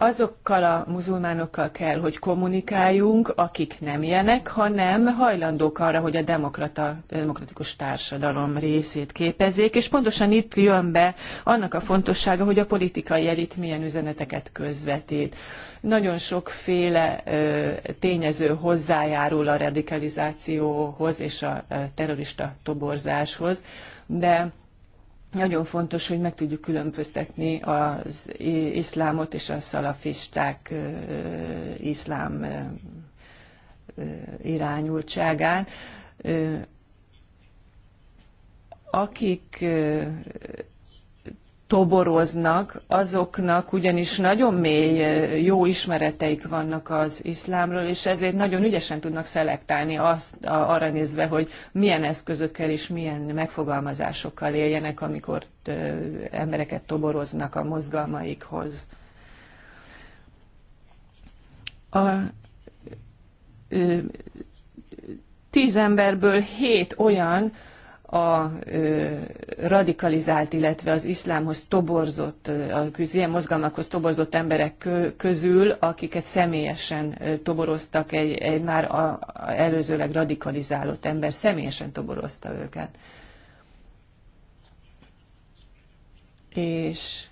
azokkal a muzulmánokkal kell, hogy kommunikáljunk, akik nem ilyenek, hanem hajlandók arra, hogy a demokrata, demokratikus társadalom részét képezzék, és pontosan itt jön be annak a fontossága, hogy a politikai elit milyen üzeneteket közvetít. Nagyon sokféle ö, tényező hozzájárul a radikalizációhoz és a terrorista toborzáshoz, de nagyon fontos, hogy meg tudjuk különböztetni az iszlámot és a szalafisták iszlám irányultságán. Akik toboroznak, azoknak ugyanis nagyon mély, jó ismereteik vannak az iszlámról, és ezért nagyon ügyesen tudnak szelektálni azt, a, arra nézve, hogy milyen eszközökkel és milyen megfogalmazásokkal éljenek, amikor ö, embereket toboroznak a mozgalmaikhoz. A, ö, tíz emberből hét olyan, a radikalizált, illetve az iszlámhoz toborzott, az ilyen mozgalmakhoz toborzott emberek közül, akiket személyesen toboroztak, egy, egy már a, a előzőleg radikalizálott ember személyesen toborozta őket. És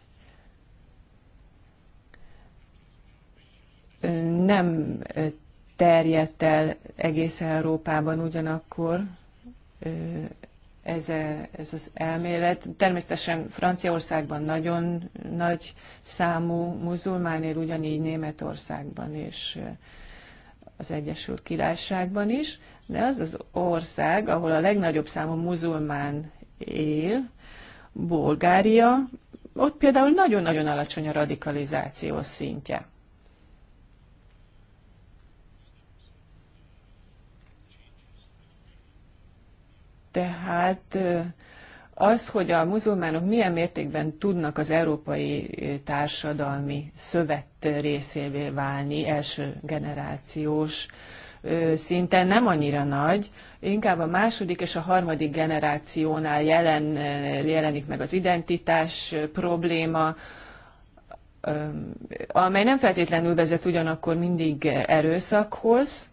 nem terjedt el egész Európában ugyanakkor, ez, ez az elmélet. Természetesen Franciaországban nagyon nagy számú muzulmán él, ugyanígy Németországban és eh, az Egyesült Királyságban is, de az az ország, ahol a legnagyobb számú muzulmán él, Bulgária, ott például nagyon-nagyon alacsony a radikalizáció szintje. Tehát az, hogy a muzulmánok milyen mértékben tudnak az európai társadalmi szövet részévé válni első generációs szinten nem annyira nagy, inkább a második és a harmadik generációnál jelen, jelenik meg az identitás probléma, amely nem feltétlenül vezet ugyanakkor mindig erőszakhoz,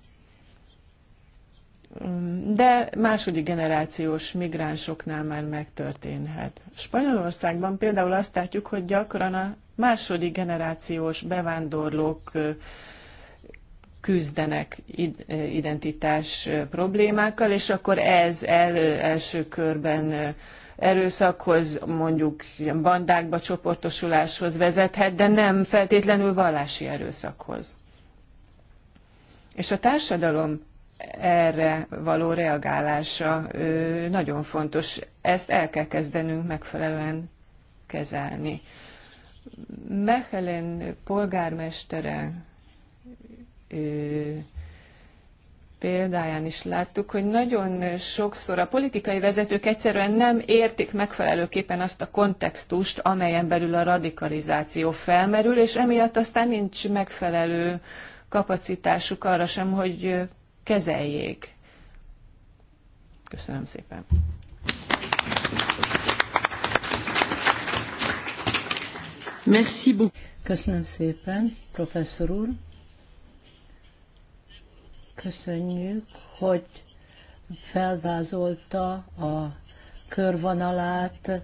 de második generációs migránsoknál már megtörténhet. Spanyolországban például azt látjuk, hogy gyakran a második generációs bevándorlók küzdenek identitás problémákkal, és akkor ez el, első körben erőszakhoz, mondjuk bandákba csoportosuláshoz vezethet, de nem feltétlenül vallási erőszakhoz. És a társadalom erre való reagálása nagyon fontos. Ezt el kell kezdenünk megfelelően kezelni. Mechelen polgármestere példáján is láttuk, hogy nagyon sokszor a politikai vezetők egyszerűen nem értik megfelelőképpen azt a kontextust, amelyen belül a radikalizáció felmerül, és emiatt aztán nincs megfelelő kapacitásuk arra sem, hogy kezeljék. Köszönöm szépen. Merci beaucoup. Köszönöm szépen, professzor úr. Köszönjük, hogy felvázolta a körvonalát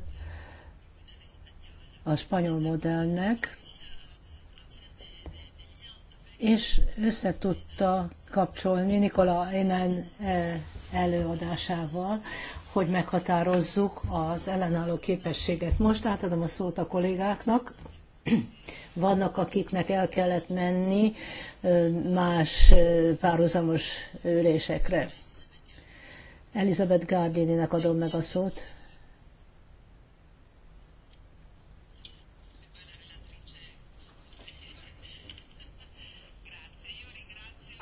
a spanyol modellnek, és összetudta kapcsolni Nikola Énen eh, előadásával, hogy meghatározzuk az ellenálló képességet. Most átadom a szót a kollégáknak. Vannak, akiknek el kellett menni más párhuzamos ülésekre. Elizabeth Gardininek adom meg a szót.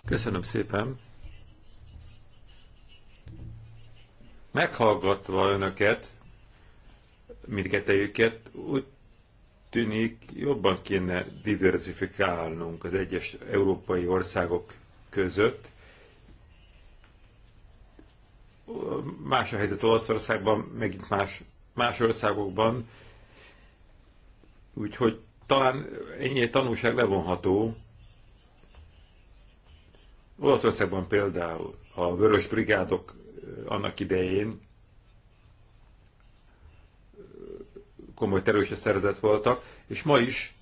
Köszönöm szépen. Meghallgatva önöket, mindkettejüket, úgy tűnik jobban kéne diversifikálnunk az egyes európai országok között. Más a helyzet Olaszországban, megint más, más országokban. Úgyhogy talán ennyi tanulság levonható, Olaszországban például a vörös brigádok eh, annak idején eh, komoly terőse szerzett voltak, és ma is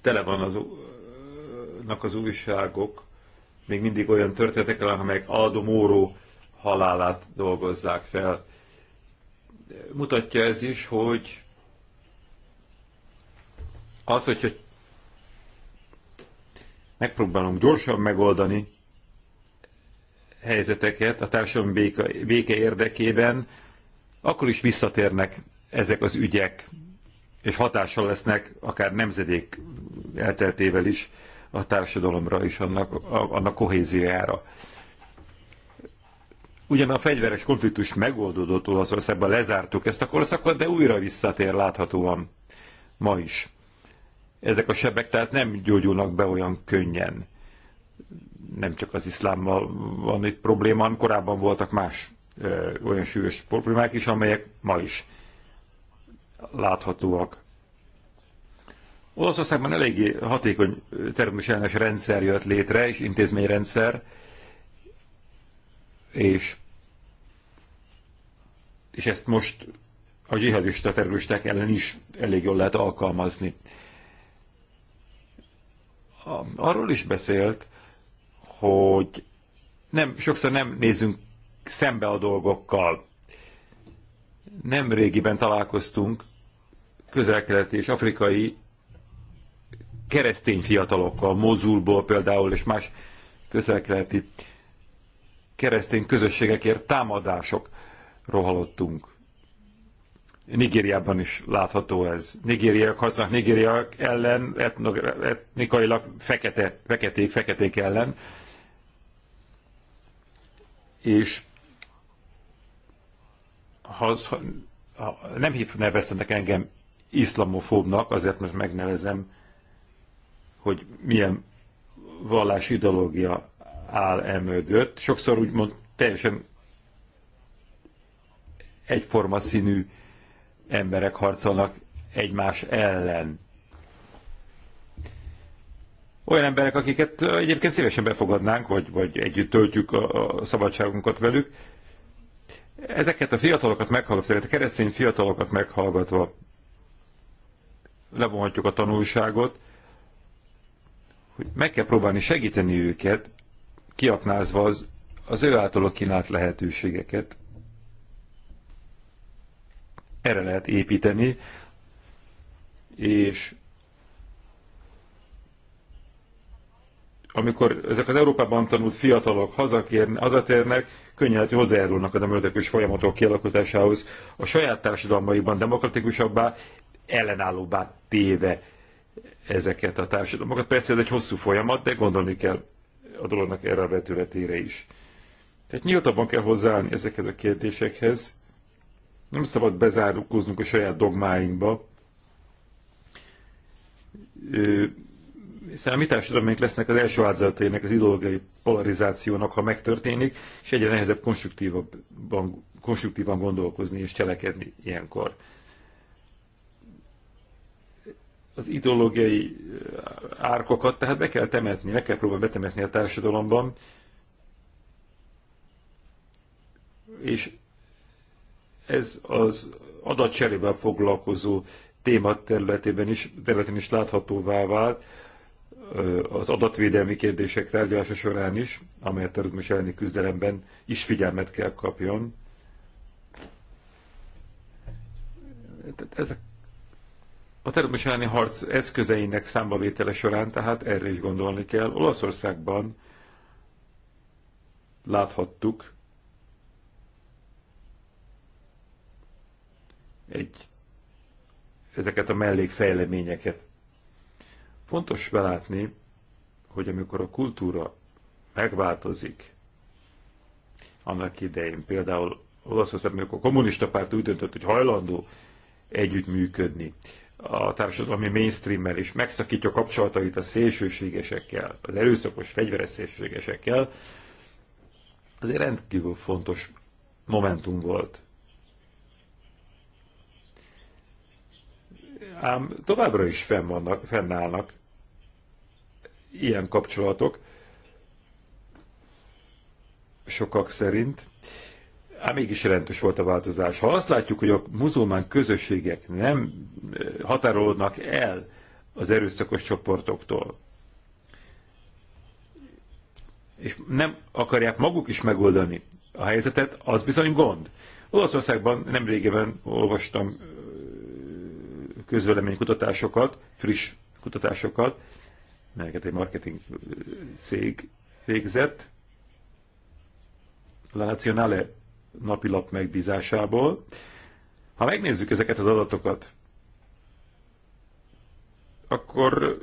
tele van az, eh, az újságok, még mindig olyan történetekkel, amelyek Aldo Moro halálát dolgozzák fel. Mutatja ez is, hogy az, hogyha megpróbálunk gyorsan megoldani helyzeteket a társadalom béke, béke érdekében, akkor is visszatérnek ezek az ügyek, és hatással lesznek akár nemzedék elteltével is a társadalomra és annak, a, annak kohéziójára. Ugyan a fegyveres konfliktus megoldódott Olaszországban, lezártuk ezt a korszakot, de újra visszatér láthatóan ma is ezek a sebek tehát nem gyógyulnak be olyan könnyen. Nem csak az iszlámmal van itt probléma, hanem korábban voltak más ö, olyan súlyos problémák is, amelyek ma is láthatóak. Olaszországban eléggé hatékony természetes rendszer jött létre, és intézményrendszer, és, és ezt most a zsihadista terroristák ellen is elég jól lehet alkalmazni arról is beszélt, hogy nem, sokszor nem nézünk szembe a dolgokkal. Nem régiben találkoztunk közel és afrikai keresztény fiatalokkal, Mozulból például, és más közel keresztény közösségekért támadások rohalottunk. Nigériában is látható ez. Nigériak használnak nigériak ellen, etnikailag fekete, feketék, feketék ellen. És ha, ha nem hív, neveztenek engem iszlamofóbnak, azért most megnevezem, hogy milyen vallási ideológia áll e mögött. Sokszor úgymond teljesen egyforma színű emberek harcolnak egymás ellen. Olyan emberek, akiket egyébként szívesen befogadnánk, vagy, vagy együtt töltjük a, a szabadságunkat velük. Ezeket a fiatalokat meghallgatva, a keresztény fiatalokat meghallgatva levonhatjuk a tanulságot, hogy meg kell próbálni segíteni őket, kiaknázva az, az ő általok kínált lehetőségeket, erre lehet építeni, és amikor ezek az Európában tanult fiatalok hazakérni, hazatérnek, könnyen hozzájárulnak a demokratikus folyamatok kialakításához, a saját társadalmaiban demokratikusabbá, ellenállóbbá téve ezeket a társadalmakat. Persze ez egy hosszú folyamat, de gondolni kell a dolognak erre a vetületére is. Tehát nyíltabban kell hozzáállni ezekhez a kérdésekhez, nem szabad bezárkóznunk a saját dogmáinkba. Hiszen a mi társadalmaink lesznek az első áldozatainak, az ideológiai polarizációnak, ha megtörténik, és egyre nehezebb konstruktívabban, konstruktívan gondolkozni és cselekedni ilyenkor az ideológiai árkokat, tehát be kell temetni, meg kell próbálni betemetni a társadalomban, és ez az adatcserével foglalkozó téma területében is, területén is láthatóvá vált az adatvédelmi kérdések tárgyalása során is, amely a terrorizmus elleni küzdelemben is figyelmet kell kapjon. Tehát ez a, a terrorizmus elleni harc eszközeinek számbavétele során, tehát erre is gondolni kell. Olaszországban láthattuk, egy, ezeket a mellékfejleményeket. Fontos belátni, hogy amikor a kultúra megváltozik, annak idején például Olaszországban, amikor a kommunista párt úgy döntött, hogy hajlandó együttműködni a társadalmi mainstreammel, és megszakítja a kapcsolatait a szélsőségesekkel, az erőszakos fegyveres szélsőségesekkel, az egy rendkívül fontos momentum volt. ám továbbra is fenn vannak, fennállnak ilyen kapcsolatok, sokak szerint, ám mégis jelentős volt a változás. Ha azt látjuk, hogy a muzulmán közösségek nem határolódnak el az erőszakos csoportoktól, és nem akarják maguk is megoldani a helyzetet, az bizony gond. Olaszországban régebben olvastam kutatásokat, friss kutatásokat, melyeket egy marketing cég végzett, La Nacionale napilap megbízásából. Ha megnézzük ezeket az adatokat, akkor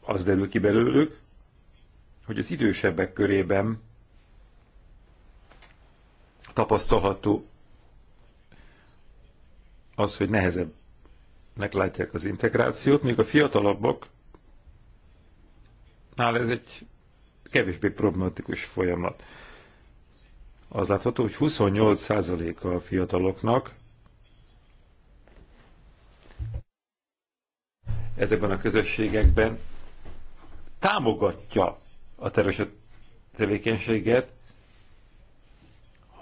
az derül ki belőlük, hogy az idősebbek körében tapasztalható az, hogy nehezebb meglátják az integrációt, míg a fiatalabbak nál ez egy kevésbé problematikus folyamat. Az látható, hogy 28%-a a fiataloknak ezekben a közösségekben támogatja a terös tevékenységet,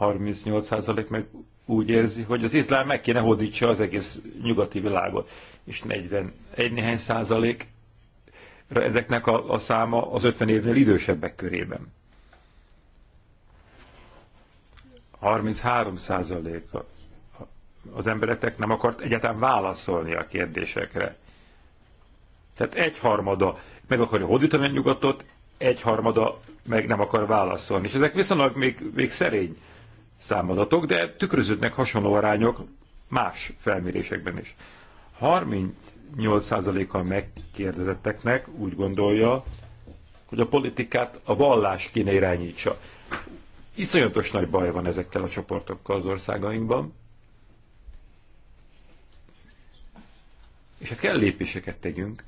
38% meg úgy érzi, hogy az iszlám meg kéne hódítsa az egész nyugati világot. És 41 néhány százalék ezeknek a, a száma az 50 évnél idősebbek körében. 33 százalék az embereknek nem akart egyáltalán válaszolni a kérdésekre. Tehát egyharmada meg akarja hódítani a nyugatot, egyharmada meg nem akar válaszolni. És ezek viszonylag még, még szerény számadatok, de tükröződnek hasonló arányok más felmérésekben is. 38%-a megkérdezetteknek úgy gondolja, hogy a politikát a vallás kéne irányítsa. Iszonyatos nagy baj van ezekkel a csoportokkal az országainkban. És hát kell lépéseket tegyünk.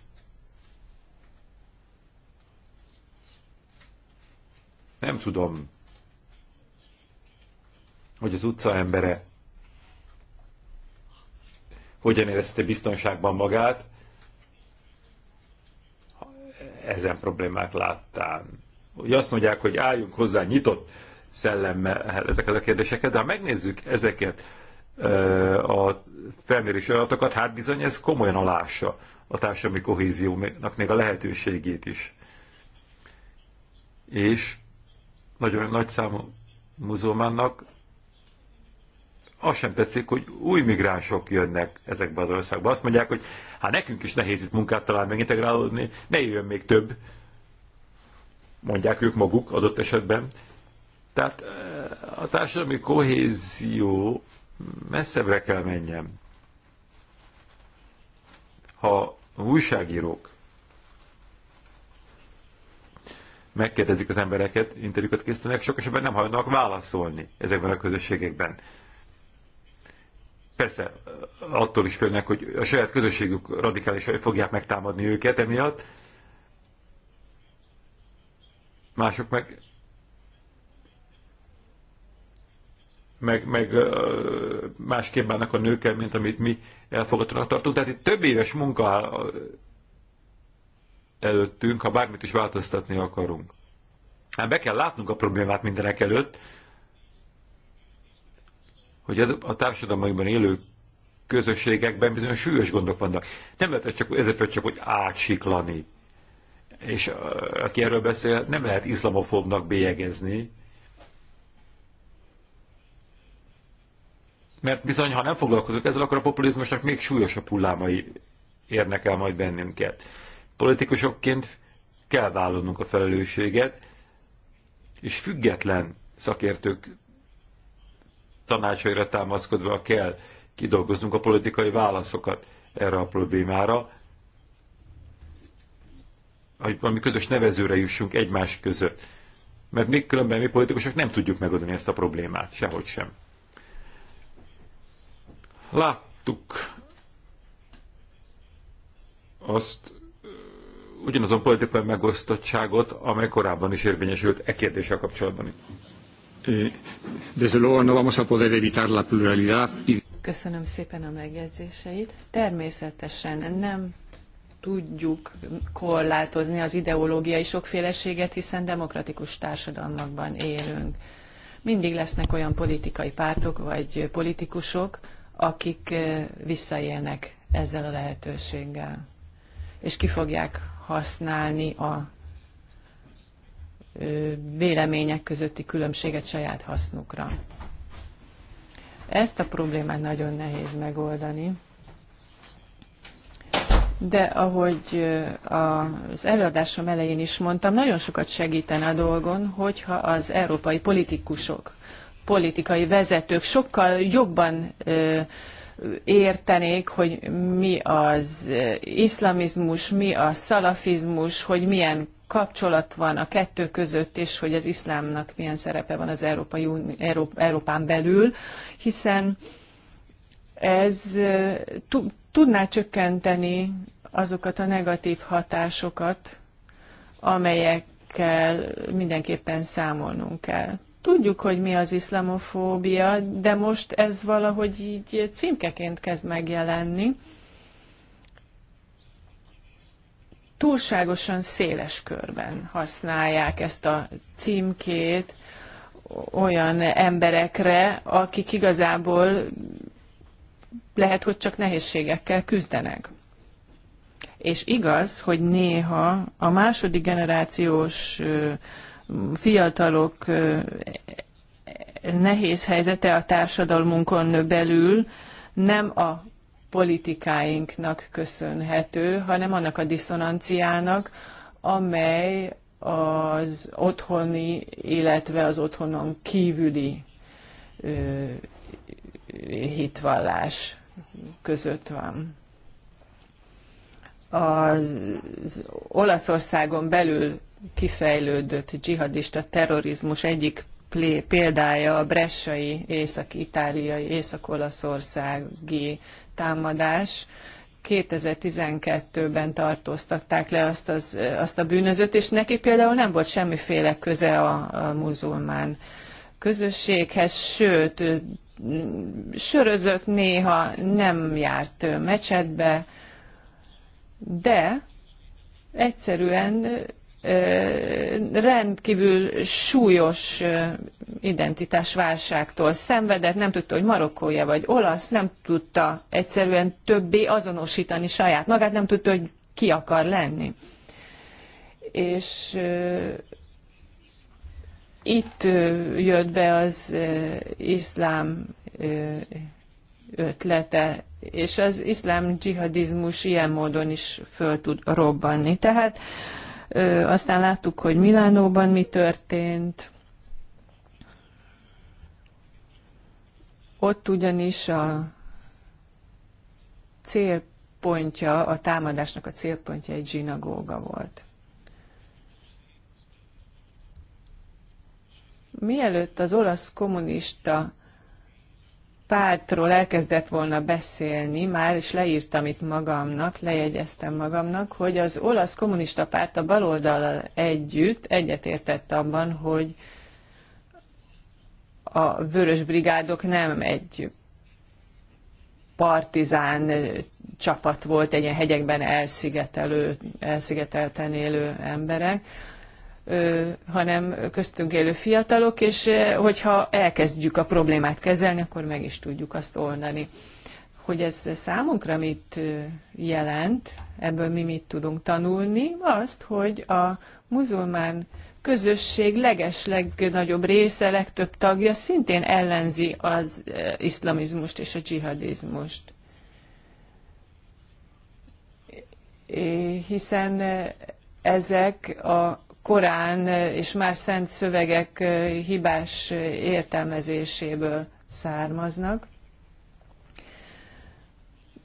Nem tudom, hogy az utca embere hogyan érezte biztonságban magát, ezen problémák láttán. Ugye azt mondják, hogy álljunk hozzá nyitott szellemmel ezeket a kérdéseket, de ha megnézzük ezeket a felmérés adatokat, hát bizony ez komolyan alássa a társadalmi kohéziónak még a lehetőségét is. És nagyon nagy számú muzulmánnak azt sem tetszik, hogy új migránsok jönnek ezekbe az országba. Azt mondják, hogy hát nekünk is nehéz itt munkát találni, megintegrálódni, integrálódni, ne jöjjön még több, mondják ők maguk adott esetben. Tehát eh, a társadalmi kohézió messzebbre kell menjen. Ha újságírók megkérdezik az embereket, interjúkat készítenek, sok esetben nem hajlanak válaszolni ezekben a közösségekben. Persze, attól is félnek, hogy a saját közösségük radikálisan fogják megtámadni őket emiatt. Mások meg meg, meg másképp bánnak a nőkkel, mint amit mi elfogadónak tartunk. Tehát itt több éves munka áll előttünk, ha bármit is változtatni akarunk. Hát be kell látnunk a problémát mindenek előtt, hogy a társadalmakban élő közösségekben bizonyos súlyos gondok vannak. Nem lehet csak, ezért csak, hogy átsiklani. És aki erről beszél, nem lehet iszlamofóbnak bélyegezni, mert bizony, ha nem foglalkozunk ezzel, akkor a populizmusnak még súlyosabb hullámai érnek el majd bennünket. Politikusokként kell vállalnunk a felelősséget, és független szakértők tanácsaira támaszkodva kell kidolgoznunk a politikai válaszokat erre a problémára, hogy valami közös nevezőre jussunk egymás között. Mert még különben mi politikusok nem tudjuk megoldani ezt a problémát, sehogy sem. Láttuk azt, ugyanazon politikai megosztottságot, amely korábban is érvényesült e kérdéssel kapcsolatban desde luego no vamos a poder evitar la pluralidad. Köszönöm szépen a megjegyzéseit. Természetesen nem tudjuk korlátozni az ideológiai sokféleséget, hiszen demokratikus társadalmakban élünk. Mindig lesznek olyan politikai pártok vagy politikusok, akik eh, visszaélnek ezzel a lehetőséggel, és ki fogják használni a vélemények közötti különbséget saját hasznukra. Ezt a problémát nagyon nehéz megoldani. De ahogy az előadásom elején is mondtam, nagyon sokat segítene a dolgon, hogyha az európai politikusok, politikai vezetők sokkal jobban értenék, hogy mi az iszlamizmus, mi a szalafizmus, hogy milyen kapcsolat van a kettő között, és hogy az iszlámnak milyen szerepe van az Európai Euró, Európán belül, hiszen ez tudná csökkenteni azokat a negatív hatásokat, amelyekkel mindenképpen számolnunk kell. Tudjuk, hogy mi az iszlamofóbia, de most ez valahogy így címkeként kezd megjelenni túlságosan széles körben használják ezt a címkét olyan emberekre, akik igazából lehet, hogy csak nehézségekkel küzdenek. És igaz, hogy néha a második generációs fiatalok nehéz helyzete a társadalmunkon belül nem a politikáinknak köszönhető, hanem annak a diszonanciának, amely az otthoni, illetve az otthonon kívüli ö, hitvallás között van. Az Olaszországon belül kifejlődött dzsihadista terrorizmus egyik példája a bressai, észak-itáliai, észak-olaszországi támadás. 2012-ben tartóztatták le azt, az, azt a bűnözőt, és neki például nem volt semmiféle köze a, a muzulmán közösséghez, sőt, sörözött néha, nem járt mecsetbe, de egyszerűen rendkívül súlyos identitásválságtól szenvedett, nem tudta, hogy marokkója vagy olasz, nem tudta egyszerűen többé azonosítani saját magát, nem tudta, hogy ki akar lenni. És itt jött be az iszlám ötlete, és az iszlám dzsihadizmus ilyen módon is föl tud robbanni. Tehát aztán láttuk, hogy Milánóban mi történt. Ott ugyanis a célpontja, a támadásnak a célpontja egy zsinagóga volt. Mielőtt az olasz kommunista pártról elkezdett volna beszélni, már is leírtam itt magamnak, lejegyeztem magamnak, hogy az olasz kommunista párt a baloldallal együtt egyetértett abban, hogy a vörös brigádok nem egy partizán csapat volt, egy ilyen hegyekben elszigetelő, elszigetelten élő emberek, hanem köztünk élő fiatalok, és hogyha elkezdjük a problémát kezelni, akkor meg is tudjuk azt oldani. Hogy ez számunkra mit jelent, ebből mi mit tudunk tanulni, azt, hogy a muzulmán közösség leges legnagyobb része, legtöbb tagja szintén ellenzi az iszlamizmust és a dzsihadizmust. Hiszen ezek a Korán eh, és más szent szövegek eh, hibás eh, értelmezéséből származnak.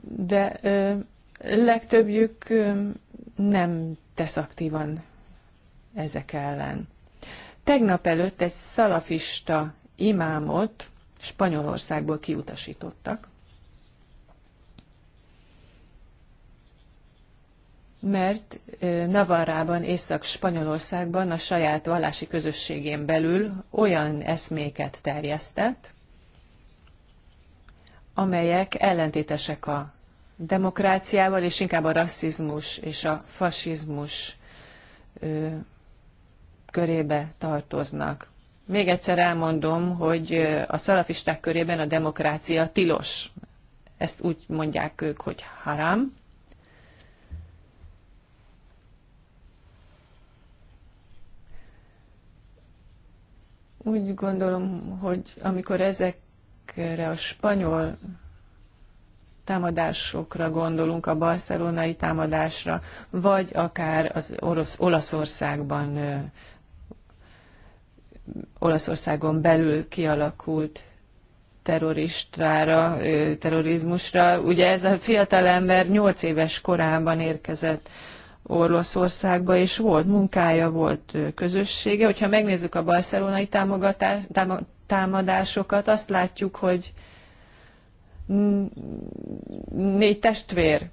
De legtöbbjük nem tesz aktívan ezek ellen. Tegnap előtt egy szalafista imámot Spanyolországból kiutasítottak. mert Navarrában, Észak-Spanyolországban a saját vallási közösségén belül olyan eszméket terjesztett, amelyek ellentétesek a demokráciával, és inkább a rasszizmus és a fasizmus ö, körébe tartoznak. Még egyszer elmondom, hogy a szalafisták körében a demokrácia tilos. Ezt úgy mondják ők, hogy haram. Úgy gondolom, hogy amikor ezekre a spanyol támadásokra gondolunk, a barcelonai támadásra, vagy akár az orosz, Olaszországban, ö, Olaszországon belül kialakult terroristára, ö, terrorizmusra. Ugye ez a fiatal ember nyolc éves korában érkezett Orloszországba, és volt munkája, volt közössége. Hogyha megnézzük a barcelonai támadásokat, azt látjuk, hogy négy testvér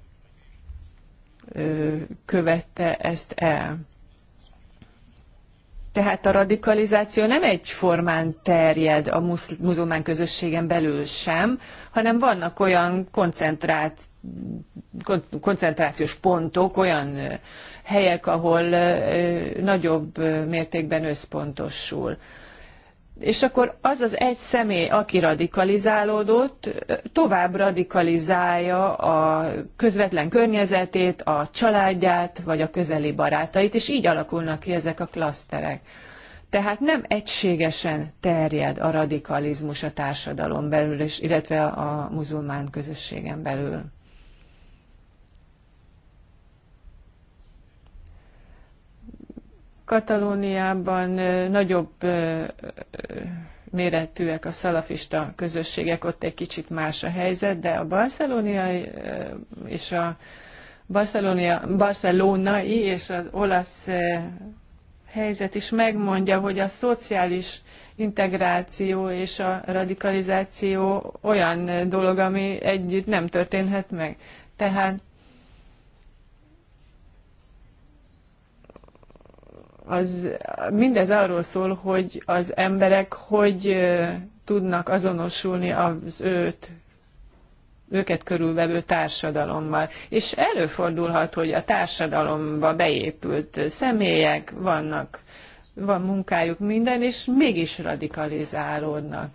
követte ezt el. Tehát a radikalizáció nem egyformán terjed a muzulmán közösségen belül sem, hanem vannak olyan koncentrált koncentrációs pontok, olyan helyek, ahol nagyobb mértékben összpontosul. És akkor az az egy személy, aki radikalizálódott, tovább radikalizálja a közvetlen környezetét, a családját, vagy a közeli barátait, és így alakulnak ki ezek a klaszterek. Tehát nem egységesen terjed a radikalizmus a társadalom belül, és, illetve a muzulmán közösségen belül. Katalóniában nagyobb méretűek a szalafista közösségek, ott egy kicsit más a helyzet, de a barcelóniai és a Barcelonia, barcelonai és az olasz helyzet is megmondja, hogy a szociális integráció és a radikalizáció olyan dolog, ami együtt nem történhet meg. Tehát az mindez arról szól, hogy az emberek hogy tudnak azonosulni az őt őket körülvevő társadalommal. És előfordulhat, hogy a társadalomba beépült személyek vannak, van munkájuk minden, és mégis radikalizálódnak.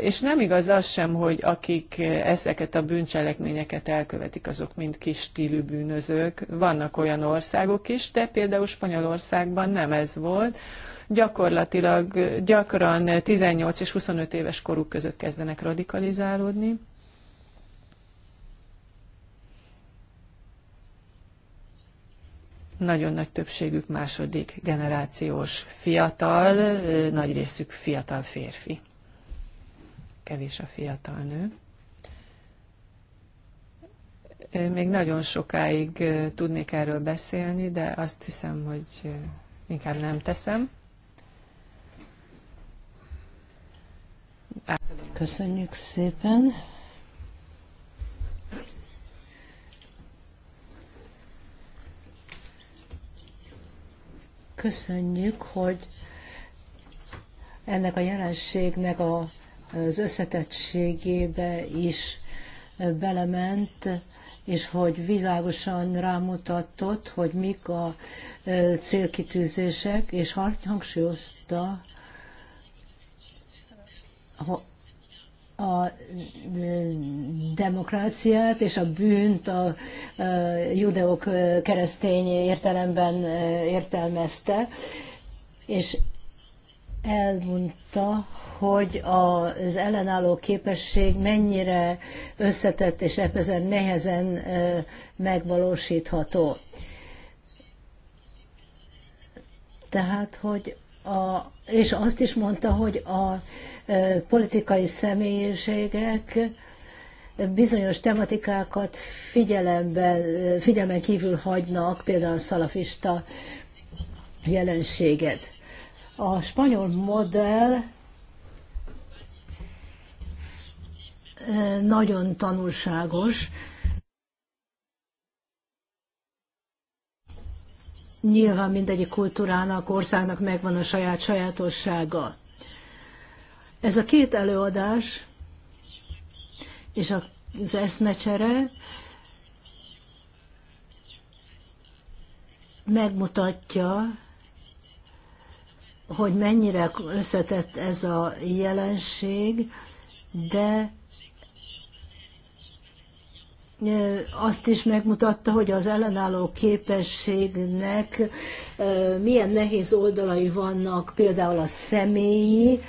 És nem igaz az sem, hogy akik ezeket a bűncselekményeket elkövetik, azok mind kis stílű bűnözők. Vannak olyan országok is, de például Spanyolországban nem ez volt. Gyakorlatilag gyakran 18 és 25 éves koruk között kezdenek radikalizálódni. Nagyon nagy többségük második generációs fiatal, nagy részük fiatal férfi kevés a fiatal nő. Még nagyon sokáig tudnék erről beszélni, de azt hiszem, hogy inkább nem teszem. Köszönjük szépen. Köszönjük, hogy ennek a jelenségnek a az összetettségébe is belement, és hogy világosan rámutatott, hogy mik a célkitűzések, és hangsúlyozta a demokráciát és a bűnt a judeok keresztény értelemben értelmezte, és elmondta, hogy az ellenálló képesség mennyire összetett és ezen nehezen megvalósítható. Tehát, hogy a, és azt is mondta, hogy a politikai személyiségek bizonyos tematikákat figyelmen kívül hagynak, például a szalafista jelenséget. A spanyol modell nagyon tanulságos. Nyilván mindegyik kultúrának, országnak megvan a saját sajátossága. Ez a két előadás és az eszmecsere megmutatja, hogy mennyire összetett ez a jelenség, de azt is megmutatta, hogy az ellenálló képességnek milyen nehéz oldalai vannak, például a személyi,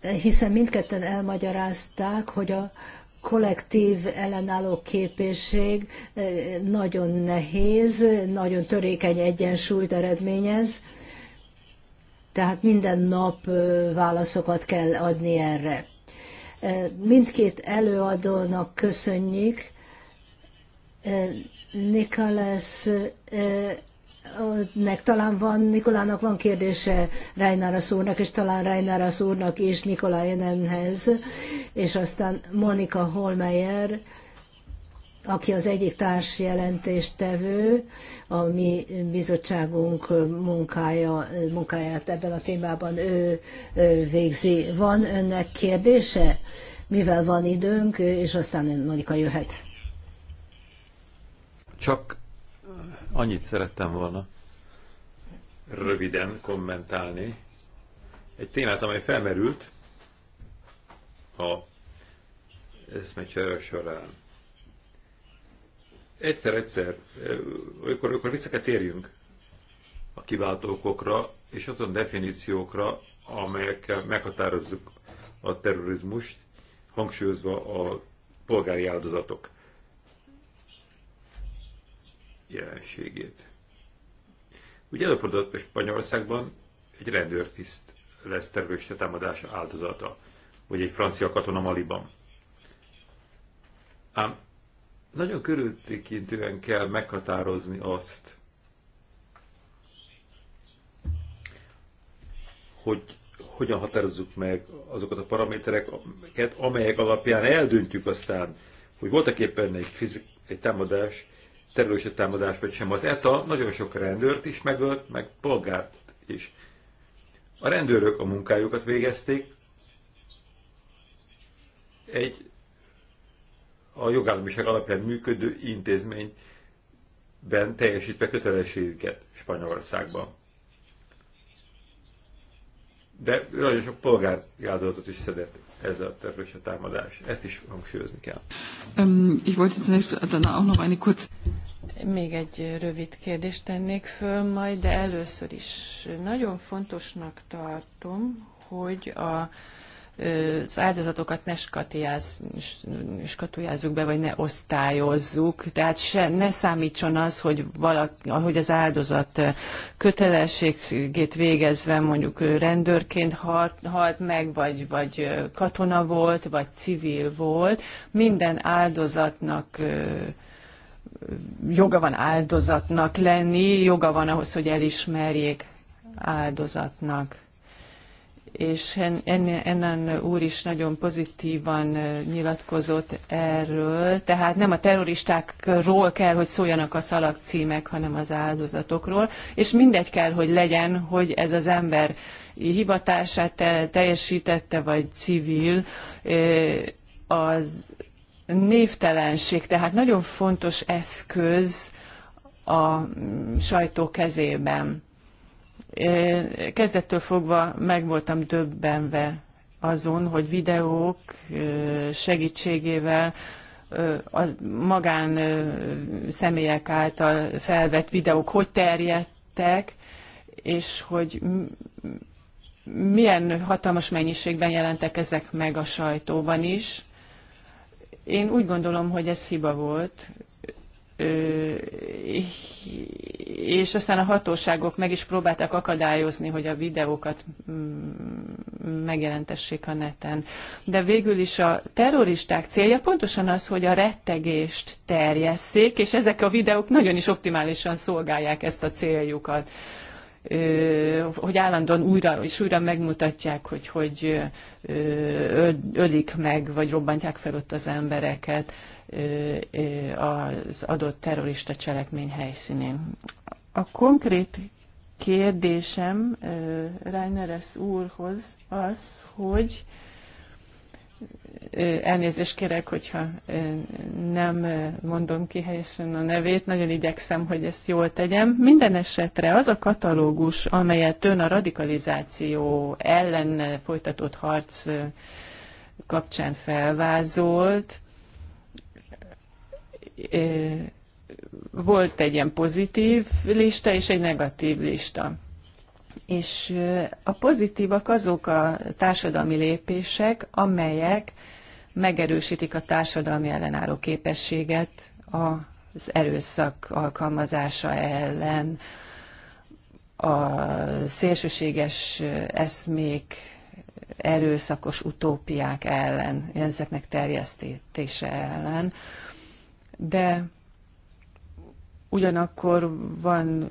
hiszen mindketten elmagyarázták, hogy a kollektív ellenálló képesség nagyon nehéz, nagyon törékeny egyensúlyt eredményez, tehát minden nap válaszokat kell adni erre. Mindkét előadónak köszönjük. Nikolás, nek talán van, Nikolának van kérdése Rajnára szúrnak, és talán Rajnára szúrnak is Nikolá és aztán Monika Holmeyer, aki az egyik társ jelentéstevő, a mi bizottságunk munkája, munkáját ebben a témában ő, ő végzi. Van önnek kérdése? Mivel van időnk, és aztán ön Monika jöhet. Csak annyit szerettem volna röviden kommentálni. Egy témát, amely felmerült a eszmecsere során egyszer-egyszer, akkor akkor vissza kell térjünk a kiváltókokra és azon definíciókra, amelyekkel meghatározzuk a terrorizmust, hangsúlyozva a polgári áldozatok jelenségét. Ugye előfordult hogy Spanyolországban egy rendőrtiszt lesz terrorista támadása áldozata, vagy egy francia katona Maliban. Ám nagyon körültékintően kell meghatározni azt, hogy hogyan határozzuk meg azokat a paramétereket, amelyek alapján eldöntjük aztán, hogy voltak éppen egy, fizik, egy támadás, terrorista támadás vagy sem. Az ETA nagyon sok rendőrt is megölt, meg polgárt is. A rendőrök a munkájukat végezték, egy a jogállamiság alapján működő intézményben teljesítve kötelességüket Spanyolországban. De nagyon sok polgárgázolatot is szedett ez a terrorista támadás. Ezt is hangsúlyozni kell. Még egy rövid kérdést tennék föl majd, de először is nagyon fontosnak tartom, hogy a az áldozatokat ne skatujázzuk be, vagy ne osztályozzuk. Tehát se, ne számítson az, hogy, valaki, ahogy az áldozat kötelességét végezve mondjuk rendőrként halt, halt meg, vagy, vagy katona volt, vagy civil volt. Minden áldozatnak joga van áldozatnak lenni, joga van ahhoz, hogy elismerjék áldozatnak és Ennan úr is nagyon pozitívan nyilatkozott erről, tehát nem a terroristákról kell, hogy szóljanak a szalagcímek, hanem az áldozatokról, és mindegy kell, hogy legyen, hogy ez az ember hivatását teljesítette, vagy civil, az névtelenség, tehát nagyon fontos eszköz a mm, sajtó kezében kezdettől fogva meg voltam döbbenve azon, hogy videók segítségével a magán személyek által felvett videók hogy terjedtek, és hogy milyen hatalmas mennyiségben jelentek ezek meg a sajtóban is. Én úgy gondolom, hogy ez hiba volt, és aztán a hatóságok meg is próbálták akadályozni, hogy a videókat mm, megjelentessék a neten. De végül is a terroristák célja pontosan az, hogy a rettegést terjesszék, és ezek a videók nagyon is optimálisan szolgálják ezt a céljukat. Hogy állandóan újra és újra megmutatják, hogy hogy ölik meg, vagy robbantják fel ott az embereket az adott terrorista cselekmény helyszínén. A konkrét kérdésem Reineres úrhoz az, hogy elnézést kérek, hogyha nem mondom ki helyesen a nevét, nagyon igyekszem, hogy ezt jól tegyem. Minden esetre az a katalógus, amelyet ön a radikalizáció ellen folytatott harc kapcsán felvázolt, volt egy ilyen pozitív lista és egy negatív lista. És a pozitívak azok a társadalmi lépések, amelyek megerősítik a társadalmi ellenálló képességet az erőszak alkalmazása ellen, a szélsőséges eszmék, erőszakos utópiák ellen, ezeknek terjesztése ellen, de ugyanakkor van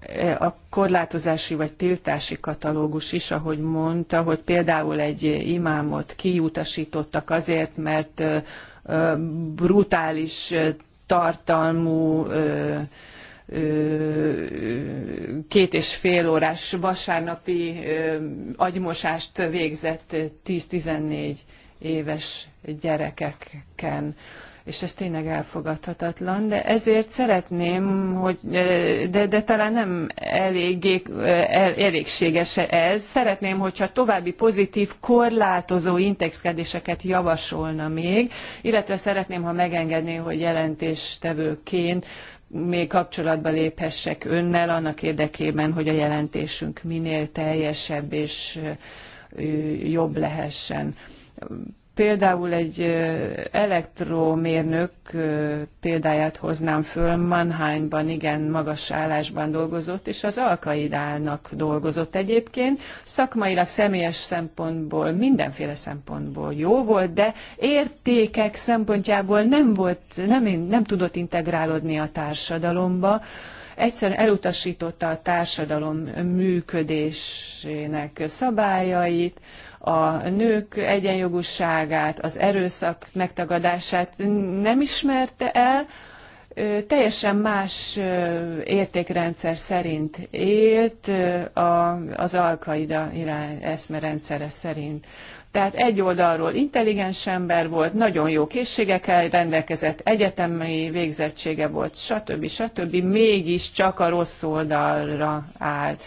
e, a korlátozási vagy tiltási katalógus is, ahogy mondta, hogy például egy imámot kiutasítottak azért, mert e, e, brutális tartalmú két és fél órás vasárnapi agymosást végzett 10-14 éves gyerekeken és ez tényleg elfogadhatatlan, de ezért szeretném, hogy, de, de talán nem eléggé, el, elégséges ez, szeretném, hogyha további pozitív, korlátozó intézkedéseket javasolna még, illetve szeretném, ha megengedné, hogy jelentéstevőként még kapcsolatba léphessek önnel annak érdekében, hogy a jelentésünk minél teljesebb és jobb lehessen. Például egy elektromérnök példáját hoznám föl, Mannheimban igen magas állásban dolgozott, és az Alkaidának dolgozott egyébként. Szakmailag, személyes szempontból, mindenféle szempontból jó volt, de értékek szempontjából nem, volt, nem, nem tudott integrálódni a társadalomba egyszerűen elutasította a társadalom működésének szabályait, a nők egyenjogúságát, az erőszak megtagadását nem ismerte el, teljesen más értékrendszer szerint élt az alkaida irány eszmerendszere szerint. Tehát egy oldalról intelligens ember volt, nagyon jó készségekkel rendelkezett, egyetemi végzettsége volt, stb. stb. mégis csak a rossz oldalra állt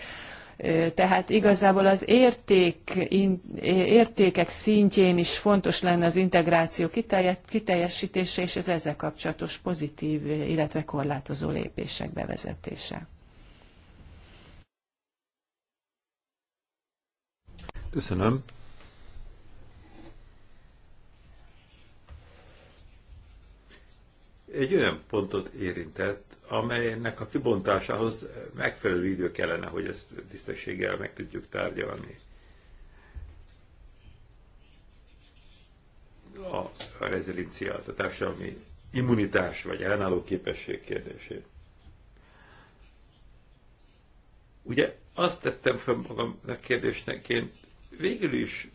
tehát igazából az érték, értékek szintjén is fontos lenne az integráció kiteljesítése és az ezzel kapcsolatos pozitív, illetve korlátozó lépések bevezetése. Köszönöm. Egy olyan pontot érintett, amelynek a kibontásához megfelelő idő kellene, hogy ezt tisztességgel meg tudjuk tárgyalni. A, a rezilincia, a társadalmi immunitás vagy ellenálló képesség kérdését. Ugye azt tettem fel magam a kérdésnek, én végül is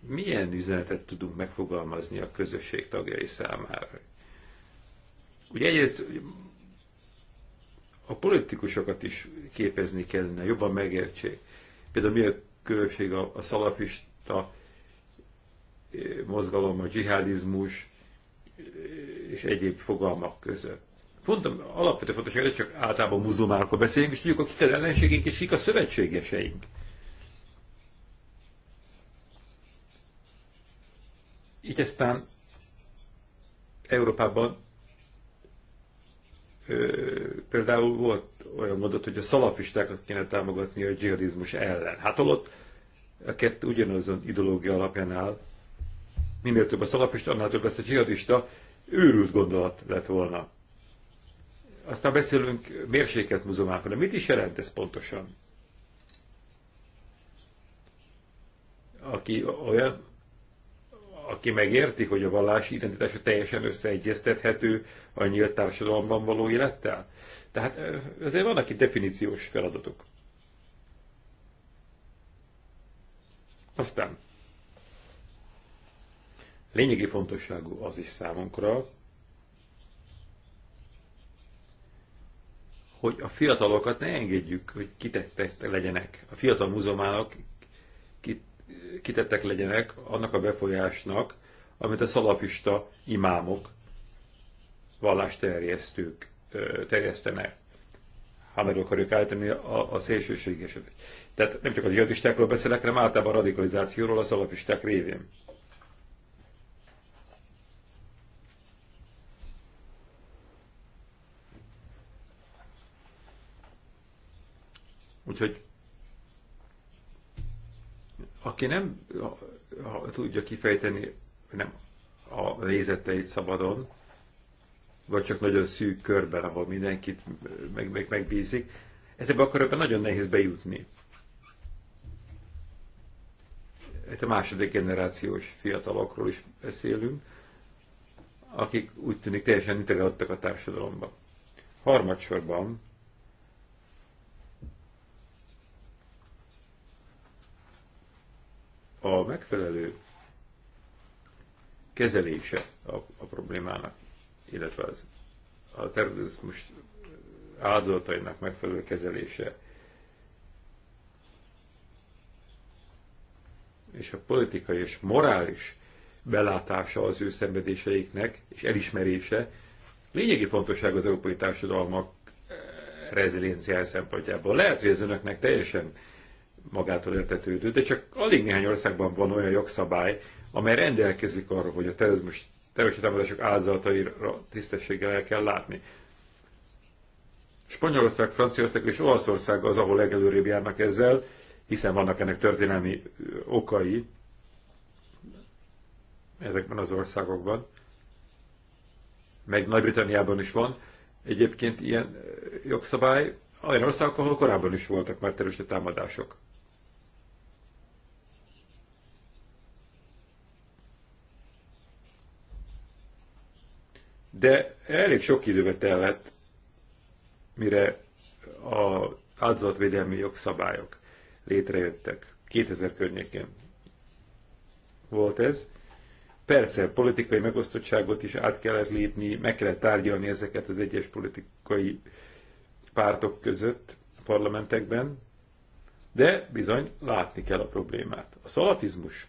milyen üzenetet tudunk megfogalmazni a közösség tagjai számára? Ugye egyrészt a politikusokat is képezni kellene, jobban megértsék. Például mi a különbség a, a szalafista eh, mozgalom, a dzsihadizmus eh, és egyéb fogalmak között. Mondtam, alapvető fontos, hogy csak általában muzulmánokról beszélünk, és tudjuk, akik az ellenségünk, és kik a szövetségeseink. Így aztán Európában például volt olyan mondat, hogy a szalafistákat kéne támogatni a dzsihadizmus ellen. Hát holott a kettő ugyanazon ideológia alapján áll. Minél több a szalafista, annál több lesz a dzsihadista. Őrült gondolat lett volna. Aztán beszélünk mérséket muzulmákon. De mit is jelent ez pontosan? Aki olyan aki megérti, hogy a vallási identitása teljesen összeegyeztethető a nyílt társadalomban való élettel. Tehát ezért vannak itt definíciós feladatok. Aztán lényegi fontosságú az is számunkra, hogy a fiatalokat ne engedjük, hogy kitettek legyenek. A fiatal muzulmánok kitettek legyenek annak a befolyásnak, amit a szalafista imámok, vallásterjesztők terjesztenek. Ha hát meg akarjuk állítani a, a szélsőségeset. Tehát nem csak az jihadistákról beszélek, hanem általában a radikalizációról a szalafisták révén. Úgyhogy aki nem ha, ha, tudja kifejteni nem a nézeteit szabadon, vagy csak nagyon szűk körben, ahol mindenkit meg, meg, megbízik, ezekbe a körökben nagyon nehéz bejutni. Itt a második generációs fiatalokról is beszélünk, akik úgy tűnik teljesen integráltak a társadalomba. Harmadsorban a megfelelő kezelése a, a problémának, illetve az, a terrorizmus áldozatainak megfelelő kezelése, és a politikai és morális belátása az ő szenvedéseiknek, és elismerése lényegi fontosság az európai társadalmak eh, rezilienciál szempontjából. Lehet, hogy ez önöknek teljesen magától értetődő, de csak alig néhány országban van olyan jogszabály, amely rendelkezik arra, hogy a terrorizmus, terrorista támadások áldozataira tisztességgel el kell látni. Spanyolország, Franciaország és Olaszország az, ahol legelőrébb járnak ezzel, hiszen vannak ennek történelmi okai ezekben az országokban. Meg Nagy-Britanniában is van egyébként ilyen jogszabály, olyan országok, ahol korábban is voltak már terrorista támadások. De elég sok időbe tellett, mire az áldozatvédelmi jogszabályok létrejöttek. 2000 környékén volt ez. Persze, politikai megosztottságot is át kellett lépni, meg kellett tárgyalni ezeket az egyes politikai pártok között a parlamentekben, de bizony látni kell a problémát. A szalafizmus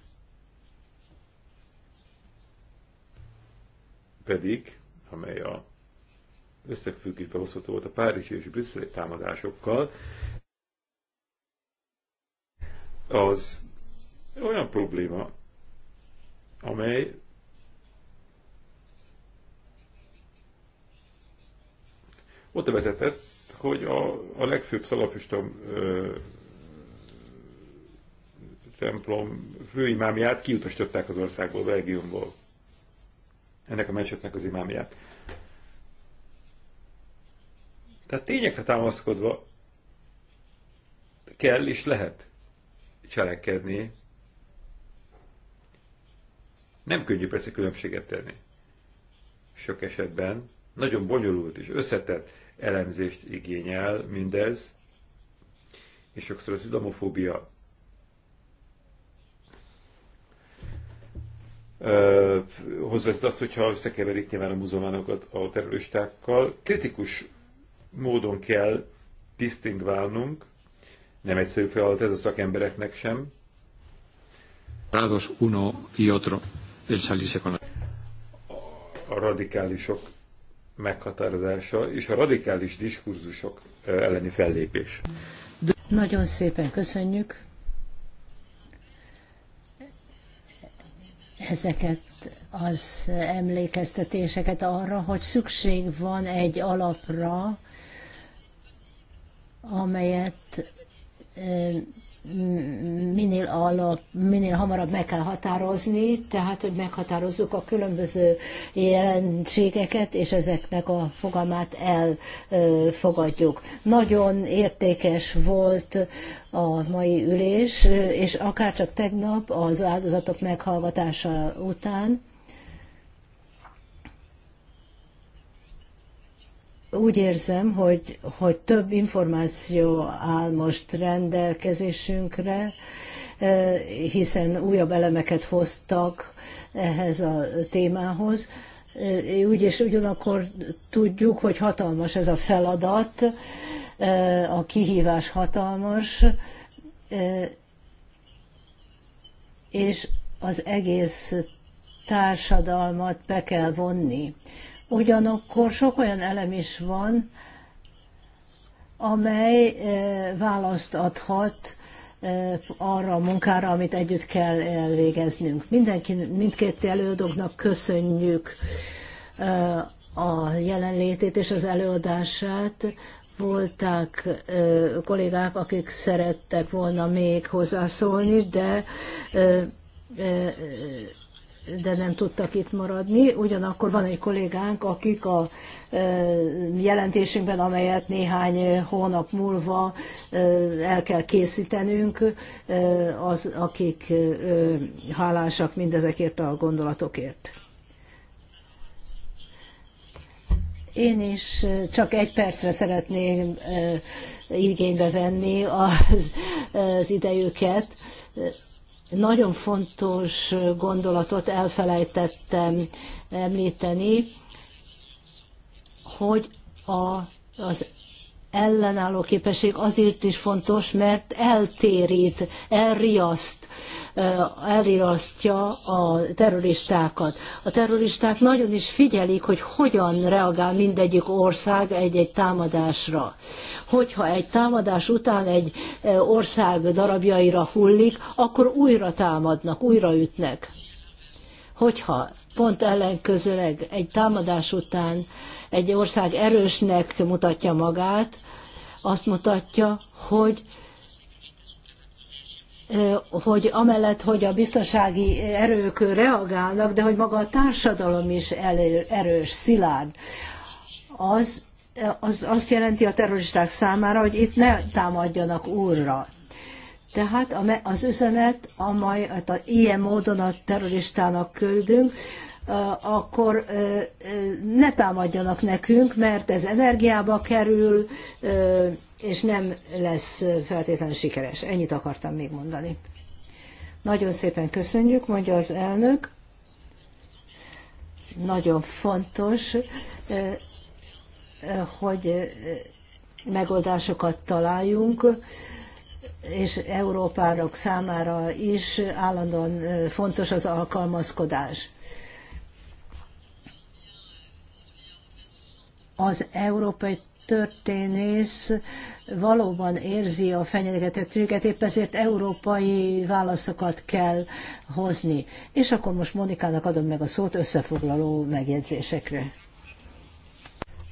pedig amely a összefüggésbe hozható volt a párizsi és brüsszeli támadásokkal, az olyan probléma, amely ott vezetett, hogy a, a legfőbb szalafista templom főimámját kiutasították az országból, Belgiumból ennek a mesetnek az imámját. Tehát tényekre támaszkodva kell és lehet cselekedni. Nem könnyű persze különbséget tenni. Sok esetben nagyon bonyolult és összetett elemzést igényel mindez, és sokszor az izlamofóbia hozzávezet az, hogyha összekeverik nyilván a muzulmánokat a terroristákkal. Kritikus módon kell tisztingválnunk, nem egyszerű feladat ez a szakembereknek sem. Prados uno y otro, el con a radikálisok meghatározása és a radikális diskurzusok elleni fellépés. Nagyon szépen köszönjük. ezeket az emlékeztetéseket arra, hogy szükség van egy alapra, amelyet eh, minél, alap, minél hamarabb meg kell határozni, tehát hogy meghatározzuk a különböző jelenségeket, és ezeknek a fogalmát elfogadjuk. Nagyon értékes volt a mai ülés, és akárcsak tegnap az áldozatok meghallgatása után, úgy érzem, hogy, hogy több információ áll most rendelkezésünkre, e, hiszen újabb elemeket hoztak ehhez a témához. E, úgy és ugyanakkor tudjuk, hogy hatalmas ez a feladat, e, a kihívás hatalmas, és az egész társadalmat be kell vonni Ugyanakkor sok olyan elem is van, amely eh, választ adhat eh, arra a munkára, amit együtt kell elvégeznünk. Eh, Mindenki, mindkét előadóknak köszönjük a jelenlétét és az előadását. Voltak kollégák, akik szerettek volna még hozzászólni, de de nem tudtak itt maradni. Ugyanakkor van egy kollégánk, akik a jelentésünkben, amelyet néhány hónap múlva el kell készítenünk, az, akik hálásak mindezekért a gondolatokért. Én is csak egy percre szeretném igénybe venni az, az idejüket nagyon fontos gondolatot elfelejtettem említeni, hogy a, az ellenálló képesség azért is fontos, mert eltérít, elriaszt Eh, elriasztja a terroristákat. A terroristák nagyon is figyelik, hogy hogyan reagál mindegyik ország egy-egy támadásra. Hogyha egy támadás után egy eh, ország darabjaira hullik, akkor újra támadnak, újra ütnek. Hogyha pont ellenkezőleg egy támadás után egy ország erősnek mutatja magát, azt mutatja, hogy hogy amellett, hogy a biztonsági erők reagálnak, de hogy maga a társadalom is erős, szilárd, az, az azt jelenti a terroristák számára, hogy itt ne támadjanak úrra. Tehát az üzenet, amelyet ilyen módon a terroristának küldünk, akkor ne támadjanak nekünk, mert ez energiába kerül, és nem lesz feltétlenül sikeres. Ennyit akartam még mondani. Nagyon szépen köszönjük, mondja az elnök. Nagyon fontos, eh, eh, hogy eh, megoldásokat találjunk, és Európárok számára is állandóan fontos az alkalmazkodás. Az európai történész valóban érzi a fenyegetettséget, épp ezért európai válaszokat kell hozni. És akkor most Monikának adom meg a szót összefoglaló megjegyzésekre.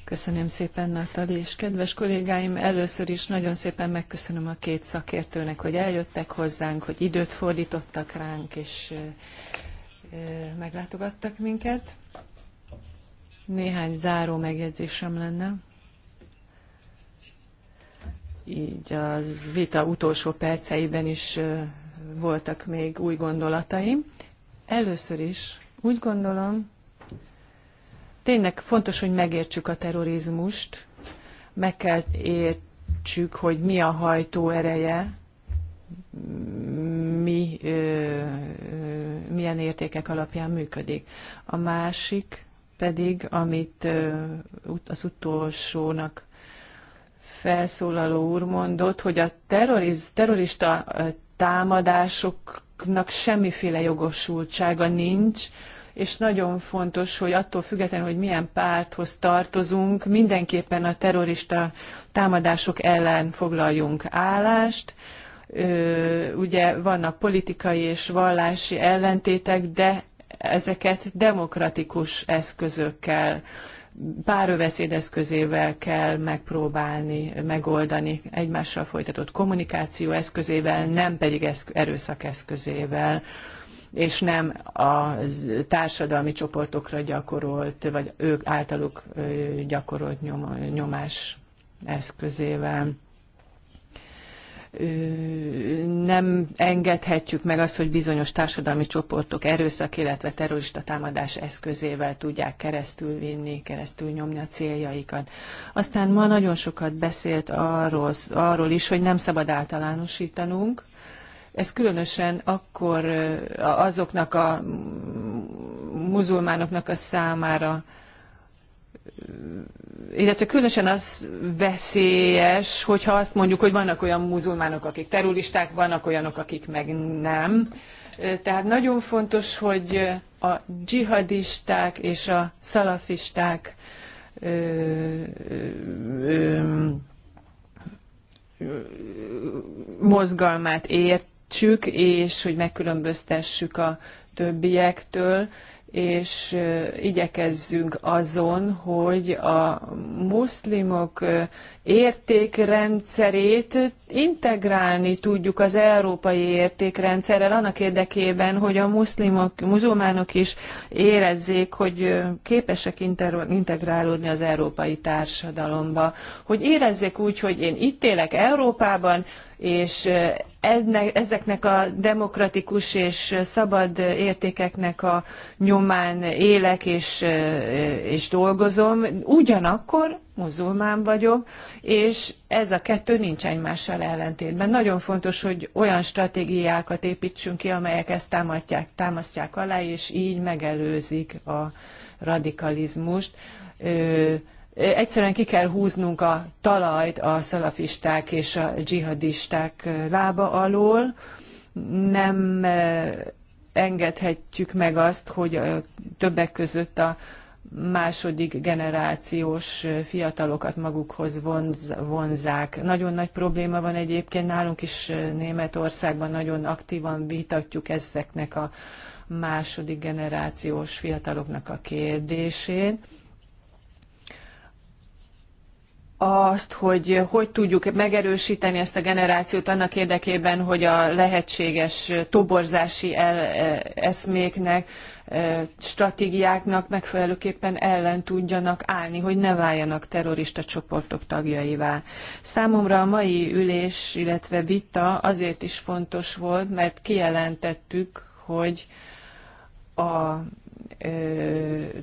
Köszönöm szépen, Natali, és kedves kollégáim, először is nagyon szépen megköszönöm a két szakértőnek, hogy eljöttek hozzánk, hogy időt fordítottak ránk, és meglátogattak minket. Néhány záró megjegyzésem lenne így a vita utolsó perceiben is voltak még új gondolataim. Először is úgy gondolom, tényleg fontos, hogy megértsük a terrorizmust, meg kell értsük, hogy mi a hajtó ereje, mi, ö, ö, milyen értékek alapján működik. A másik pedig, amit ö, az utolsónak felszólaló úr mondott, hogy a terroriz, terrorista támadásoknak semmiféle jogosultsága nincs, és nagyon fontos, hogy attól függetlenül, hogy milyen párthoz tartozunk, mindenképpen a terrorista támadások ellen foglaljunk állást. Ugye vannak politikai és vallási ellentétek, de ezeket demokratikus eszközökkel párbeszéd eszközével kell megpróbálni megoldani egymással folytatott kommunikáció eszközével, nem pedig eszk- erőszak eszközével és nem a társadalmi csoportokra gyakorolt, vagy ők általuk gyakorolt nyomás eszközével nem engedhetjük meg azt, hogy bizonyos társadalmi csoportok erőszak, illetve terrorista támadás eszközével tudják keresztül vinni, keresztül nyomni a céljaikat. Aztán ma nagyon sokat beszélt arról, arról is, hogy nem szabad általánosítanunk, ez különösen akkor azoknak a muzulmánoknak a számára illetve különösen az veszélyes, hogyha azt mondjuk, hogy vannak olyan muzulmánok, akik terroristák, vannak olyanok, akik meg nem. Tehát nagyon fontos, hogy a dzsihadisták és a szalafisták mozgalmát értsük, és hogy megkülönböztessük a többiektől, és igyekezzünk azon, hogy a muszlimok értékrendszerét integrálni tudjuk az európai értékrendszerrel annak érdekében, hogy a muszlimok, muzulmánok is érezzék, hogy képesek integrálódni az európai társadalomba. Hogy érezzék úgy, hogy én itt élek Európában, és ezeknek a demokratikus és szabad értékeknek a nyomán élek és, és dolgozom, ugyanakkor muzulmán vagyok, és ez a kettő nincs egymással ellentétben. Nagyon fontos, hogy olyan stratégiákat építsünk ki, amelyek ezt támadják, támasztják alá, és így megelőzik a radikalizmust. Ö, Egyszerűen ki kell húznunk a talajt a szalafisták és a dzsihadisták lába alól. Nem engedhetjük meg azt, hogy többek között a második generációs fiatalokat magukhoz vonzák. Nagyon nagy probléma van egyébként, nálunk is Németországban nagyon aktívan vitatjuk ezeknek a második generációs fiataloknak a kérdését azt, hogy hogy tudjuk megerősíteni ezt a generációt annak érdekében, hogy a lehetséges toborzási el, e, eszméknek, e, stratégiáknak megfelelőképpen ellen tudjanak állni, hogy ne váljanak terrorista csoportok tagjaivá. Számomra a mai ülés, illetve vita azért is fontos volt, mert kijelentettük, hogy a ö, e,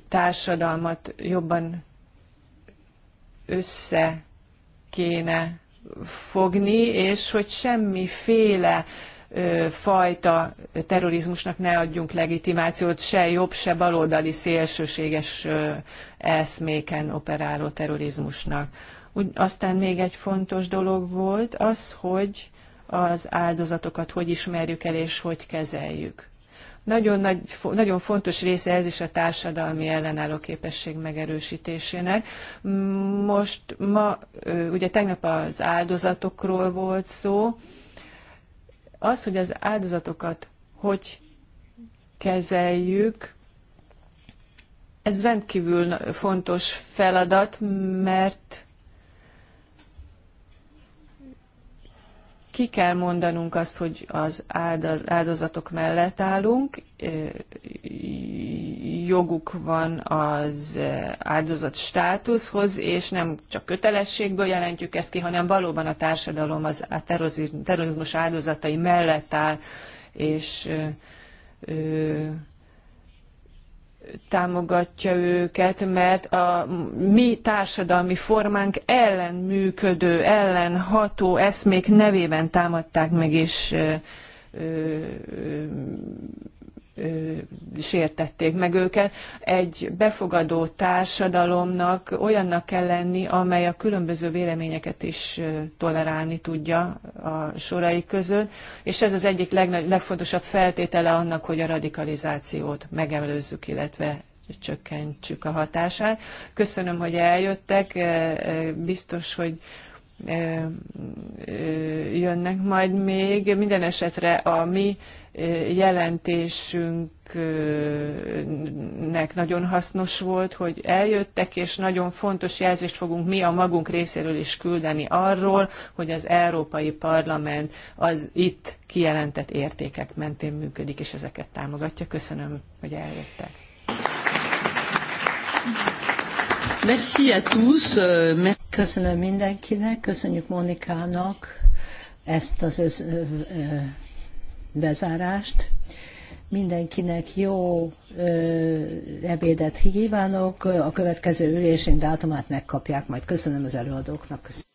társadalmat jobban össze kéne fogni, és hogy semmiféle fajta terrorizmusnak ne adjunk legitimációt, se jobb, se baloldali szélsőséges eszméken operáló terrorizmusnak. Úgy, aztán még egy fontos dolog volt az, hogy az áldozatokat hogy ismerjük el és hogy kezeljük. Nagyon, nagy, nagyon fontos része ez is a társadalmi ellenálló képesség megerősítésének. Most ma, ugye tegnap az áldozatokról volt szó, az, hogy az áldozatokat hogy kezeljük, ez rendkívül fontos feladat, mert ki kell mondanunk azt, hogy az áldozatok mellett állunk, joguk van az áldozat státuszhoz, és nem csak kötelességből jelentjük ezt ki, hanem valóban a társadalom az a terrorizmus áldozatai mellett áll, és támogatja őket, mert a mi társadalmi formánk ellen működő, ellen ható eszmék nevében támadták meg és sértették meg őket. Egy befogadó társadalomnak olyannak kell lenni, amely a különböző véleményeket is tolerálni tudja a sorai között, és ez az egyik legnagy, legfontosabb feltétele annak, hogy a radikalizációt megemlőzzük, illetve csökkentsük a hatását. Köszönöm, hogy eljöttek, biztos, hogy jönnek majd még. Minden esetre a mi jelentésünknek nagyon hasznos volt, hogy eljöttek, és nagyon fontos jelzést fogunk mi a magunk részéről is küldeni arról, hogy az Európai Parlament az itt kijelentett értékek mentén működik, és ezeket támogatja. Köszönöm, hogy eljöttek. Merci à tous. Euh, Köszönöm mindenkinek, köszönjük Monikának ezt az bezárást. Mindenkinek jó ö, ebédet kívánok, a következő ülésén dátumát megkapják, majd köszönöm az előadóknak. Köszönöm.